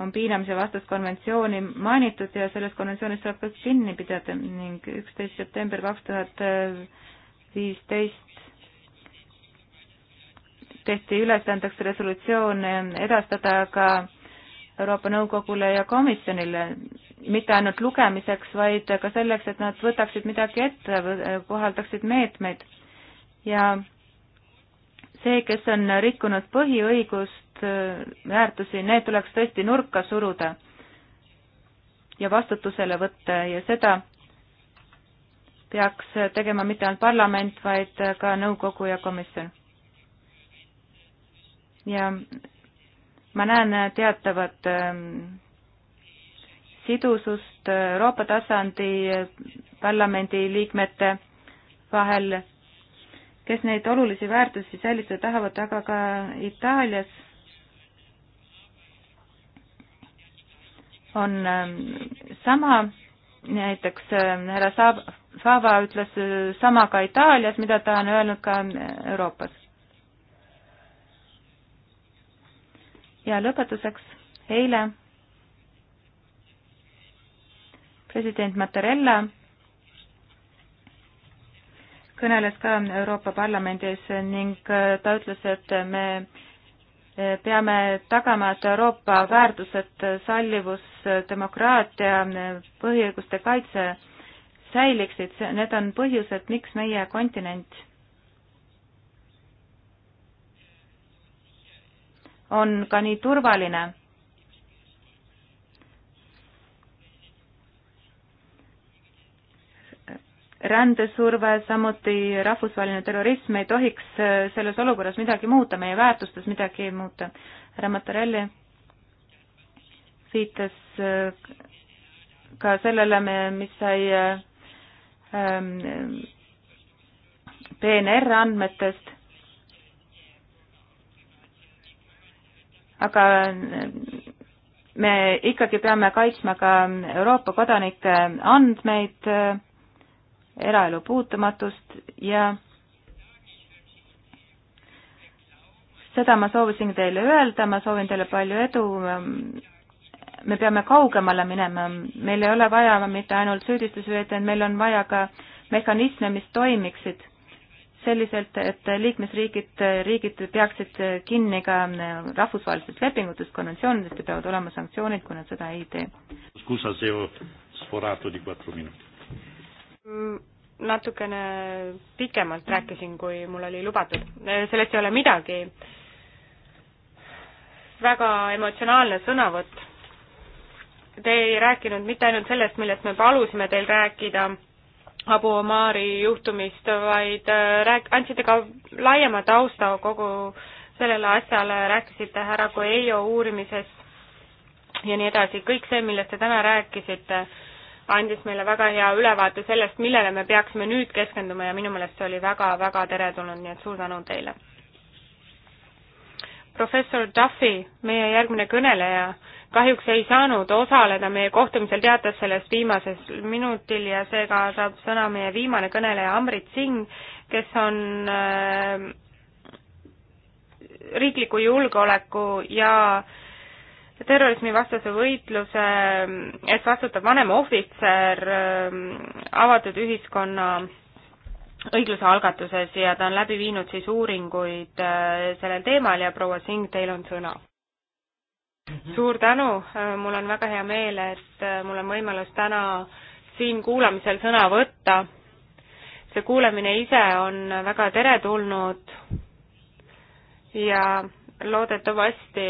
on piinamise vastast konventsiooni mainitud ja sellest konventsioonist tuleb ka kinni pidada ning üksteist september kaks tuhat viisteist tehti ülesandeks resolutsioon edastada ka Euroopa Nõukogule ja komisjonile, mitte ainult lugemiseks, vaid ka selleks, et nad võtaksid midagi ette, kohaldaksid meetmeid ja see, kes on rikkunud põhiõigust, Äh, väärtusi, need tuleks tõesti nurka suruda ja vastutusele võtta ja seda peaks tegema mitte ainult parlament, vaid ka nõukogu ja komisjon. ja ma näen teatavat ähm, sidusust Euroopa tasandi äh, parlamendi liikmete vahel, kes neid olulisi väärtusi säilitada tahavad, aga ka Itaalias on ähm, sama, näiteks ähm, härra Saab-, Fava ütles äh, sama ka Itaalias, mida ta on öelnud ka ähm, Euroopas. ja lõpetuseks, eile president Mattarella kõneles ka Euroopa Parlamendis ning äh, ta ütles, et me peame tagama, et Euroopa väärtused, sallivus, demokraatia, põhiõiguste kaitse säiliksid, need on põhjused, miks meie kontinent on ka nii turvaline rändesurve, samuti rahvusvaheline terrorism ei tohiks äh, selles olukorras midagi muuta, meie väärtustes midagi ei muuta. härra Mattarelli viitas äh, ka sellele, mis sai äh, ähm, PNR andmetest, aga me ikkagi peame kaitsma ka Euroopa kodanike andmeid eraelu puutumatust ja seda ma soovisin teile öelda, ma soovin teile palju edu. me peame kaugemale minema, meil ei ole vaja mitte ainult süüdistusi veeta, meil on vaja ka mehhanisme, mis toimiksid selliselt, et liikmesriigid, riigid peaksid kinni ka rahvusvahelistest lepingutest, konventsioonidest ja peavad olema sanktsioonid, kui nad seda ei tee. Mm, natukene pikemalt rääkisin, kui mul oli lubatud. sellest ei ole midagi. väga emotsionaalne sõnavõtt. Te ei rääkinud mitte ainult sellest, millest me palusime teil rääkida, Abu Omari juhtumist, vaid äh, rääk-, andsite ka laiema tausta kogu sellele asjale, rääkisite härra Coelho uurimisest ja nii edasi, kõik see, millest te täna rääkisite andis meile väga hea ülevaate sellest, millele me peaksime nüüd keskenduma ja minu meelest see oli väga-väga teretulnud, nii et suur tänu teile. professor Duffy, meie järgmine kõneleja, kahjuks ei saanud osaleda meie kohtumisel, teatas sellest viimases minutil ja seega saab sõna meie viimane kõneleja Amrit Singh, kes on äh, riikliku julgeoleku ja äh, terrorismivastase võitluse eest vastutab vanem ohvitser ähm, avatud ühiskonna õigluse algatuses ja ta on läbi viinud siis uuringuid äh, sellel teemal ja proua Singh, teil on sõna. Mhm. suur tänu, äh, mul on väga hea meel, et äh, mul on võimalus täna siin kuulamisel sõna võtta. see kuulamine ise on väga teretulnud ja loodetavasti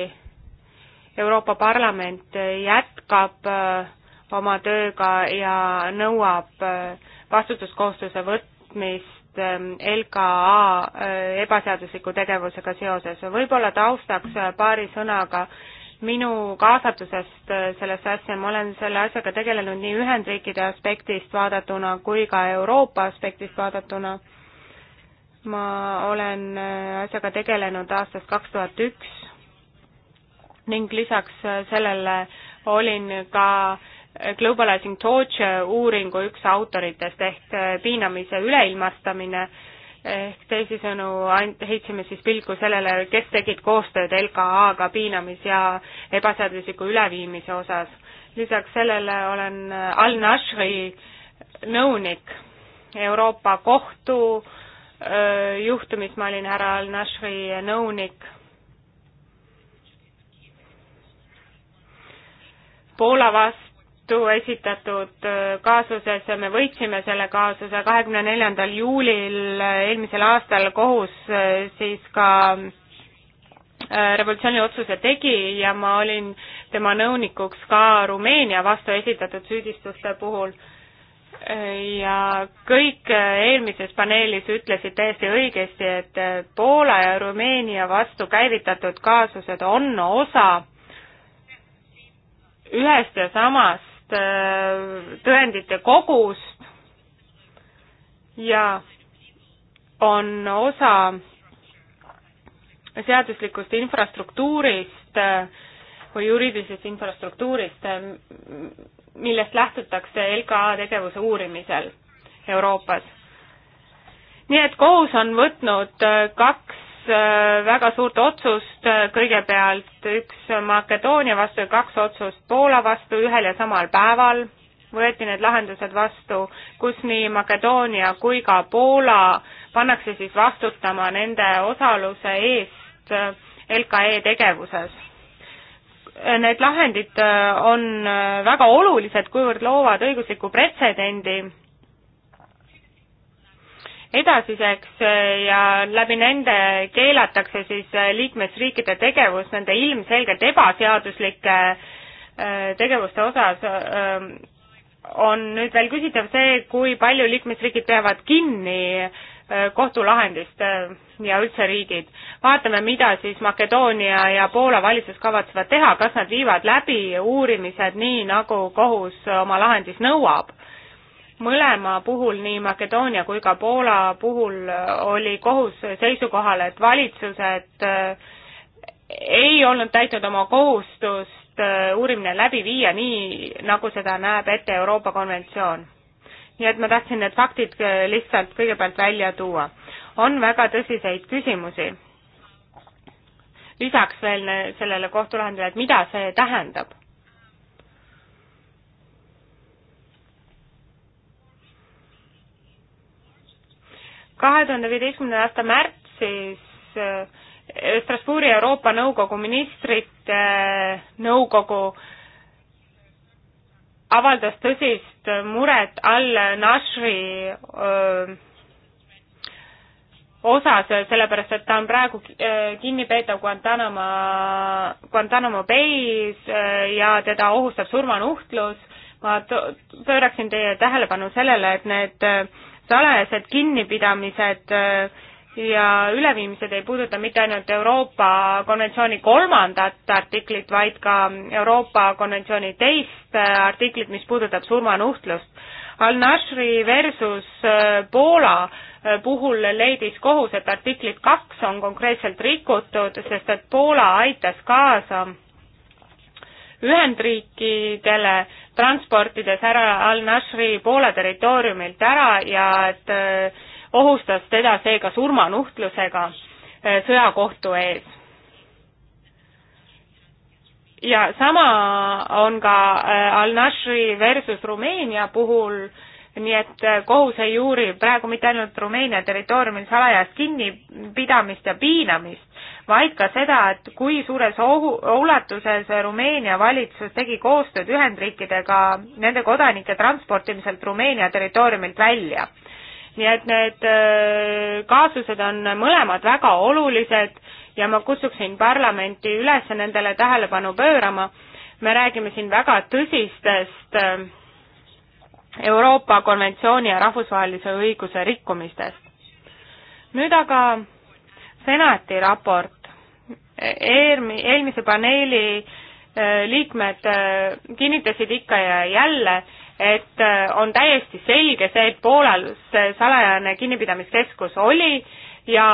Euroopa Parlament jätkab äh, oma tööga ja nõuab äh, vastutuskohustuse võtmist ähm, LKA äh, ebaseadusliku tegevusega seoses. võib-olla taustaks paari sõnaga minu kaasatusest sellesse asja, ma olen selle asjaga tegelenud nii Ühendriikide aspektist vaadatuna kui ka Euroopa aspektist vaadatuna. ma olen asjaga tegelenud aastast kaks tuhat üks ning lisaks äh, sellele olin ka Globalizing Torture uuringu üks autoritest ehk äh, piinamise üleilmastamine ehk teisisõnu heitsime siis pilku sellele, kes tegid koostööd LKA-ga piinamis- ja ebaseadusliku üleviimise osas. lisaks sellele olen äh, Al-Nashri nõunik Euroopa Kohtu juhtumis, ma olin härra Al-Nashri nõunik Poola vastu esitatud äh, kaasuses, me võitsime selle kaasuse kahekümne neljandal juulil äh, eelmisel aastal kohus äh, siis ka revolutsiooni otsuse tegi ja ma olin tema nõunikuks ka Rumeenia vastu esitatud süüdistuste puhul. ja kõik eelmises paneelis ütlesid täiesti õigesti, et Poola ja Rumeenia vastu käivitatud kaasused on osa ühest ja samast äh, tõendite kogust ja on osa seaduslikust infrastruktuurist äh, või juriidilisest infrastruktuurist, äh, millest lähtutakse LKA tegevuse uurimisel Euroopas. nii et kohus on võtnud kaks Äh, väga suurt otsust, äh, kõigepealt üks Makedoonia vastu ja kaks otsust Poola vastu ühel ja samal päeval võeti need lahendused vastu, kus nii Makedoonia kui ka Poola pannakse siis vastutama nende osaluse eest äh, LKE tegevuses. Need lahendid on väga olulised, kuivõrd loovad õigusliku pretsedendi edasiseks eh, ja läbi nende keelatakse siis eh, liikmesriikide tegevus nende ilmselgelt ebaseaduslike eh, tegevuste osas on nüüd veel küsitav see, kui palju liikmesriigid peavad kinni kohtulahendist ja üldse riigid. vaatame, mida siis Makedoonia ja Poola valitsus kavatsevad teha, kas nad viivad läbi uurimised nii, nagu kohus oma lahendis nõuab mõlema puhul, nii Makedoonia kui ka Poola puhul oli kohus seisukohal, et valitsused eh, ei olnud täitnud oma kohustust eh, uurimine läbi viia nii, nagu seda näeb ette Euroopa konventsioon. nii et ma tahtsin need faktid eh, lihtsalt kõigepealt välja tuua. on väga tõsiseid küsimusi. lisaks veel sellele kohtulahendile, et mida see tähendab kahe tuhande viieteistkümnenda aasta märtsis äh, Strasbourgi Euroopa Nõukogu ministrite äh, nõukogu avaldas tõsist muret al-Nashri äh, osas, sellepärast et ta on praegu kinni peetav Guantanamo, Guantanamo Bay's ja teda ohustab surmanuhtlus. ma pööraksin teie tähelepanu sellele, et need äh, salajased kinnipidamised äh, ja üleviimised ei puuduta mitte ainult Euroopa konventsiooni kolmandat artiklit, vaid ka Euroopa konventsiooni teist äh, artiklit, mis puudutab surmanuhtlust. Al-Nashri versus äh, Poola puhul leidis kohus, et artiklit kaks on konkreetselt rikutud, sest et Poola aitas kaasa Ühendriikidele transportides härra al-Nashri Poola territooriumilt ära ja et äh, ohustas teda seega surmanuhtlusega äh, sõjakohtu ees. ja sama on ka äh, al-Nashri versus Rumeenia puhul, nii et kohus ei uuri praegu mitte ainult Rumeenia territooriumil salajast kinnipidamist ja piinamist, vaid ka seda, et kui suures ohu, ulatuses Rumeenia valitsus tegi koostööd Ühendriikidega nende kodanike transportimisel Rumeenia territooriumilt välja. nii et need äh, kaasused on mõlemad väga olulised ja ma kutsuksin parlamenti üles nendele tähelepanu pöörama. me räägime siin väga tõsistest äh, Euroopa konventsiooni ja rahvusvahelise õiguse rikkumistest. nüüd aga senati raport eelmi-, eelmise paneeli äh, liikmed äh, kinnitasid ikka ja jälle, et äh, on täiesti selge see, et Poolal see salajane kinnipidamiskeskus oli ja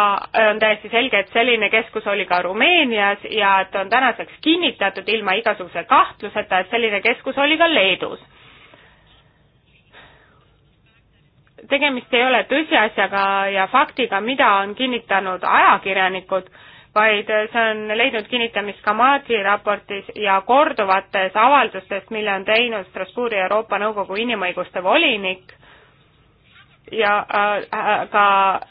on täiesti selge, et selline keskus oli ka Rumeenias ja et on tänaseks kinnitatud ilma igasuguse kahtluseta, et selline keskus oli ka Leedus. tegemist ei ole tõsiasjaga ja faktiga, mida on kinnitanud ajakirjanikud vaid see on leidnud kinnitamist ka Maadri raportis ja korduvates avaldustes, mille on teinud Strasbourgi Euroopa Nõukogu inimõiguste volinik ja äh, äh, ka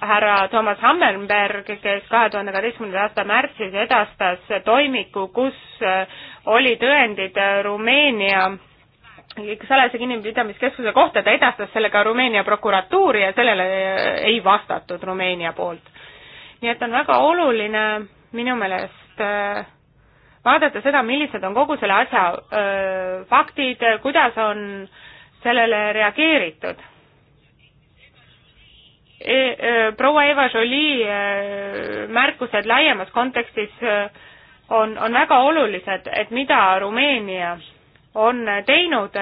härra Toomas Hammerberg, kes kahe tuhande kaheteistkümnenda aasta märtsis edastas toimiku, kus äh, oli tõendid Rumeenia salajase kinnipidamiskeskuse kohta, ta edastas selle ka Rumeenia prokuratuuri ja sellele ei vastatud Rumeenia poolt nii et on väga oluline minu meelest äh, vaadata seda, millised on kogu selle asja öö, äh, faktid, kuidas on sellele reageeritud e,. e proua Eva Jolie äh, märkused laiemas kontekstis öö, on, on väga olulised, et mida Rumeenia on teinud,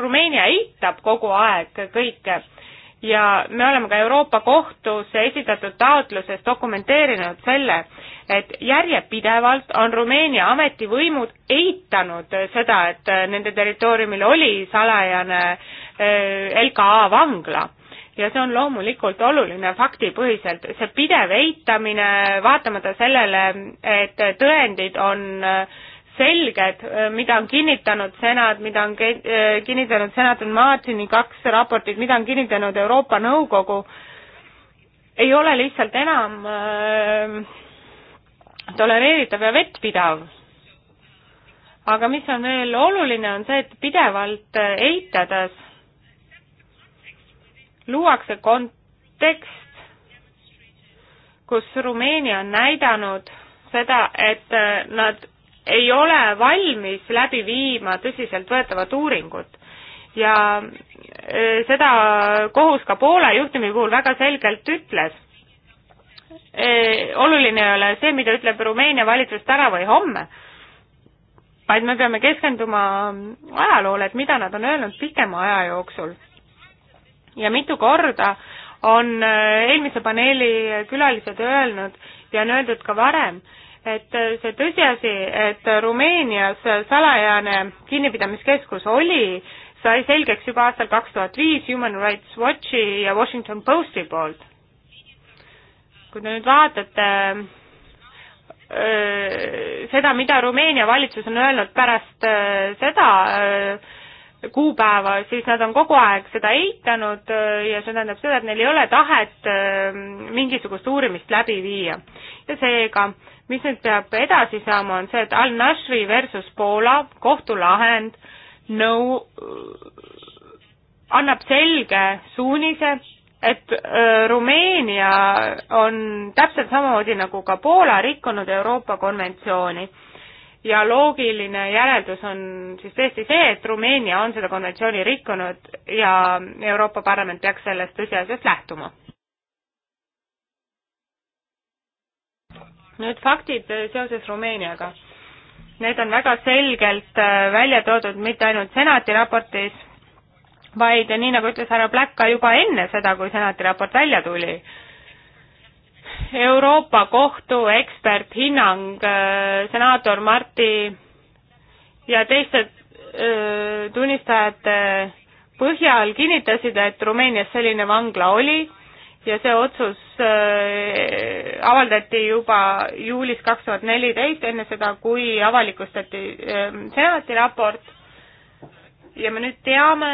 Rumeenia eitab kogu aeg kõike ja me oleme ka Euroopa Kohtusse esitatud taotluses dokumenteerinud selle, et järjepidevalt on Rumeenia ametivõimud eitanud seda, et nende territooriumil oli salajane äh, LKA vangla ja see on loomulikult oluline faktipõhiselt, see pidev eitamine, vaatamata sellele, et tõendid on äh, selged, äh, mida on kinnitanud senat, mida on äh, kinnitanud senator Martini kaks raportit, mida on kinnitanud Euroopa Nõukogu, ei ole lihtsalt enam äh, tolereeritav ja vettpidav. aga mis on veel oluline, on see, et pidevalt äh, eitades luuakse kontekst, kus Rumeenia on näidanud seda, et nad ei ole valmis läbi viima tõsiseltvõetavat uuringut ja e, seda kohus ka Poola juhtumi puhul väga selgelt ütles. E, oluline ei ole see, mida ütleb Rumeenia valitsus täna või homme, vaid me peame keskenduma ajaloole, et mida nad on öelnud pikema aja jooksul. ja mitu korda on e, eelmise paneeli külalised öelnud ja on öeldud ka varem, et see tõsiasi, et Rumeenias salajane kinnipidamiskeskus oli, sai selgeks juba aastal kaks tuhat viis Human Rights Watchi ja Washington Posti poolt. kui te nüüd vaatate öö, seda, mida Rumeenia valitsus on öelnud pärast öö, seda öö, kuupäeva, siis nad on kogu aeg seda eitanud ja see tähendab seda, et neil ei ole tahet mingisugust uurimist läbi viia. ja seega mis nüüd peab edasi saama, on see, et Al-Nashri versus Poola kohtulahend nõu annab selge suunise, et Rumeenia on täpselt samamoodi nagu ka Poola rikkunud Euroopa konventsiooni. ja loogiline järeldus on siis tõesti see, et Rumeenia on seda konventsiooni rikkunud ja Euroopa Parlament peaks sellest tõsiasjast lähtuma nüüd faktid seoses Rumeeniaga. Need on väga selgelt äh, välja toodud mitte ainult senati raportis, vaid nii, nagu ütles härra Black ka juba enne seda, kui senati raport välja tuli. Euroopa Kohtu eksperthinnang, äh, senaator Marti ja teiste äh, tunnistajate põhjal kinnitasid, et Rumeenias selline vangla oli ja see otsus äh, avaldati juba juulis kaks tuhat neliteist, enne seda, kui avalikustati äh, senati raport ja me nüüd teame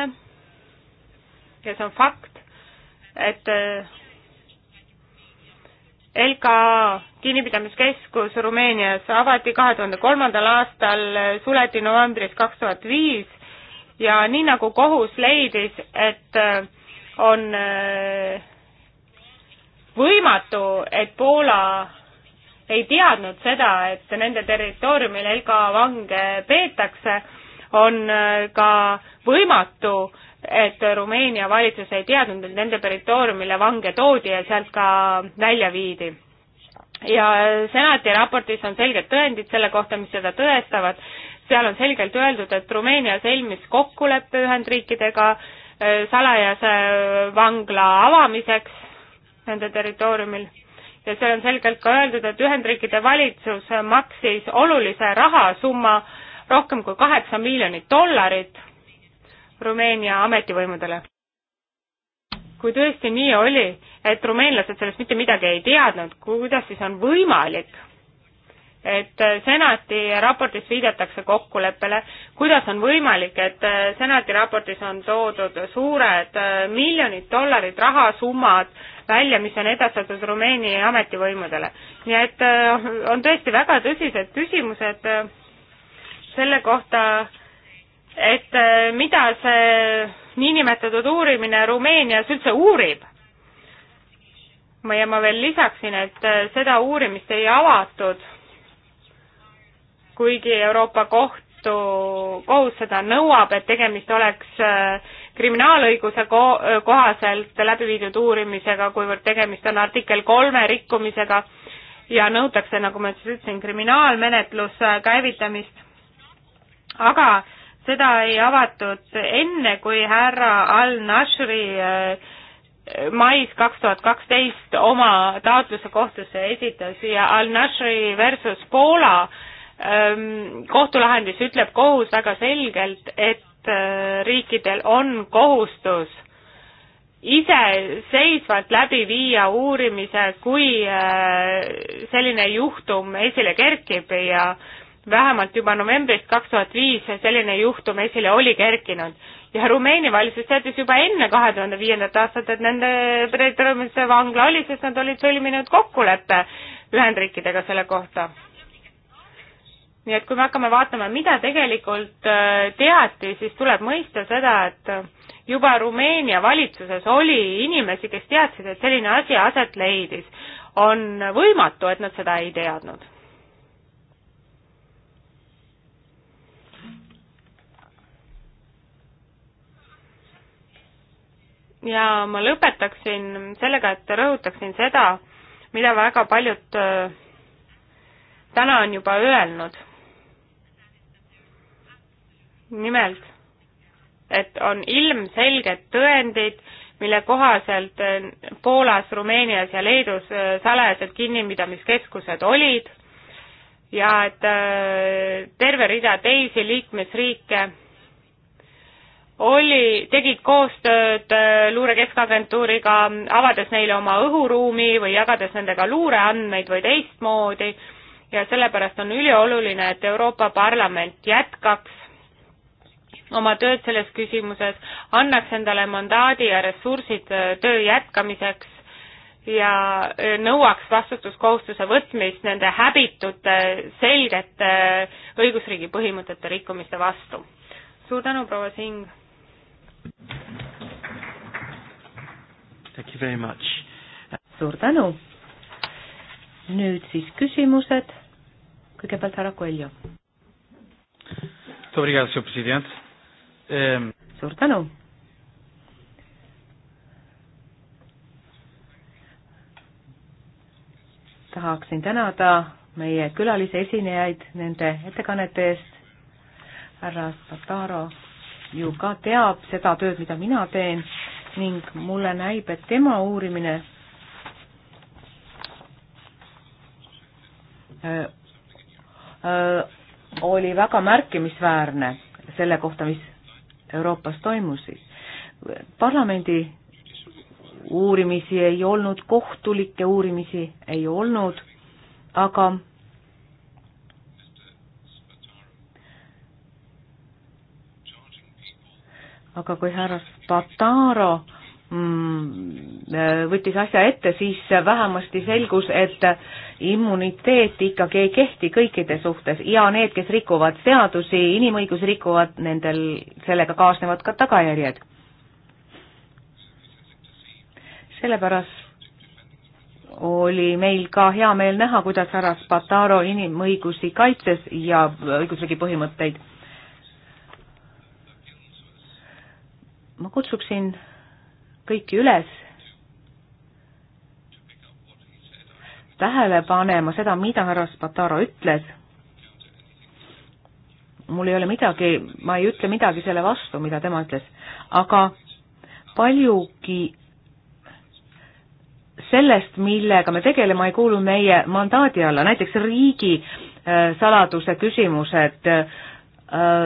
ja see on fakt, et äh, LKA kinnipidamiskeskus Rumeenias avati kahe tuhande kolmandal aastal, suleti novembris kaks tuhat viis ja nii nagu kohus leidis, et on äh, võimatu, et Poola ei teadnud seda, et nende territooriumil LK vange peetakse, on äh, ka võimatu, et Rumeenia valitsus ei teadnud, et nende territooriumile vange toodi ja sealt ka välja viidi. ja äh, senati raportis on selged tõendid selle kohta, mis seda tõestavad, seal on selgelt öeldud, et Rumeenia sõlmis kokkuleppe Ühendriikidega äh, salajase vangla avamiseks nende territooriumil ja seal on selgelt ka öeldud, et Ühendriikide valitsus maksis olulise rahasumma rohkem kui kaheksa miljonit dollarit Rumeenia ametivõimudele. kui tõesti nii oli, et rumeenlased sellest mitte midagi ei teadnud, kuidas siis on võimalik, et äh, senati raportis viidatakse kokkuleppele, kuidas on võimalik, et äh, senati raportis on toodud suured äh, miljonid dollarid rahasummad välja, mis on edastatud Rumeenia ametivõimudele. nii et on tõesti väga tõsised küsimused selle kohta, et mida see niinimetatud uurimine Rumeenias üldse uurib ja ma veel lisaksin, et seda uurimist ei avatud kuigi Euroopa Kohtu kohus seda nõuab, et tegemist oleks äh, kriminaalõiguse ko-, äh, kohaselt läbi viidud uurimisega, kuivõrd tegemist on artikkel kolme rikkumisega ja nõutakse, nagu ma siis ütlesin, kriminaalmenetluse käivitamist. aga seda ei avatud enne, kui härra al-Nashri äh, mais kaks tuhat kaksteist oma taotluse kohtusse esitas ja al-Nashri versus Poola äh, Ehm, kohtulahendis ütleb kohus väga selgelt, et äh, riikidel on kohustus iseseisvalt läbi viia uurimise, kui äh, selline juhtum esile kerkib ja vähemalt juba novembrist kaks tuhat viis selline juhtum esile oli kerkinud. ja Rumeenia valitsus teatas juba enne kahe tuhande viiendat aastat, et nende territooriumisse vangla oli, sest nad olid sõlminud kokkuleppe Ühendriikidega selle kohta nii et kui me hakkame vaatama, mida tegelikult äh, teati, siis tuleb mõista seda, et äh, juba Rumeenia valitsuses oli inimesi, kes teadsid, et selline asi aset leidis. on võimatu, et nad seda ei teadnud. ja ma lõpetaksin sellega, et rõhutaksin seda, mida väga paljud äh, täna on juba öelnud nimelt, et on ilmselged tõendid, mille kohaselt äh, Poolas, Rumeenias ja Leedus äh, salajased kinnipidamiskeskused olid ja et äh, terve rida teisi liikmesriike oli, tegid koostööd luurekeskagentuuriga, avades neile oma õhuruumi või jagades nendega luureandmeid või teistmoodi ja sellepärast on ülioluline, et Euroopa Parlament jätkaks oma tööd selles küsimuses, annaks endale mandaadi ja ressursid äh, töö jätkamiseks ja äh, nõuaks vastutuskohustuse võtmist nende häbitute, selgete äh, õigusriigi põhimõtete rikkumiste vastu. suur tänu, proua Sing! Thank you very much. suur tänu! nüüd siis küsimused, kõigepealt härra Koljo. Muito obrigado, Sr. Presidente ähm.. suur tänu. tahaksin tänada meie külalise esinejaid nende ettekannete eest. härra Spataro ju ka teab seda tööd, mida mina teen ning mulle näib, et tema uurimine öö, äh, öö, äh, oli väga märkimisväärne selle kohta, mis Euroopas toimusid. parlamendi uurimisi ei olnud, kohtulikke uurimisi ei olnud, aga aga kui härra Spataro Mm, äh, võttis asja ette, siis vähemasti selgus, et immuniteet ikkagi ei kehti kõikide suhtes ja need, kes rikuvad seadusi, inimõigusi rikuvad, nendel, sellega kaasnevad ka tagajärjed. sellepärast oli meil ka hea meel näha, kuidas härra Spataro inimõigusi kaitses ja õigusriigi põhimõtteid. ma kutsuksin kõiki üles tähele panema seda, mida härra Spataro ütles. mul ei ole midagi, ma ei ütle midagi selle vastu, mida tema ütles, aga paljugi sellest, millega me tegeleme, ei kuulu meie mandaadi alla, näiteks riigisaladuse äh, küsimused äh,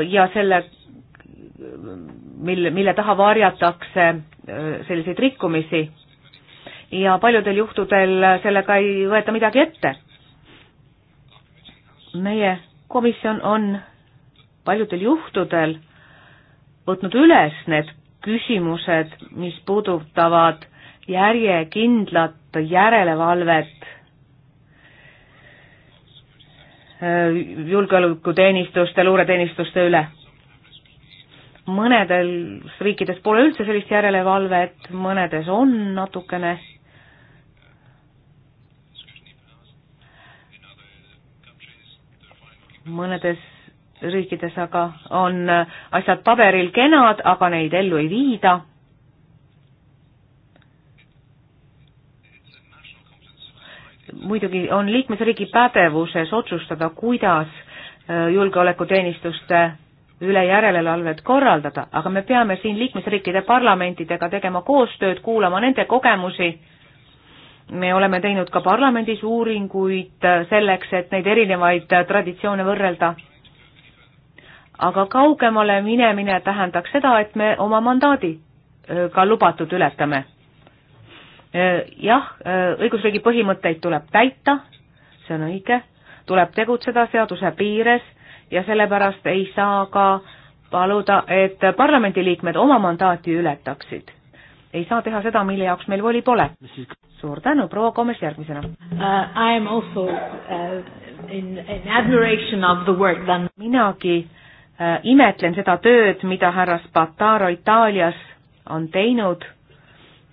ja selle, mille, mille taha varjatakse Äh, selliseid rikkumisi ja paljudel juhtudel sellega ei võeta midagi ette. meie komisjon on paljudel juhtudel võtnud üles need küsimused, mis puudutavad järjekindlat järelevalvet äh, julgeolekuteenistuste, luureteenistuste üle mõnedes riikides pole üldse sellist järelevalvet, mõnedes on natukene. mõnedes riikides aga on asjad paberil kenad, aga neid ellu ei viida muidugi on liikmesriigi pädevuses otsustada, kuidas äh, julgeolekuteenistuste üle järelevalvet korraldada, aga me peame siin liikmesriikide parlamentidega tegema koostööd, kuulama nende kogemusi, me oleme teinud ka parlamendis uuringuid selleks, et neid erinevaid traditsioone võrrelda. aga kaugemale minemine tähendaks seda, et me oma mandaadi e, ka lubatud ületame. E, jah, e, õigusriigi põhimõtteid tuleb täita, see on õige, tuleb tegutseda seaduse piires ja sellepärast ei saa ka paluda, et parlamendiliikmed oma mandaati ületaksid. ei saa teha seda, mille jaoks meil voli pole. suur tänu, proua Komes järgmisena uh,. I am also uh, in, in admiration of the work done. minagi uh, imetlen seda tööd, mida härra Spataro Itaalias on teinud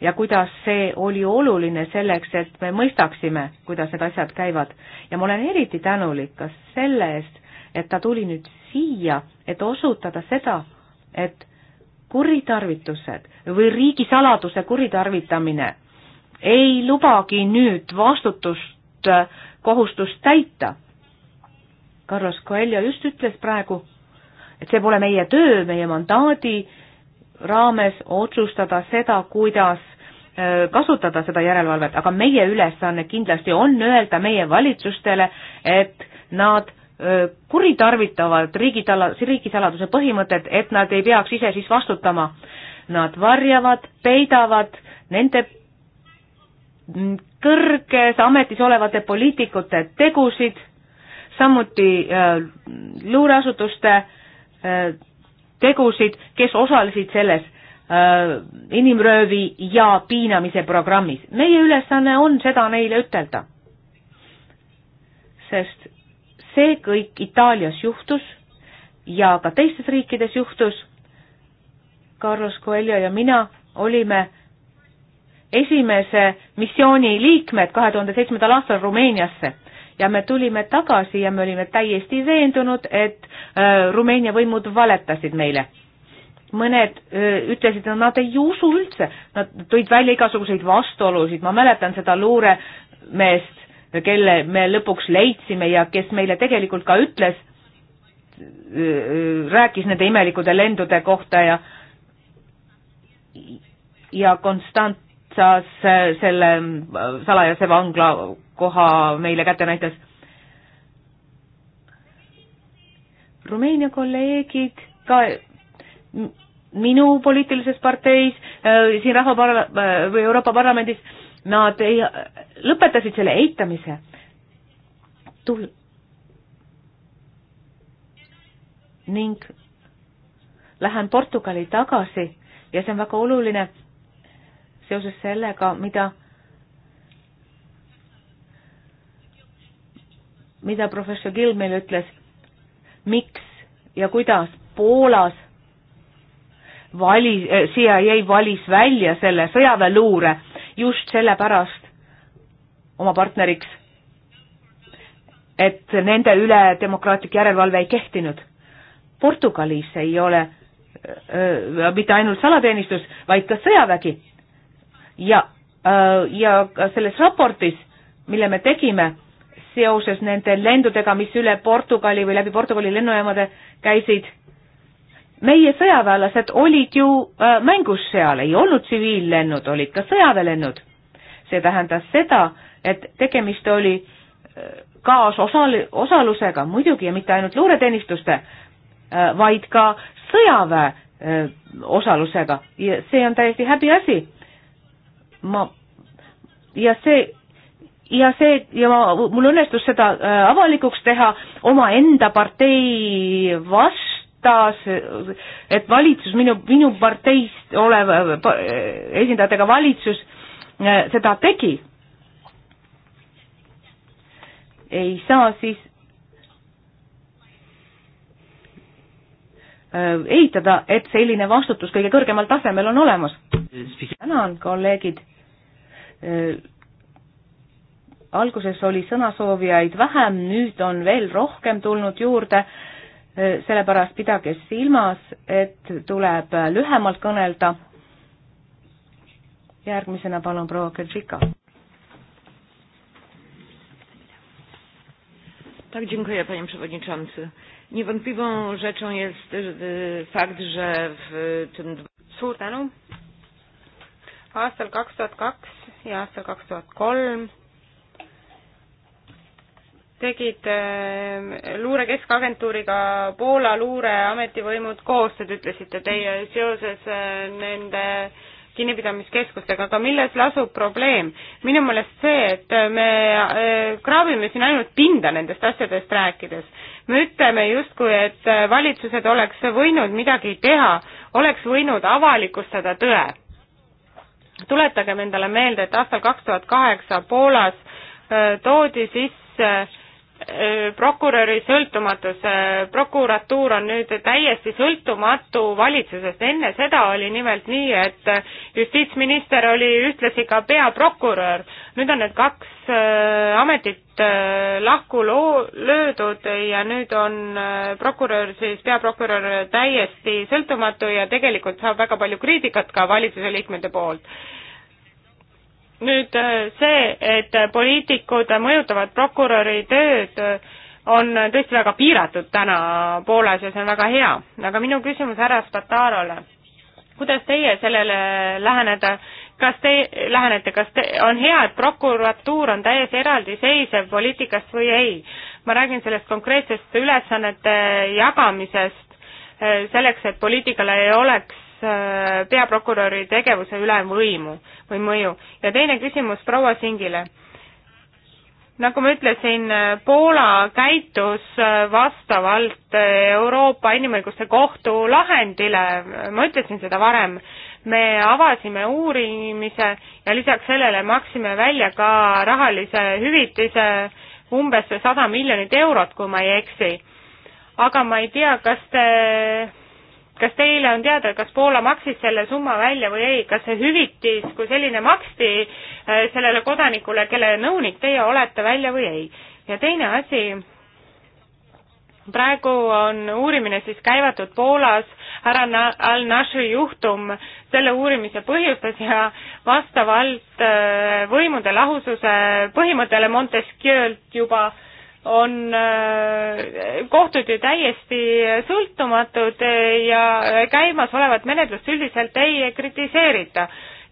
ja kuidas see oli oluline selleks, et me mõistaksime, kuidas need asjad käivad. ja ma olen eriti tänulik ka selle eest, et ta tuli nüüd siia, et osutada seda, et kuritarvitused või riigisaladuse kuritarvitamine ei lubagi nüüd vastutust, äh, kohustust täita. Carlos Coelho just ütles praegu, et see pole meie töö, meie mandaadi raames otsustada seda, kuidas äh, kasutada seda järelevalvet, aga meie ülesanne kindlasti on öelda meie valitsustele, et nad kuritarvitavad riigitala, riigisaladuse põhimõtet, et nad ei peaks ise siis vastutama. Nad varjavad, peidavad nende kõrges ametis olevate poliitikute tegusid, samuti äh, luureasutuste äh, tegusid, kes osalesid selles äh, inimröövi ja piinamise programmis. meie ülesanne on seda neile ütelda. sest see kõik Itaalias juhtus ja ka teistes riikides juhtus. Carlos Coelho ja mina olime esimese missiooni liikmed kahe tuhande seitsmendal aastal Rumeeniasse ja me tulime tagasi ja me olime täiesti veendunud, et äh, Rumeenia võimud valetasid meile. mõned öö, äh, ütlesid, et nad ei usu üldse, nad tõid välja igasuguseid vastuolusid, ma mäletan seda luuremeest, kelle me lõpuks leidsime ja kes meile tegelikult ka ütles, rääkis nende imelikude lendude kohta ja ja Konstantsas selle salajase vangla koha meile kätte näitas. Rumeenia kolleegid ka minu poliitilises parteis, äh, siin rahva parla- või Euroopa Parlamendis Nad ei, lõpetasid selle eitamise. tul-. ning lähen Portugali tagasi ja see on väga oluline seoses sellega, mida mida professor Gill meile ütles, miks ja kuidas Poolas vali, CIA valis välja selle sõjaväeluure just sellepärast oma partneriks, et nende üle demokraatlik järelevalve ei kehtinud. Portugalis ei ole öö, äh, äh, mitte ainult salateenistus, vaid ka sõjavägi. ja, äh, ja ka selles raportis, mille me tegime seoses nende lendudega, mis üle Portugali või läbi Portugali lennujaamade käisid meie sõjaväelased olid ju äh, mängus seal, ei olnud tsiviillennud, olid ka sõjaväelennud. see tähendas seda, et tegemist oli äh, kaasosal-, osalusega muidugi ja mitte ainult luureteenistuste äh,, vaid ka sõjaväe äh, osalusega ja see on täiesti häbiasi. ma ja see ja see ja ma, mul õnnestus seda äh, avalikuks teha omaenda partei vastu taas, et valitsus, minu, minu parteist olev eh, eh, esindajatega valitsus eh, seda tegi. ei saa siis eitada, et selline vastutus kõige kõrgemal tasemel on olemas. tänan, kolleegid. alguses oli sõnasoovijaid vähem, nüüd on veel rohkem tulnud juurde sellepärast pidage silmas, et tuleb lühemalt kõnelda. järgmisena palun proua Kertšika. Tak, dziękuję panie przewodniczący. Niewątpliwą rzeczą jest fakt, że w tym... Suur tänu. Aastal 2002 ja aastal 2003 tegid äh, luure keskagentuuriga Poola luureametivõimud koostööd, ütlesite teie seoses äh, nende kinnipidamiskeskustega, aga milles lasub probleem? minu meelest see, et me äh, kraabime siin ainult pinda nendest asjadest rääkides. me ütleme justkui, et valitsused oleks võinud midagi teha, oleks võinud avalikustada tõe. tuletagem endale meelde, et aastal kaks tuhat kaheksa Poolas toodi sisse Äh, prokuröri sõltumatus, prokuratuur on nüüd täiesti sõltumatu valitsusest, enne seda oli nimelt nii, et justiitsminister oli ühtlasi ka peaprokurör. nüüd on need kaks äh, ametit äh, lahku loo-, löödud ja nüüd on prokurör siis, peaprokurör täiesti sõltumatu ja tegelikult saab väga palju kriitikat ka valitsuse liikmete poolt nüüd äh, see, et poliitikud mõjutavad prokuröri tööd, äh, on tõesti väga piiratud täna Poolas ja see on väga hea. aga minu küsimus härra Spatarole, kuidas teie sellele läheneda, kas te lähenete, kas te, on hea, et prokuratuur on täiesti eraldiseisev poliitikast või ei? ma räägin sellest konkreetsest ülesannete jagamisest äh, selleks, et poliitikal ei oleks Äh, peaprokuröri tegevuse üle võimu või mõju. ja teine küsimus proua Singile. nagu ma ütlesin, äh, Poola käitus äh, vastavalt Euroopa Inimõiguste Kohtu lahendile, ma ütlesin seda varem, me avasime uurimise ja lisaks sellele maksime välja ka rahalise hüvitise umbes sada miljonit eurot, kui ma ei eksi. aga ma ei tea, kas te kas teile on teada, kas Poola maksis selle summa välja või ei, kas see hüvitis kui selline maksti äh, sellele kodanikule, kelle nõunik teie olete, välja või ei? ja teine asi, praegu on uurimine siis käivatud Poolas, härra Al-Nashri juhtum, selle uurimise põhjustas ja vastavalt äh, võimude lahususe põhimõttele Montesquieult juba äh, on äh, kohtud ju täiesti sõltumatud äh, ja käimasolevat menetlust üldiselt ei kritiseerita.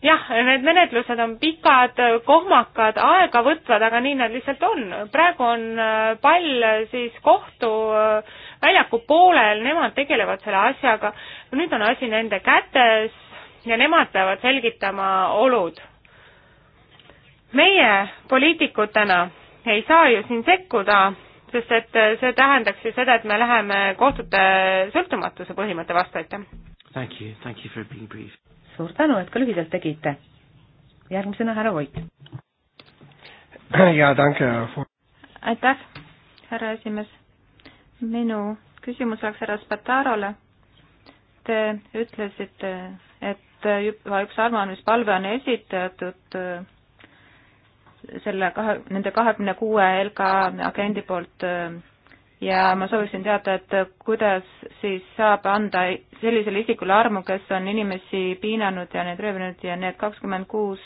jah, need menetlused on pikad, kohmakad, aega võtvad, aga nii nad lihtsalt on. praegu on äh, pall siis kohtuväljaku poolel, nemad tegelevad selle asjaga, nüüd on asi nende kätes ja nemad peavad selgitama olud. meie poliitikutena ei saa ju siin sekkuda, sest et see tähendaks ju seda, et me läheme kohtute sõltumatuse põhimõtte vastu, aitäh. Thank you, thank you for being brief. suur tänu, et ka lühidalt tegite. järgmisena härra Voit. jaa, tänke. Äh, aitäh, härra esimees. minu küsimus oleks härra Spatarole. Te ütlesite, et juba üks arvamuspalve on esitatud selle kahe, nende kahekümne kuue LK agendi poolt äh, ja ma sooviksin teada, et kuidas siis saab anda sellisele isikule armu, kes on inimesi piinanud ja neid röövinud ja need kakskümmend kuus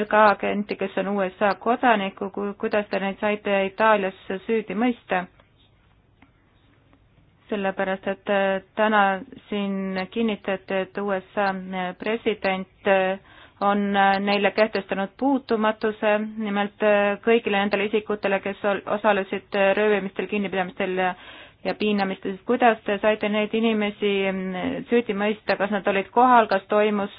LK agenti, kes on USA kodaniku, kuidas te neid saite Itaalias süüdi mõista? sellepärast, et äh, täna siin kinnitati, et USA äh, president on äh, neile kehtestanud puutumatuse, nimelt äh, kõigile nendele isikutele, kes osalesid äh, röövimistel, kinnipidamistel ja, ja piinamistes, kuidas te saite neid inimesi mm, süüdi mõista, kas nad olid kohal, kas toimus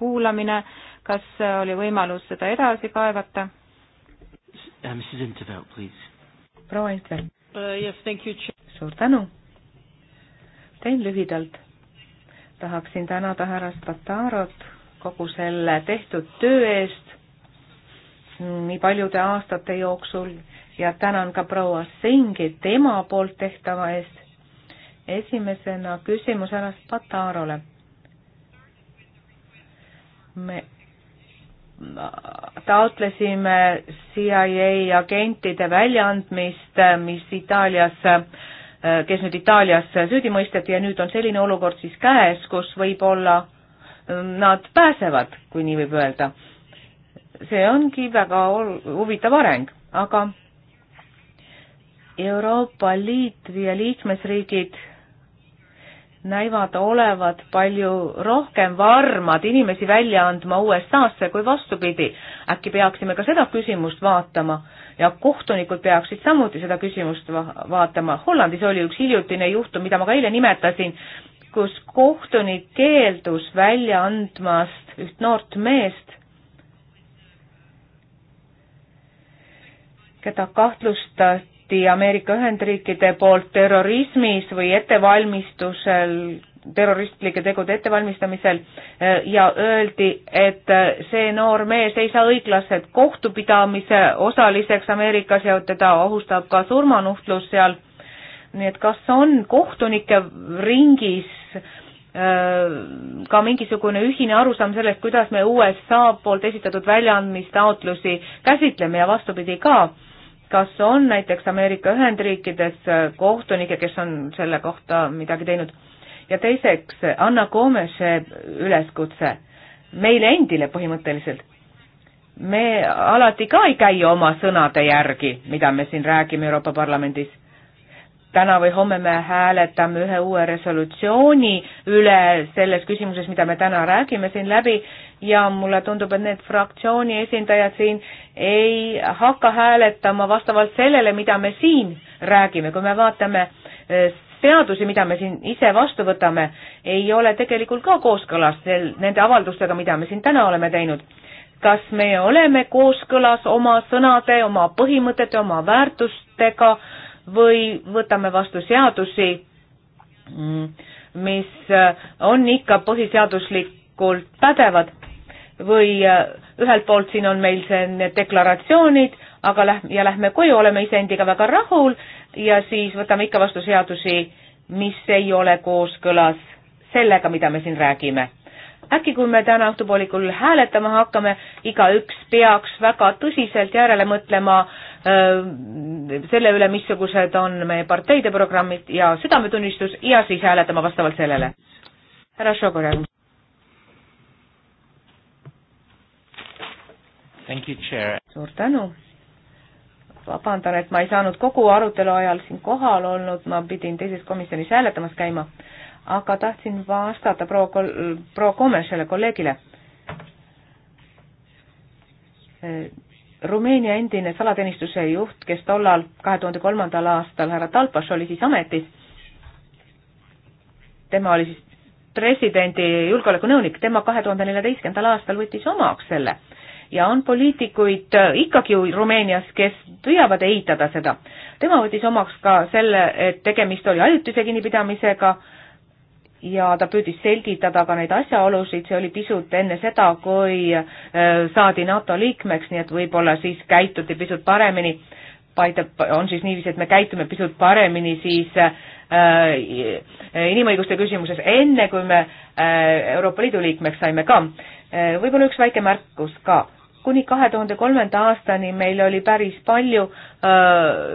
kuulamine, kas oli võimalus seda edasi kaevata? Uh, proua Intvelt. Uh, suur tänu. teen lühidalt. tahaksin tänada härra Spatarot kogu selle tehtud töö eest nii paljude aastate jooksul ja tänan ka proua Singi tema poolt tehtava eest. esimesena küsimus härra Spatarole. me taotlesime CIA agentide väljaandmist, mis Itaalias, kes nüüd Itaalias süüdi mõisteti ja nüüd on selline olukord siis käes, kus võib-olla nad pääsevad, kui nii võib öelda. see ongi väga huvitav areng, aga Euroopa Liit ja liikmesriigid näivad olevat palju rohkem varmad inimesi välja andma USA-sse kui vastupidi. äkki peaksime ka seda küsimust vaatama ja kohtunikud peaksid samuti seda küsimust va vaatama. Hollandis oli üks hiljutine juhtum, mida ma ka eile nimetasin, kus kohtunik keeldus välja andmast üht noort meest, keda kahtlustati Ameerika Ühendriikide poolt terrorismis või ettevalmistusel, terroristlike tegude ettevalmistamisel eh, ja öeldi, et eh, see noor mees ei saa õiglaselt kohtupidamise osaliseks Ameerikas ja teda ohustab ka surmanuhtlus seal nii et kas on kohtunike ringis äh, ka mingisugune ühine arusaam sellest, kuidas me USA poolt esitatud väljaandmistaotlusi käsitleme ja vastupidi ka, kas on näiteks Ameerika Ühendriikides äh, kohtunikke, kes on selle kohta midagi teinud? ja teiseks, Anna Koomese üleskutse meile endile põhimõtteliselt me alati ka ei käi oma sõnade järgi, mida me siin räägime Euroopa Parlamendis täna või homme me hääletame ühe uue resolutsiooni üle selles küsimuses, mida me täna räägime siin läbi ja mulle tundub, et need fraktsiooni esindajad siin ei hakka hääletama vastavalt sellele, mida me siin räägime, kui me vaatame eh, seadusi, mida me siin ise vastu võtame, ei ole tegelikult ka kooskõlas sel, nende avaldustega, mida me siin täna oleme teinud. kas me oleme kooskõlas oma sõnade, oma põhimõtete, oma väärtustega äh, või võtame vastu seadusi, mis on ikka põhiseaduslikult pädevad või äh, ühelt poolt siin on meil see, need deklaratsioonid, aga läh-, ja lähme koju, oleme iseendiga väga rahul ja siis võtame ikka vastu seadusi, mis ei ole kooskõlas sellega, mida me siin räägime äkki kui me täna õhtupoolikul hääletama hakkame, igaüks peaks väga tõsiselt järele mõtlema öö, selle üle, missugused on meie parteide programmid ja südametunnistus ja siis hääletama vastavalt sellele. härra Šogorjev. suur tänu. vabandan, et ma ei saanud kogu arutelu ajal siin kohal olnud, ma pidin teises komisjonis hääletamas käima aga tahtsin vastata proua kol-, proua Komešele, kolleegile. Rumeenia endine salateenistuse juht, kes tollal, kahe tuhande kolmandal aastal härra Talpas oli siis ametis, tema oli siis presidendi julgeolekunõunik, tema kahe tuhande neljateistkümnendal aastal võttis omaks selle ja on poliitikuid äh, ikkagi Rumeenias, kes püüavad eitada seda. tema võttis omaks ka selle, et tegemist oli ajutise kinnipidamisega äh, ja ta püüdis selgitada ka neid asjaolusid, see oli pisut enne seda, kui äh, saadi NATO liikmeks, nii et võib-olla siis käituti pisut paremini, on siis niiviisi, et me käitume pisut paremini siis äh, äh, inimõiguste küsimuses, enne kui me Euroopa Liidu liikmeks saime ka. võib-olla üks väike märkus ka kuni kahe tuhande kolmanda aastani meil oli päris palju äh,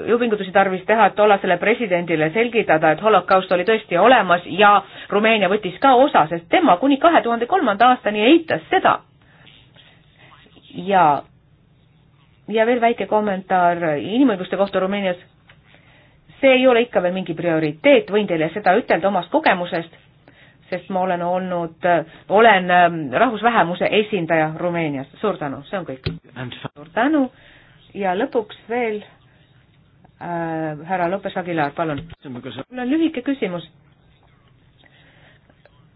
jõupingutusi tarvis teha, et tollasele presidendile selgitada, et holokaust oli tõesti olemas ja Rumeenia võttis ka osa, sest tema kuni kahe tuhande kolmanda aastani eitas seda. ja, ja veel väike kommentaar inimõiguste kohta Rumeenias. see ei ole ikka veel mingi prioriteet, võin teile seda ütelda omast kogemusest sest ma olen olnud, olen ähm, rahvusvähemuse esindaja Rumeenias. suur tänu, see on kõik. suur tänu ja lõpuks veel äh, härra Lopes Aguilar, palun. mul on lühike küsimus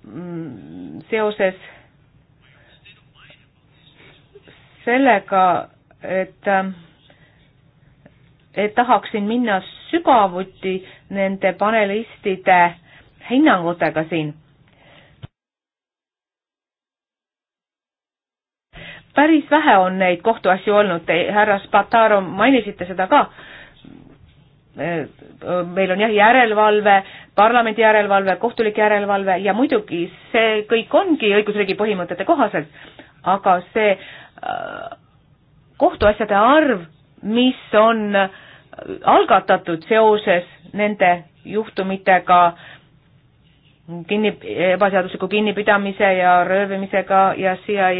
mm, seoses sellega, et, ähm, et tahaksin minna sügavuti nende panelistide hinnangutega siin päris vähe on neid kohtuasju olnud, härra Spataro, mainisite seda ka. Äh, meil on jah, järelevalve, parlamendi järelevalve, kohtulik järelevalve ja muidugi see kõik ongi õigusriigi põhimõtete kohaselt, aga see äh, kohtuasjade arv, mis on äh, algatatud seoses nende juhtumitega, kinni, ebaseadusliku kinnipidamise ja röövimisega ja CIA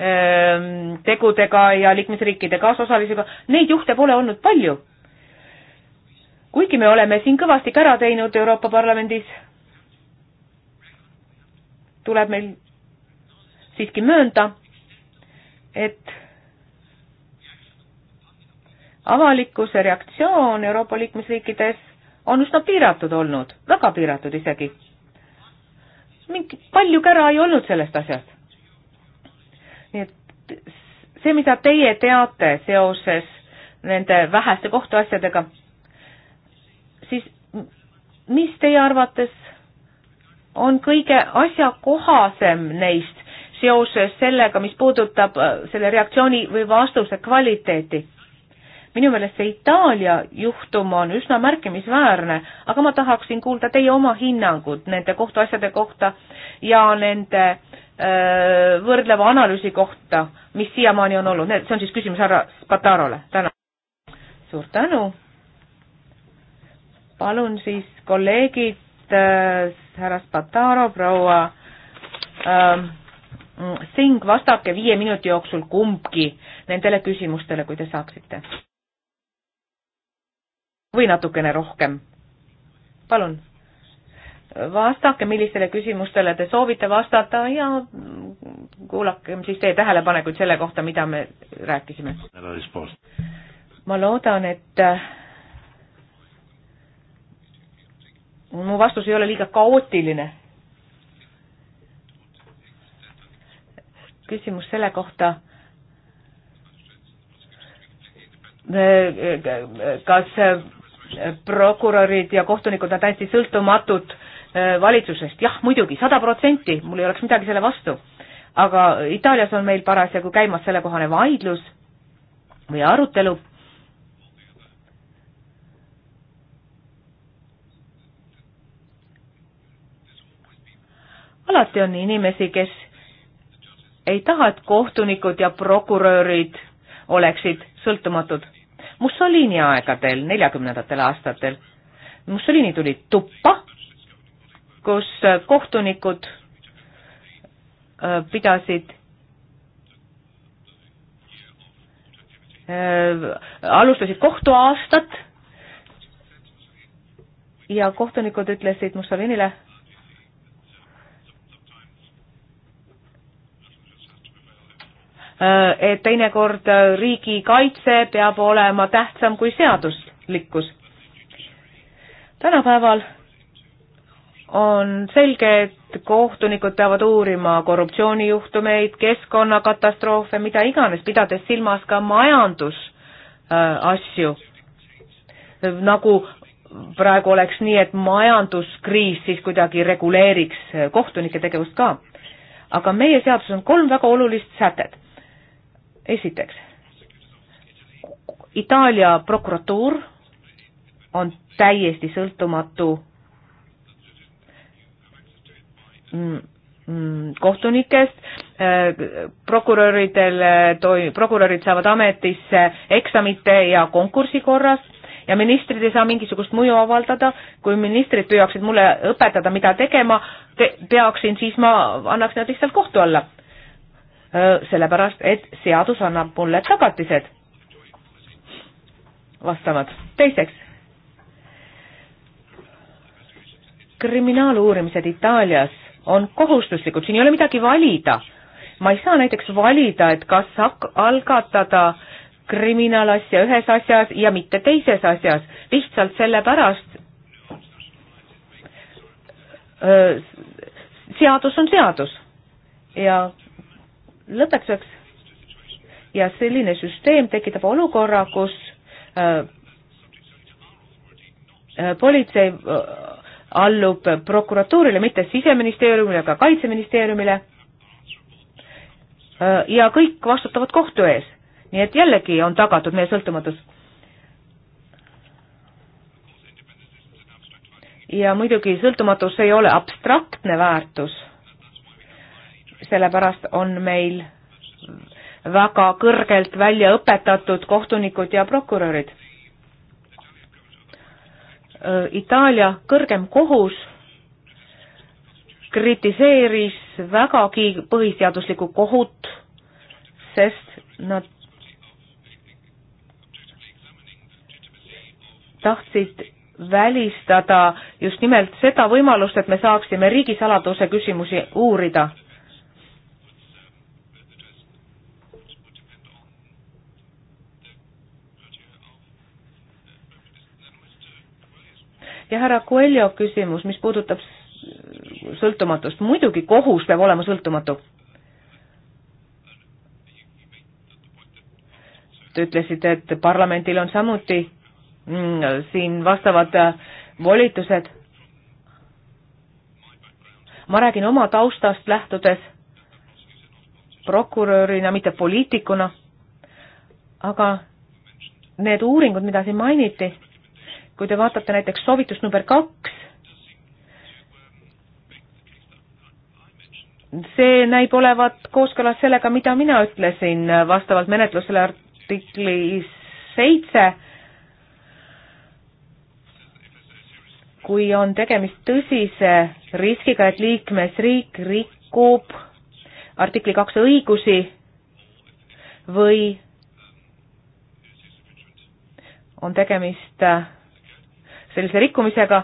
Ähm, tegudega ja liikmesriikide kaasosalisega, neid juhte pole olnud palju. kuigi me oleme siin kõvasti kära teinud Euroopa Parlamendis, tuleb meil siiski möönda, et avalikkuse reaktsioon Euroopa liikmesriikides on üsna piiratud olnud, väga piiratud isegi. mingi palju kära ei olnud sellest asjast see, mida teie teate seoses nende väheste kohtuasjadega, siis mis teie arvates on kõige asjakohasem neist seoses sellega, mis puudutab äh, selle reaktsiooni või vastuse kvaliteeti? minu meelest see Itaalia juhtum on üsna märkimisväärne, aga ma tahaksin kuulda teie oma hinnangut nende kohtuasjade kohta ja nende äh, Äh, võrdleva analüüsi kohta, mis siiamaani on olnud, see on siis küsimus härra Spatarole, tänan. suur tänu. palun siis kolleegid äh,, härra Spataro, proua äh, Sing, vastake viie minuti jooksul kumbki nendele küsimustele, kui te saaksite. või natukene rohkem. palun vastake, millistele küsimustele te soovite vastata ja kuulakem siis teie tähelepanekuid selle kohta, mida me rääkisime. ma loodan, et äh, mu vastus ei ole liiga kaootiline. küsimus selle kohta, äh, kas äh, prokurörid ja kohtunikud on täiesti sõltumatud äh, Äh, valitsusest, jah, muidugi, sada protsenti, mul ei oleks midagi selle vastu. aga Itaalias on meil parasjagu käimas sellekohane vaidlus või arutelu. alati on inimesi, kes ei taha, et kohtunikud ja prokurörid oleksid sõltumatud. Mussolini aegadel, neljakümnendatel aastatel, Mussolini tuli tuppa kus äh, kohtunikud äh, pidasid äh, alustasid kohtuaastat ja kohtunikud ütlesid Mussolinile, et teinekord riigikaitse peab olema tähtsam kui seaduslikkus. tänapäeval on selge, et kohtunikud peavad uurima korruptsioonijuhtumeid, keskkonnakatastroofe, mida iganes, pidades silmas ka majandusasju äh,. nagu praegu oleks nii, et majanduskriis siis kuidagi reguleeriks äh, kohtunike tegevust ka. aga meie seaduses on kolm väga olulist sätet. esiteks, Itaalia prokuratuur on täiesti sõltumatu Mm, mm, kohtunikest, äh, prokuröridel äh, toi-, prokurörid saavad ametisse eksamite ja konkursi korras ja ministrid ei saa mingisugust mõju avaldada, kui ministrid püüaksid mulle õpetada, mida tegema te peaksin, siis ma annaks nad lihtsalt kohtu alla. Äh, sellepärast, et seadus annab mulle tagatised vastavad. teiseks, kriminaaluurimised Itaalias on kohustuslikud, siin ei ole midagi valida. ma ei saa näiteks valida, et kas algatada kriminaalasja ühes asjas ja mitte teises asjas, lihtsalt sellepärast öö, seadus on seadus. ja lõpetuseks, ja selline süsteem tekitab olukorra, kus öö, politsei allub prokuratuurile, mitte siseministeeriumile, aga kaitseministeeriumile. Äh, ja kõik vastutavad kohtu ees, nii et jällegi on tagatud meie sõltumatus. ja muidugi sõltumatus ei ole abstraktne väärtus, sellepärast on meil väga kõrgelt välja õpetatud kohtunikud ja prokurörid Äh, Itaalia kõrgem kohus kritiseeris vägagi põhiseaduslikku kohut, sest nad tahtsid välistada just nimelt seda võimalust, et me saaksime riigisaladuse küsimusi uurida ja härra Coelho küsimus, mis puudutab sõltumatust, muidugi kohus peab olema sõltumatu. Te ütlesite, et parlamendil on samuti mm, siin vastavad äh, volitused. ma räägin oma taustast lähtudes prokurörina, mitte poliitikuna, aga need uuringud, mida siin mainiti, kui te vaatate näiteks soovitust number kaks, see näib olevat kooskõlas sellega, mida mina ütlesin vastavalt menetlusele artiklis seitse, kui on tegemist tõsise riskiga, et liikmesriik rikub artikli kaks õigusi või on tegemist sellise rikkumisega,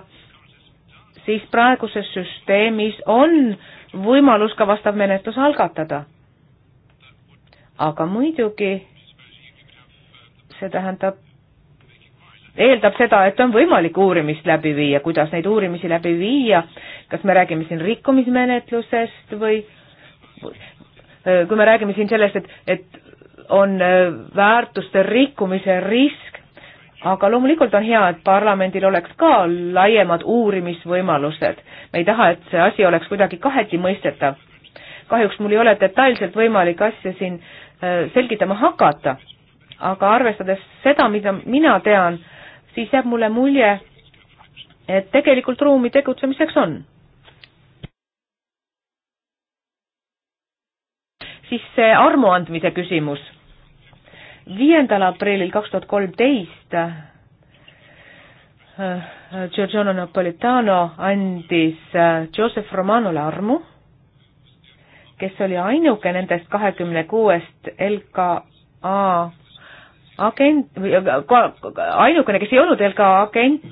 siis praeguses süsteemis on võimalus ka vastav menetlus algatada. aga muidugi see tähendab, eeldab seda, et on võimalik uurimist läbi viia, kuidas neid uurimisi läbi viia, kas me räägime siin rikkumismenetlusest või kui me räägime siin sellest, et, et on äh, väärtuste rikkumise risk, aga loomulikult on hea, et parlamendil oleks ka laiemad uurimisvõimalused. me ei taha, et see asi oleks kuidagi kaheti mõistetav. kahjuks mul ei ole detailselt võimalik asja siin äh, selgitama hakata, aga arvestades seda, mida mina tean, siis jääb mulle mulje, et tegelikult ruumi tegutsemiseks on. siis see armu andmise küsimus viiendal aprillil kaks tuhat kolmteist Giorgiano Napolitano andis äh, Joseph Romanole armu, kes oli ainuke nendest kahekümne kuuest LKA agent, äh, ainukene, kes ei olnud LKA agent,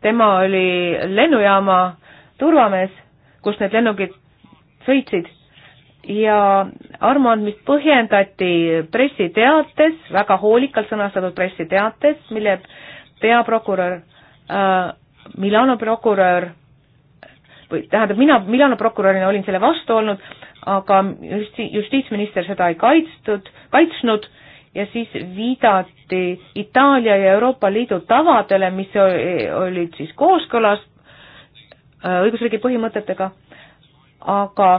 tema oli lennujaama turvamees, kus need lennukid sõitsid ja armuandmist põhjendati pressiteates, väga hoolikalt sõnastatud pressiteates, mille peaprokurör äh,, Milano prokurör või tähendab, mina Milano prokurörina olin selle vastu olnud, aga justi-, justiitsminister seda ei kaitstud, kaitsnud ja siis viidati Itaalia ja Euroopa Liidu tavadele, mis olid siis kooskõlas äh, õigusriigi põhimõtetega, aga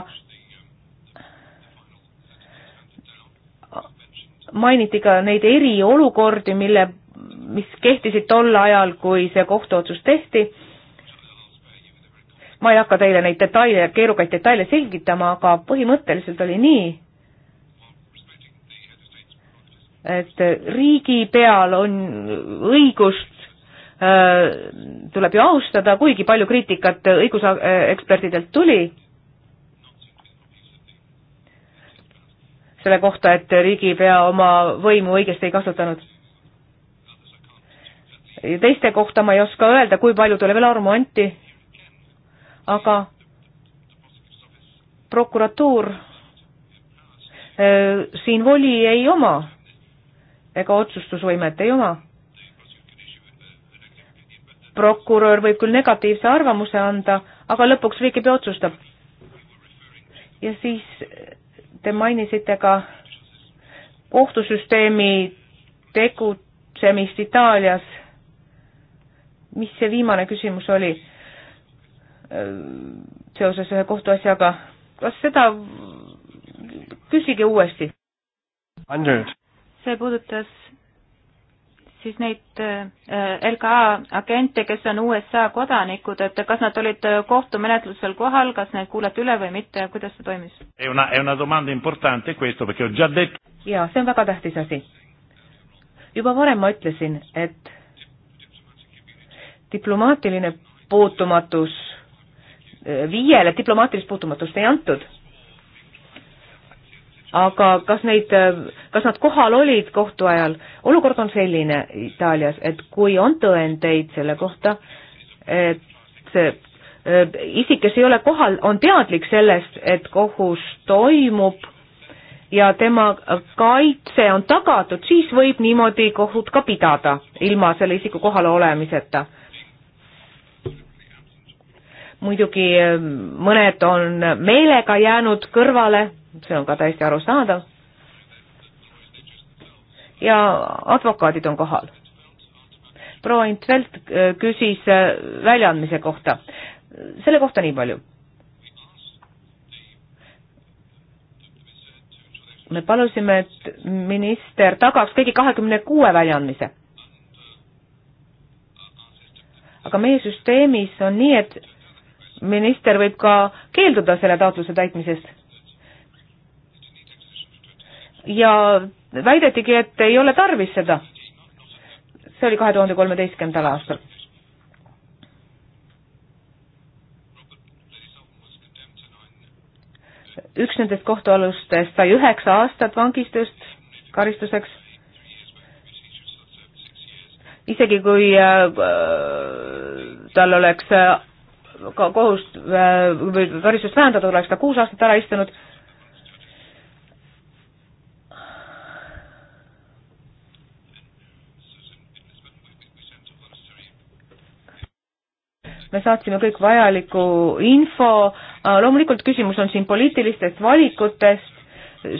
mainiti ka neid eriolukordi, mille, mis kehtisid tol ajal, kui see kohtuotsus tehti. ma ei hakka teile neid detaile, keerukaid detaile selgitama, aga põhimõtteliselt oli nii, et riigi peal on õigust äh, tuleb ju austada, kuigi palju kriitikat õigusekspertidelt tuli selle kohta, et riigipea oma võimu õigesti ei kasutanud. teiste kohta ma ei oska öelda, kui palju talle veel armu anti, aga prokuratuur äh, siin voli ei oma ega otsustusvõimet ei oma. prokurör võib küll negatiivse arvamuse anda, aga lõpuks riigipea otsustab. ja siis Te mainisite ka kohtusüsteemi tegutsemist Itaalias. mis see viimane küsimus oli äh, seoses ühe kohtuasjaga? kas seda, küsige uuesti. see puudutas siis neid äh, LKA agente, kes on USA kodanikud, et kas nad olid äh, kohtumenetlusel kohal, kas neid kuulati üle või mitte, kuidas see toimis? jaa, see on väga tähtis asi. juba varem ma ütlesin, et diplomaatiline puutumatus, äh, viiele diplomaatilist puutumatust ei antud aga kas neid, kas nad kohal olid kohtu ajal? olukord on selline Itaalias, et kui on tõendeid selle kohta, et see eh, isik, kes ei ole kohal, on teadlik sellest, et kohus toimub ja tema kaitse on tagatud, siis võib niimoodi kohut ka pidada ilma selle isiku kohal olemiseta. muidugi eh, mõned on meelega jäänud kõrvale see on ka täiesti arusaadav. ja advokaadid on kohal. proua Intvelt äh, küsis äh, väljaandmise kohta. selle kohta nii palju. me palusime, et minister tagaks kõigi kahekümne kuue väljaandmise. aga meie süsteemis on nii, et minister võib ka keelduda selle taotluse täitmisest ja väidetigi, et ei ole tarvis seda. see oli kahe tuhande kolmeteistkümnendal aastal. üks nendest kohtualustest sai üheksa aastat vangistust karistuseks. isegi kui äh, tal oleks äh, kohust äh, või karistust vähendatud, oleks ta kuus aastat ära istunud äh, me saatsime kõik vajaliku info, äh, loomulikult küsimus on siin poliitilistest valikutest,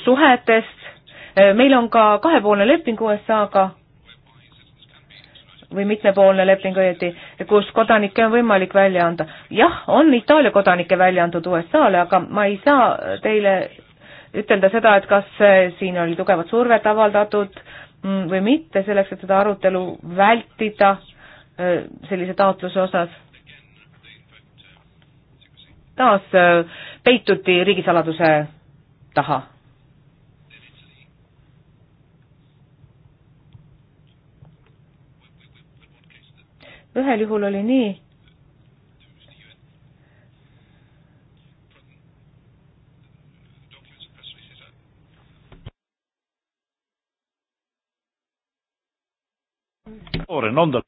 suhetest, äh, meil on ka kahepoolne leping USA-ga või mitmepoolne leping õieti, kus kodanikke on võimalik välja anda. jah, on Itaalia kodanikke välja antud USA-le, aga ma ei saa teile ütelda seda, et kas äh, siin oli tugevat survet avaldatud mm, või mitte, selleks et seda arutelu vältida sellise taotluse osas taas äh, peituti riigisaladuse taha. ühel juhul oli nii, Oren, on tal?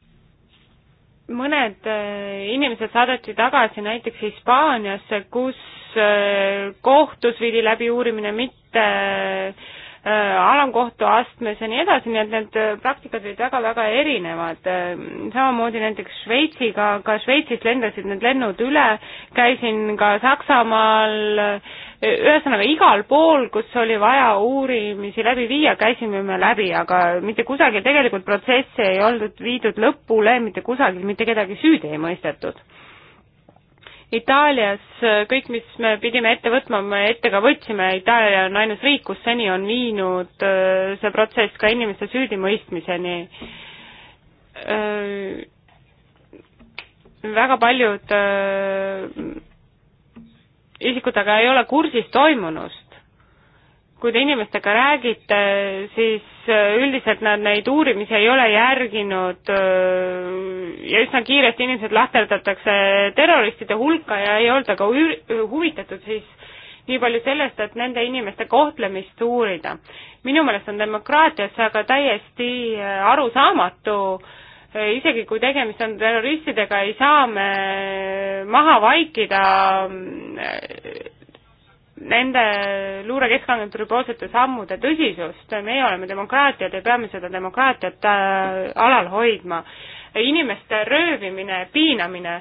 mõned äh, inimesed saadeti tagasi näiteks Hispaaniasse, kus äh, kohtus viidi läbi uurimine mitte Äh, alamkohtu astmes ja nii edasi, nii et need äh, praktikad olid väga-väga erinevad. Äh, samamoodi näiteks Šveitsiga, ka Šveitsist lendasid need lennud üle, käisin ka Saksamaal, ühesõnaga igal pool, kus oli vaja uurimisi läbi viia, käisime me läbi, aga mitte kusagil tegelikult protsessi ei olnud viidud lõpule, mitte kusagil mitte kedagi süüdi ei mõistetud Itaalias äh, kõik, mis me pidime ette võtma, me ette ka võtsime, Itaalia on ainus riik, kus seni on viinud äh, see protsess ka inimeste süüdimõistmiseni. Äh, väga paljud isikud aga ei ole kursis toimunust kui te inimestega räägite, siis äh, üldiselt nad neid uurimisi ei ole järginud äh, ja üsna kiiresti inimesed lahterdatakse terroristide hulka ja ei olda ka huvitatud siis nii palju sellest, et nende inimeste kohtlemist uurida. minu meelest on demokraatias aga täiesti äh, arusaamatu, isegi kui tegemist on terroristidega, ei saa me maha vaikida nende luurekeskkonnagentuuri poolsete sammude tõsisust, meie oleme demokraatiad ja peame seda demokraatiat äh, alal hoidma. inimeste röövimine, piinamine,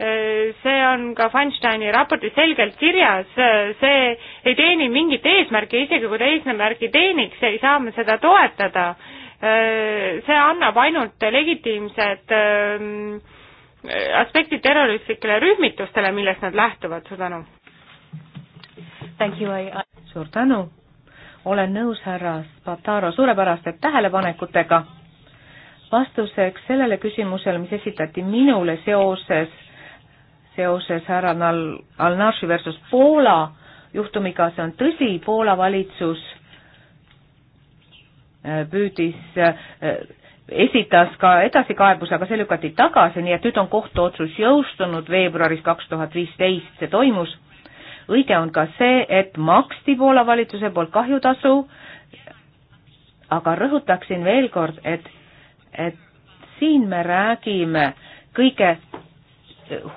äh, see on ka Feinsteini raportis selgelt kirjas, see ei teeni mingit eesmärki, isegi kui ta eesmärgi teeniks, ei saa me seda toetada. Äh, see annab ainult legitiimsed ähm, aspektid terroristlikele rühmitustele, millest nad lähtuvad, suur tänu I... suur tänu, olen nõus härra Spataro suurepäraste tähelepanekutega. vastuseks sellele küsimusele, mis esitati minule seoses, seoses härra Al-, Al-Naši versus Poola juhtumiga, see on tõsi, Poola valitsus äh, püüdis, äh, esitas ka edasikaebuse, aga see lükati tagasi, nii et nüüd on kohtuotsus jõustunud veebruaris kaks tuhat viisteist, see toimus õige on ka see, et maksti Poola valitsuse poolt kahjutasu, aga rõhutaksin veel kord, et, et siin me räägime kõige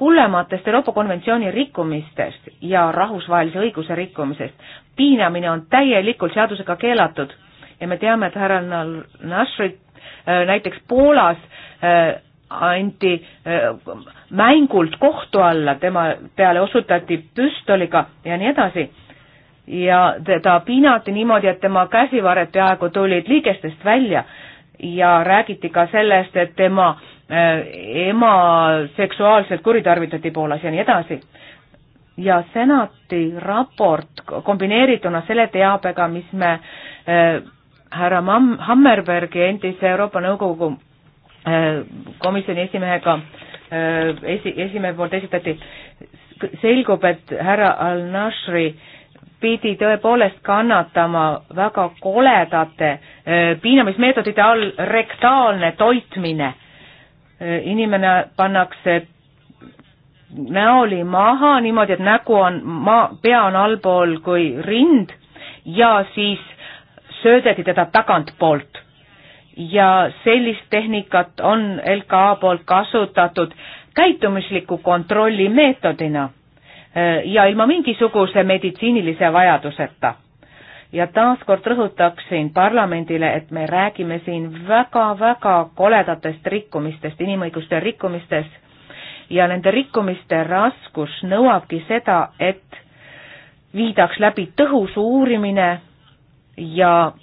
hullematest Euroopa konventsiooni rikkumistest ja rahvusvahelise õiguse rikkumisest. piinamine on täielikult seadusega keelatud ja me teame, et härra Nasrit äh, näiteks Poolas äh, anti eh, mängult kohtu alla, tema peale osutati püstoliga ja nii edasi. ja teda piinati niimoodi, et tema käsivarred peaaegu tulid liigestest välja ja räägiti ka sellest, et tema eh, ema seksuaalselt kuritarvitati Poolas ja nii edasi. ja senati raport kombineerituna selle teabega, mis me eh, härra Mam-, Hammerbergi, endise Euroopa Nõukogu Äh, komisjoni esimehega äh, esi, esimehe poolt esitati, selgub, et härra al-Nashri pidi tõepoolest kannatama väga koledate äh, piinamismeetodite all rektaalne toitmine. inimene pannakse näoli maha niimoodi, et nägu on maa, pea on allpool kui rind ja siis söödeti teda tagantpoolt ja sellist tehnikat on LKA poolt kasutatud käitumisliku kontrolli meetodina eh, ja ilma mingisuguse meditsiinilise vajaduseta. ja taaskord rõhutaksin parlamendile, et me räägime siin väga-väga koledatest rikkumistest, inimõiguste rikkumistest ja nende rikkumiste raskus nõuabki seda, et viidaks läbi tõhus uurimine ja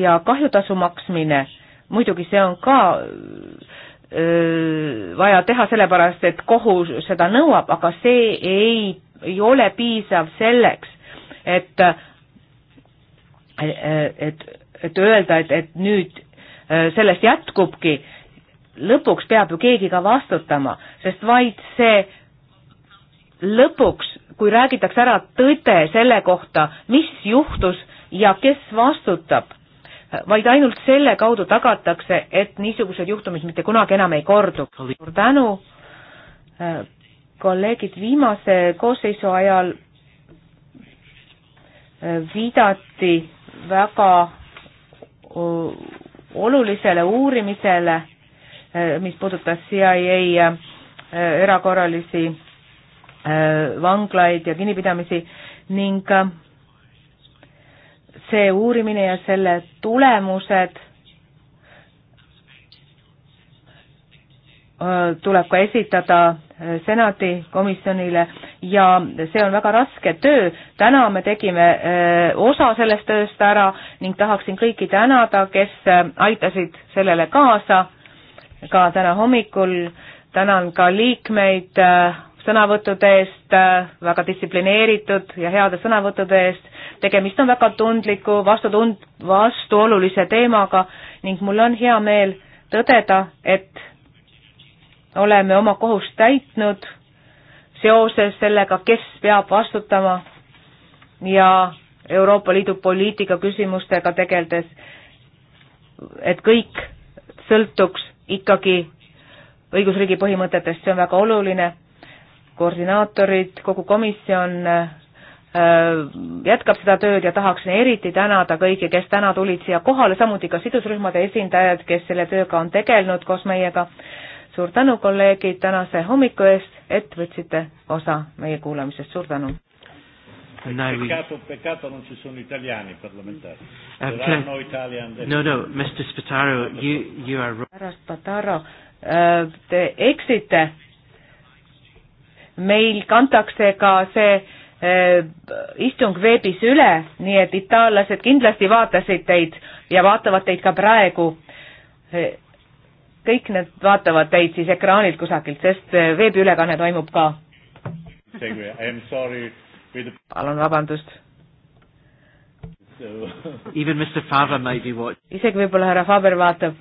ja kahjutasu maksmine, muidugi see on ka öö, vaja teha, sellepärast et kohus seda nõuab, aga see ei, ei ole piisav selleks, et, et, et öelda, et, et nüüd sellest jätkubki, lõpuks peab ju keegi ka vastutama, sest vaid see lõpuks, kui räägitakse ära tõde selle kohta, mis juhtus ja kes vastutab vaid ainult selle kaudu tagatakse, et niisugused juhtumid mitte kunagi enam ei kordu. suur tänu, äh, kolleegid, viimase koosseisu ajal äh, viidati väga äh, olulisele uurimisele, mis puudutas CIA erakorralisi vanglaid ja kinnipidamisi ning see uurimine ja selle tulemused äh, tuleb ka esitada äh, senati komisjonile ja see on väga raske töö. täna me tegime äh, osa sellest tööst ära ning tahaksin kõiki tänada, kes aitasid sellele kaasa ka täna hommikul. tänan ka liikmeid sõnavõttude eest, väga distsiplineeritud ja heade sõnavõttude eest tegemist on väga tundliku, vastutund-, vastuolulise teemaga ning mul on hea meel tõdeda, et oleme oma kohust täitnud seoses sellega, kes peab vastutama ja Euroopa Liidu poliitika küsimustega tegeldes, et kõik sõltuks ikkagi õigusriigi põhimõtetest, see on väga oluline. koordinaatorid, kogu komisjon Äh, jätkab seda tööd ja tahaksin eriti tänada kõiki, kes täna tulid siia kohale, samuti ka sidusrühmade esindajad, kes selle tööga on tegelenud koos meiega. suur tänu, kolleegid, tänase hommiku eest, et võtsite osa meie kuulamisest, suur tänu. Peccato, peccato non ci sono italiani parlamentari. Um, uh, There are no Italian. No, no, Mr. Spataro, you, you are wrong. Härra Spataro, äh, te eksite. meil kantakse ka see Eh, istung veebis üle, nii et itaallased kindlasti vaatasid teid ja vaatavad teid ka praegu. Eh, kõik need vaatavad teid siis ekraanilt kusagilt, sest eh, veebiülekanne toimub ka. palun vabandust. isegi võib-olla härra Faber vaatab.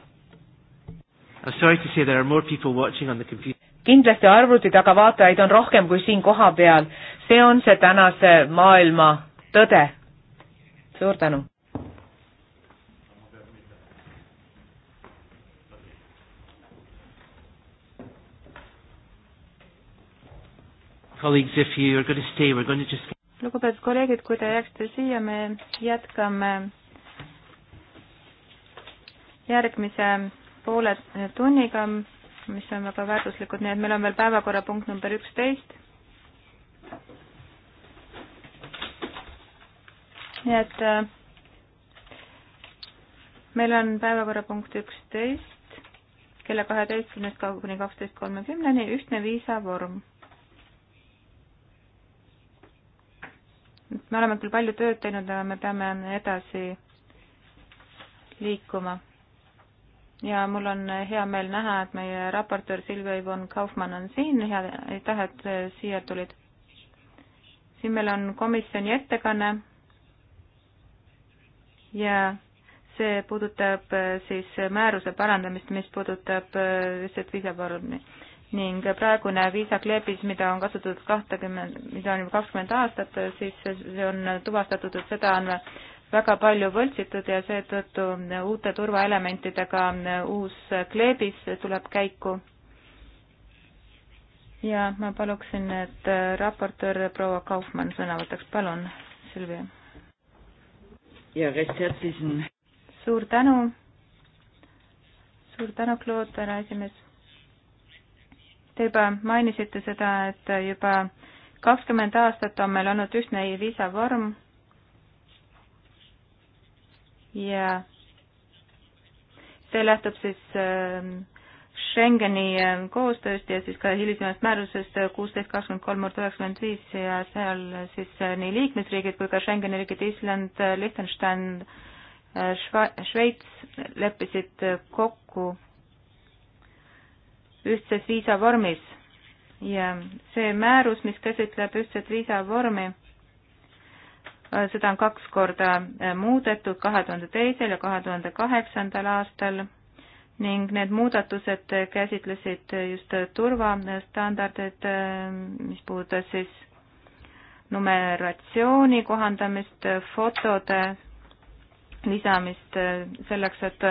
I'm sorry to say there are more people watching on the computer kindlasti arvutid, aga vaatajaid on rohkem kui siin kohapeal. see on see tänase maailma tõde. suur tänu. Colleagues, if you are going to stay, we are going to just lugupeetud kolleegid, kui te jääksite siia, me jätkame järgmise poole tunniga mis on väga väärtuslikud, nii et meil on veel päevakorrapunkt number üksteist. nii et äh, meil on päevakorrapunkt üksteist kella kaheteistkümnest kuni kaksteist kolmekümneni ühtne viisavorm. me oleme küll palju tööd teinud, aga me peame edasi liikuma ja mul on hea meel näha, et meie raportöör Silvia Ivon Kaufmann on siin, hea, aitäh, et äh, siia tulid. siin meil on komisjoni ettekanne ja see puudutab äh, siis määruse parandamist, mis puudutab äh, lihtsalt viisavormi ning praegune viisakleebis, mida on kasutatud kahtekümmend, mida on juba kakskümmend aastat, siis see on tuvastatud, et seda on väga palju võltsitud ja seetõttu uute turvaelementidega uus kleebis tuleb käiku. ja ma paluksin, et raportöör proua Kaufmann sõna võtaks, palun, Silvia. ja restjärgmisena. suur tänu. suur tänu, Claude, härra esimees. Te juba mainisite seda, et juba kakskümmend aastat on meil olnud üsna viisavorm ja see lähtub siis ähm, Schengeni ähm, koostööst ja siis ka hilisemast määrusest äh, kuusteist kakskümmend kolm kord üheksakümmend viis ja seal siis äh, nii liikmesriigid kui ka Schengeni riigid Island, äh, Liechtenstein, Šveits leppisid kokku ühtses viisavormis ja see määrus, mis käsitleb ühtset viisavormi seda on kaks korda äh, muudetud kahe tuhande teisel ja kahe tuhande kaheksandal aastal ning need muudatused käsitlesid just turvastandardeid, äh, mis puudutas siis numeratsiooni kohandamist, fotode lisamist äh, selleks, et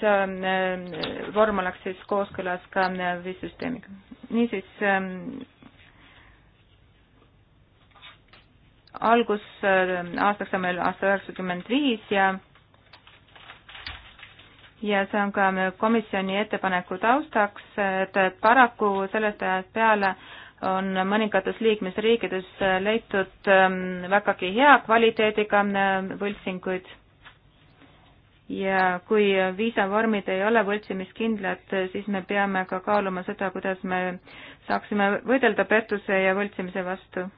see vorm oleks siis kooskõlas ka VIS-süsteemiga. niisiis ähm, algus äh, aastaks on meil aasta üheksakümmend viis ja ja see on ka komisjoni ettepaneku taustaks, et paraku sellest ajast peale on mõningates liikmesriikides leitud ähm, vägagi hea kvaliteediga äh, võltsinguid. ja kui viisavormid ei ole võltsimiskindlad, siis me peame ka kaaluma seda, kuidas me saaksime võidelda pettuse ja võltsimise vastu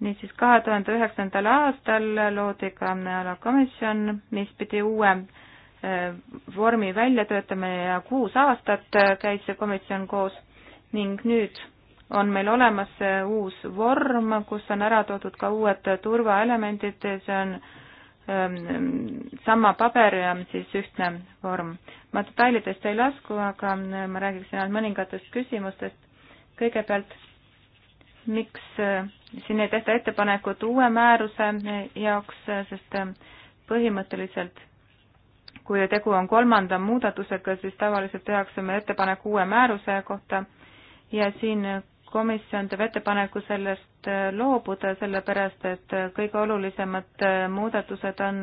niisiis kahe tuhande üheksandal aastal loodi ka alakomisjon, mis pidi uue eh, vormi välja töötama ja kuus aastat eh, käis see komisjon koos ning nüüd on meil olemas see eh, uus vorm, kus on ära toodud ka uued turvaelemendid, see on ehm, sama paber ja siis ühtne vorm. ma detailidest ei lasku, aga ma räägiksin ainult mõningatest küsimustest. kõigepealt, miks siin ei tehta ettepanekut uue määruse jaoks, sest ähm, põhimõtteliselt kui tegu on kolmanda muudatusega, siis tavaliselt tehakse me ettepanek uue määruse kohta ja siin komisjon teeb ettepaneku sellest äh, loobuda, sellepärast et äh, kõige olulisemad äh, muudatused on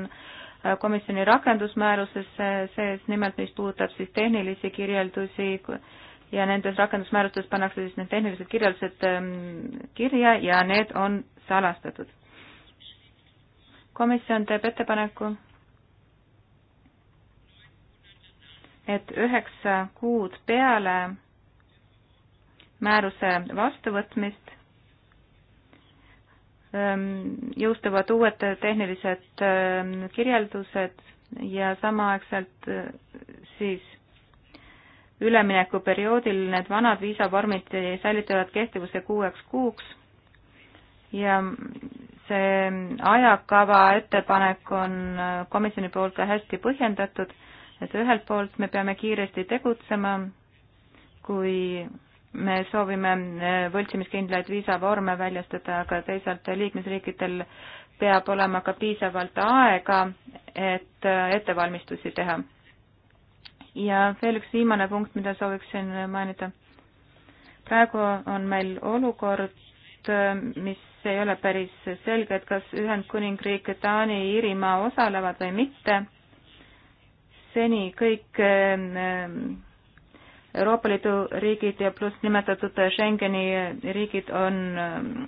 komisjoni rakendusmääruses sees, nimelt mis puudutab siis tehnilisi kirjeldusi, ja nendes rakendusmäärustes pannakse siis need tehnilised kirjeldused ähm, kirja ja need on salastatud. komisjon teeb ettepaneku, et üheksa kuud peale määruse vastuvõtmist ähm, jõustuvad uued tehnilised ähm, kirjeldused ja samaaegselt äh, siis üleminekuperioodil need vanad viisavormid säilitavad kehtivuse kuueks kuuks ja see ajakava ettepanek on komisjoni poolt ka hästi põhjendatud, et ühelt poolt me peame kiiresti tegutsema, kui me soovime eh, võltsimiskindlaid viisavorme väljastada, aga teisalt liikmesriikidel peab olema ka piisavalt aega, et eh, ettevalmistusi teha ja veel üks viimane punkt, mida sooviksin mainida. praegu on meil olukord, mis ei ole päris selge, et kas Ühendkuningriik, Taani, Iirimaa osalevad või mitte. seni kõik ähm, Euroopa Liidu riigid ja pluss nimetatud Schengeni riigid on ähm,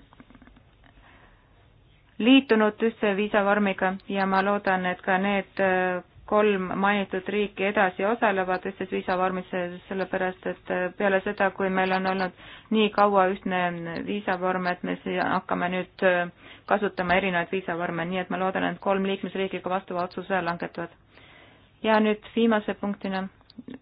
liitunud ühtse viisavormiga ja ma loodan, et ka need äh, kolm mainitud riiki edasi osalevad teistes viisavormides, sellepärast et äh, peale seda, kui meil on olnud nii kaua ühtne viisavorm, et me hakkame nüüd äh, kasutama erinevaid viisavorme, nii et ma loodan, et kolm liikmesriiki ka vastava otsuse langetavad. ja nüüd viimase punktina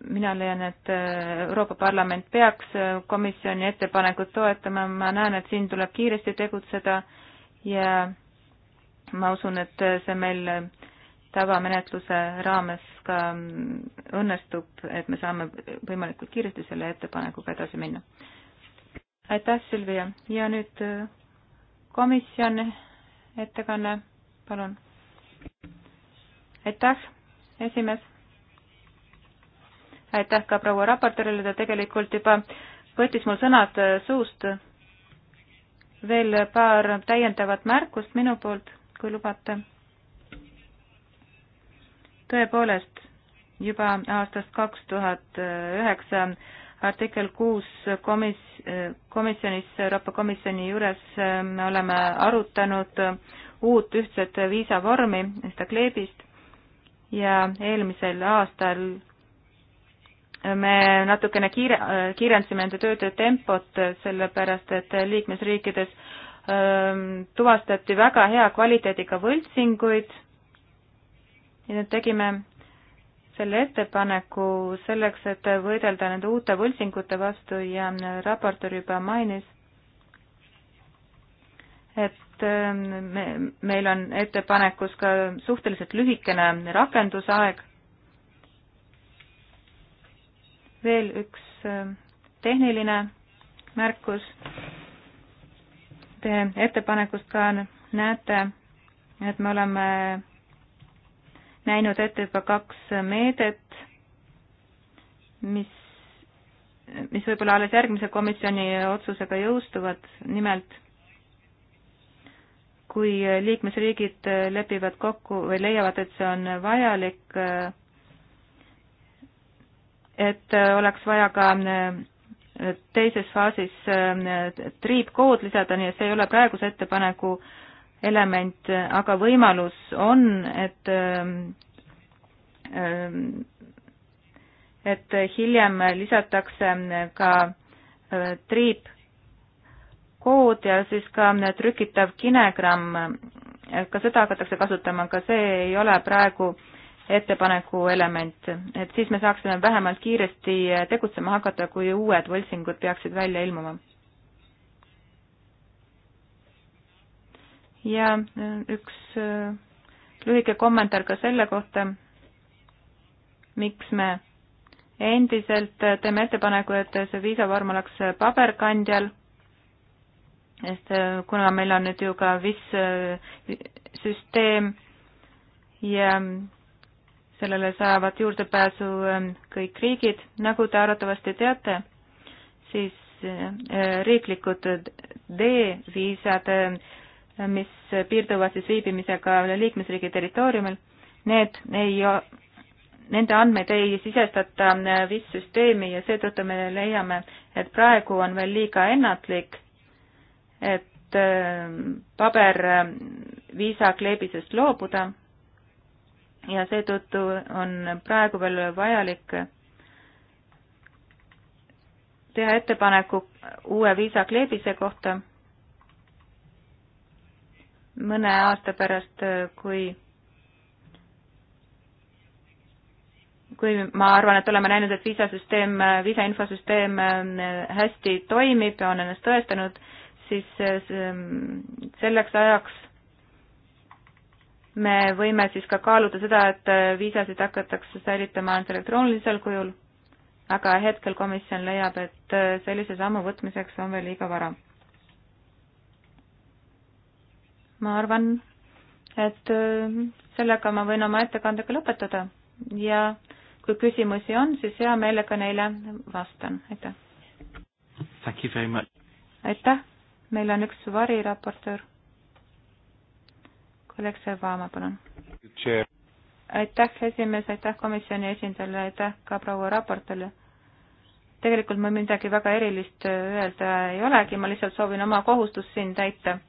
mina leian, et äh, Euroopa Parlament peaks komisjoni ettepanekut toetama, ma näen, et siin tuleb kiiresti tegutseda ja ma usun, et see meil tavamenetluse raames ka mm, õnnestub, et me saame võimalikult kiiresti selle ettepanekuga edasi minna. aitäh, Silvia. ja nüüd äh, komisjoni ettekanne, palun. aitäh, esimees. aitäh ka proua raportöörile, ta tegelikult juba võttis mul sõnad äh, suust. veel paar täiendavat märkust minu poolt, kui lubate tõepoolest, juba aastast kaks tuhat üheksa artikkel kuus komis-, komisjonis, Euroopa Komisjoni juures ähm, me oleme arutanud uut ühtset viisavormi, seda kleebist, ja eelmisel aastal me natukene kiire, kiirendasime nende tööde tempot, sellepärast et liikmesriikides öö, ähm, tuvastati väga hea kvaliteediga võltsinguid ja tegime selle ettepaneku selleks, et võidelda nende uute võltsingute vastu ja raportöör juba mainis, et ähm, me, meil on ettepanekus ka suhteliselt lühikene rakendusaeg. veel üks ähm, tehniline märkus. Te ettepanekust ka näete, et me oleme näinud ette juba kaks meedet, mis, mis võib-olla alles järgmise komisjoni otsusega jõustuvad, nimelt kui liikmesriigid lepivad kokku või leiavad, et see on vajalik, et oleks vaja ka teises faasis triipkood lisada, nii et see ei ole praeguse ettepaneku äh, element, aga võimalus on, et et hiljem lisatakse ka äh, triipkood ja siis ka trükitav kinegramm, ka seda hakatakse kasutama, ka see ei ole praegu ettepaneku element, et siis me saaksime vähemalt kiiresti tegutsema hakata, kui uued võltsingud peaksid välja ilmuma ja äh, üks äh, lühike kommentaar ka selle kohta, miks me endiselt äh, teeme ettepaneku, et see viisavorm oleks paberkandjal, sest kuna meil on nüüd ju ka VIS süsteem ja mm, sellele saavad juurdepääsu ähm, kõik riigid, nagu te arvatavasti teate, siis riiklikud D-viisad mis piirduvad siis viibimisega liikmesriigi territooriumil, need ei, nende andmeid ei sisestata äh, VIS-süsteemi ja seetõttu me leiame, et praegu on veel liiga ennatlik, et äh, paberviisa äh, kleebisest loobuda ja seetõttu on praegu veel vajalik teha ettepaneku uue viisakleebise kohta mõne aasta pärast, kui kui ma arvan, et oleme näinud, et viisasüsteem, viisa infosüsteem äh, hästi toimib ja on ennast tõestanud, siis ähm, selleks ajaks me võime siis ka kaaluda seda, et äh, viisasid hakatakse säilitama ainult elektroonilisel kujul, aga hetkel komisjon leiab, et äh, sellise sammu võtmiseks on veel liiga vara. ma arvan, et äh, sellega ma võin oma ettekandega lõpetada ja kui küsimusi on, siis hea meelega neile vastan, aitäh. aitäh, meil on üks variraportöör. kolleeg Servaama, palun. aitäh, esimees, aitäh komisjoni esindajale, aitäh ka proua raportööle tegelikult mul midagi väga erilist öelda ei olegi, ma lihtsalt soovin oma kohustust siin täita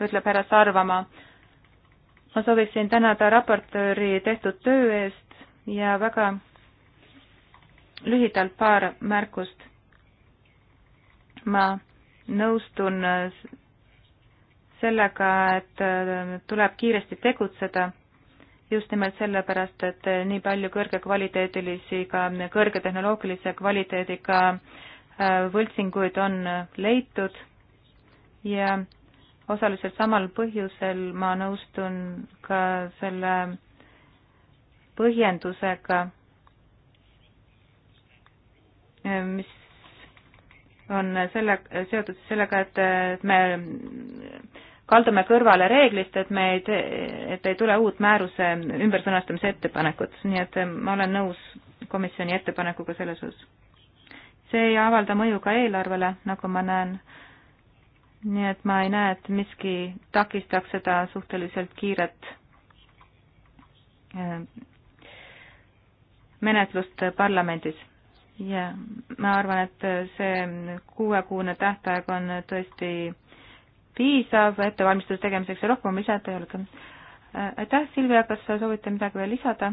ütleb härra Sarvamaa. ma sooviksin tänada raportööri tehtud töö eest ja väga lühidalt paar märkust. ma nõustun sellega, et tuleb kiiresti tegutseda just nimelt sellepärast, et nii palju kõrgekvaliteedilisi, ka kõrgetehnoloogilise kvaliteediga äh, võltsinguid on leitud ja osaliselt samal põhjusel ma nõustun ka selle põhjendusega, mis on selle, seotud sellega, et, et me kaldume kõrvale reeglist, et me ei tee, et ei tule uut määruse ümbersõnastamise ettepanekut, nii et ma olen nõus komisjoni ettepanekuga selles osas. see ei avalda mõju ka eelarvele, nagu ma näen äh, nii et ma ei näe, et miski takistaks seda suhteliselt kiiret äh, menetlust parlamendis. ja ma arvan, et see kuuekuune tähtaeg on tõesti piisav ettevalmistuse tegemiseks ja rohkem lisada ei ole. Äh, aitäh, Silvia, kas sa soovite midagi veel lisada?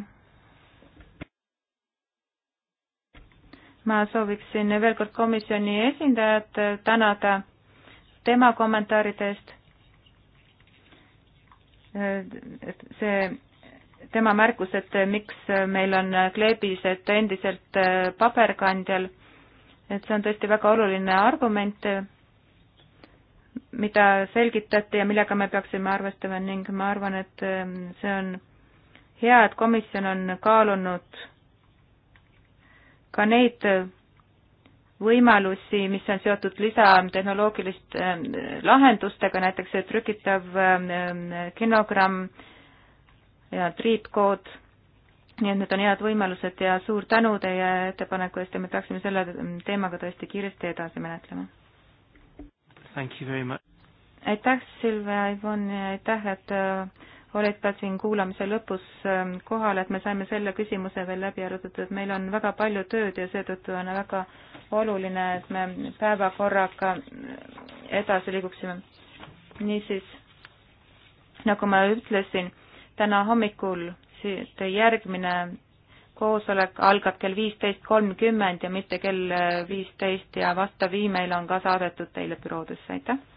ma sooviksin veel kord komisjoni esindajat tänada tema kommentaaride eest. see, tema märkus, et miks meil on kleebised endiselt paberkandjal, et see on tõesti väga oluline argument, mida selgitati ja millega me peaksime arvestama ning ma arvan, et see on hea, et komisjon on kaalunud ka neid võimalusi, mis on seotud lisatehnoloogiliste ähm, lahendustega, näiteks trükitav kinogramm ähm, ja triipkood, nii et need on head võimalused ja suur tänu teie ettepaneku eest ja me peaksime selle teemaga tõesti kiiresti edasi menetlema. aitäh, Silvia, Ivon ja aitäh, et äh, olid ka siin kuulamise lõpus ähm, kohal, et me saime selle küsimuse veel läbi arutatud, meil on väga palju tööd ja seetõttu on väga oluline, et me päevakorraga edasi liiguksime. niisiis, nagu ma ütlesin, täna hommikul siit järgmine koosolek algab kell viisteist kolmkümmend ja mitte kell viisteist ja vastav email on ka saadetud teile büroodesse, aitäh!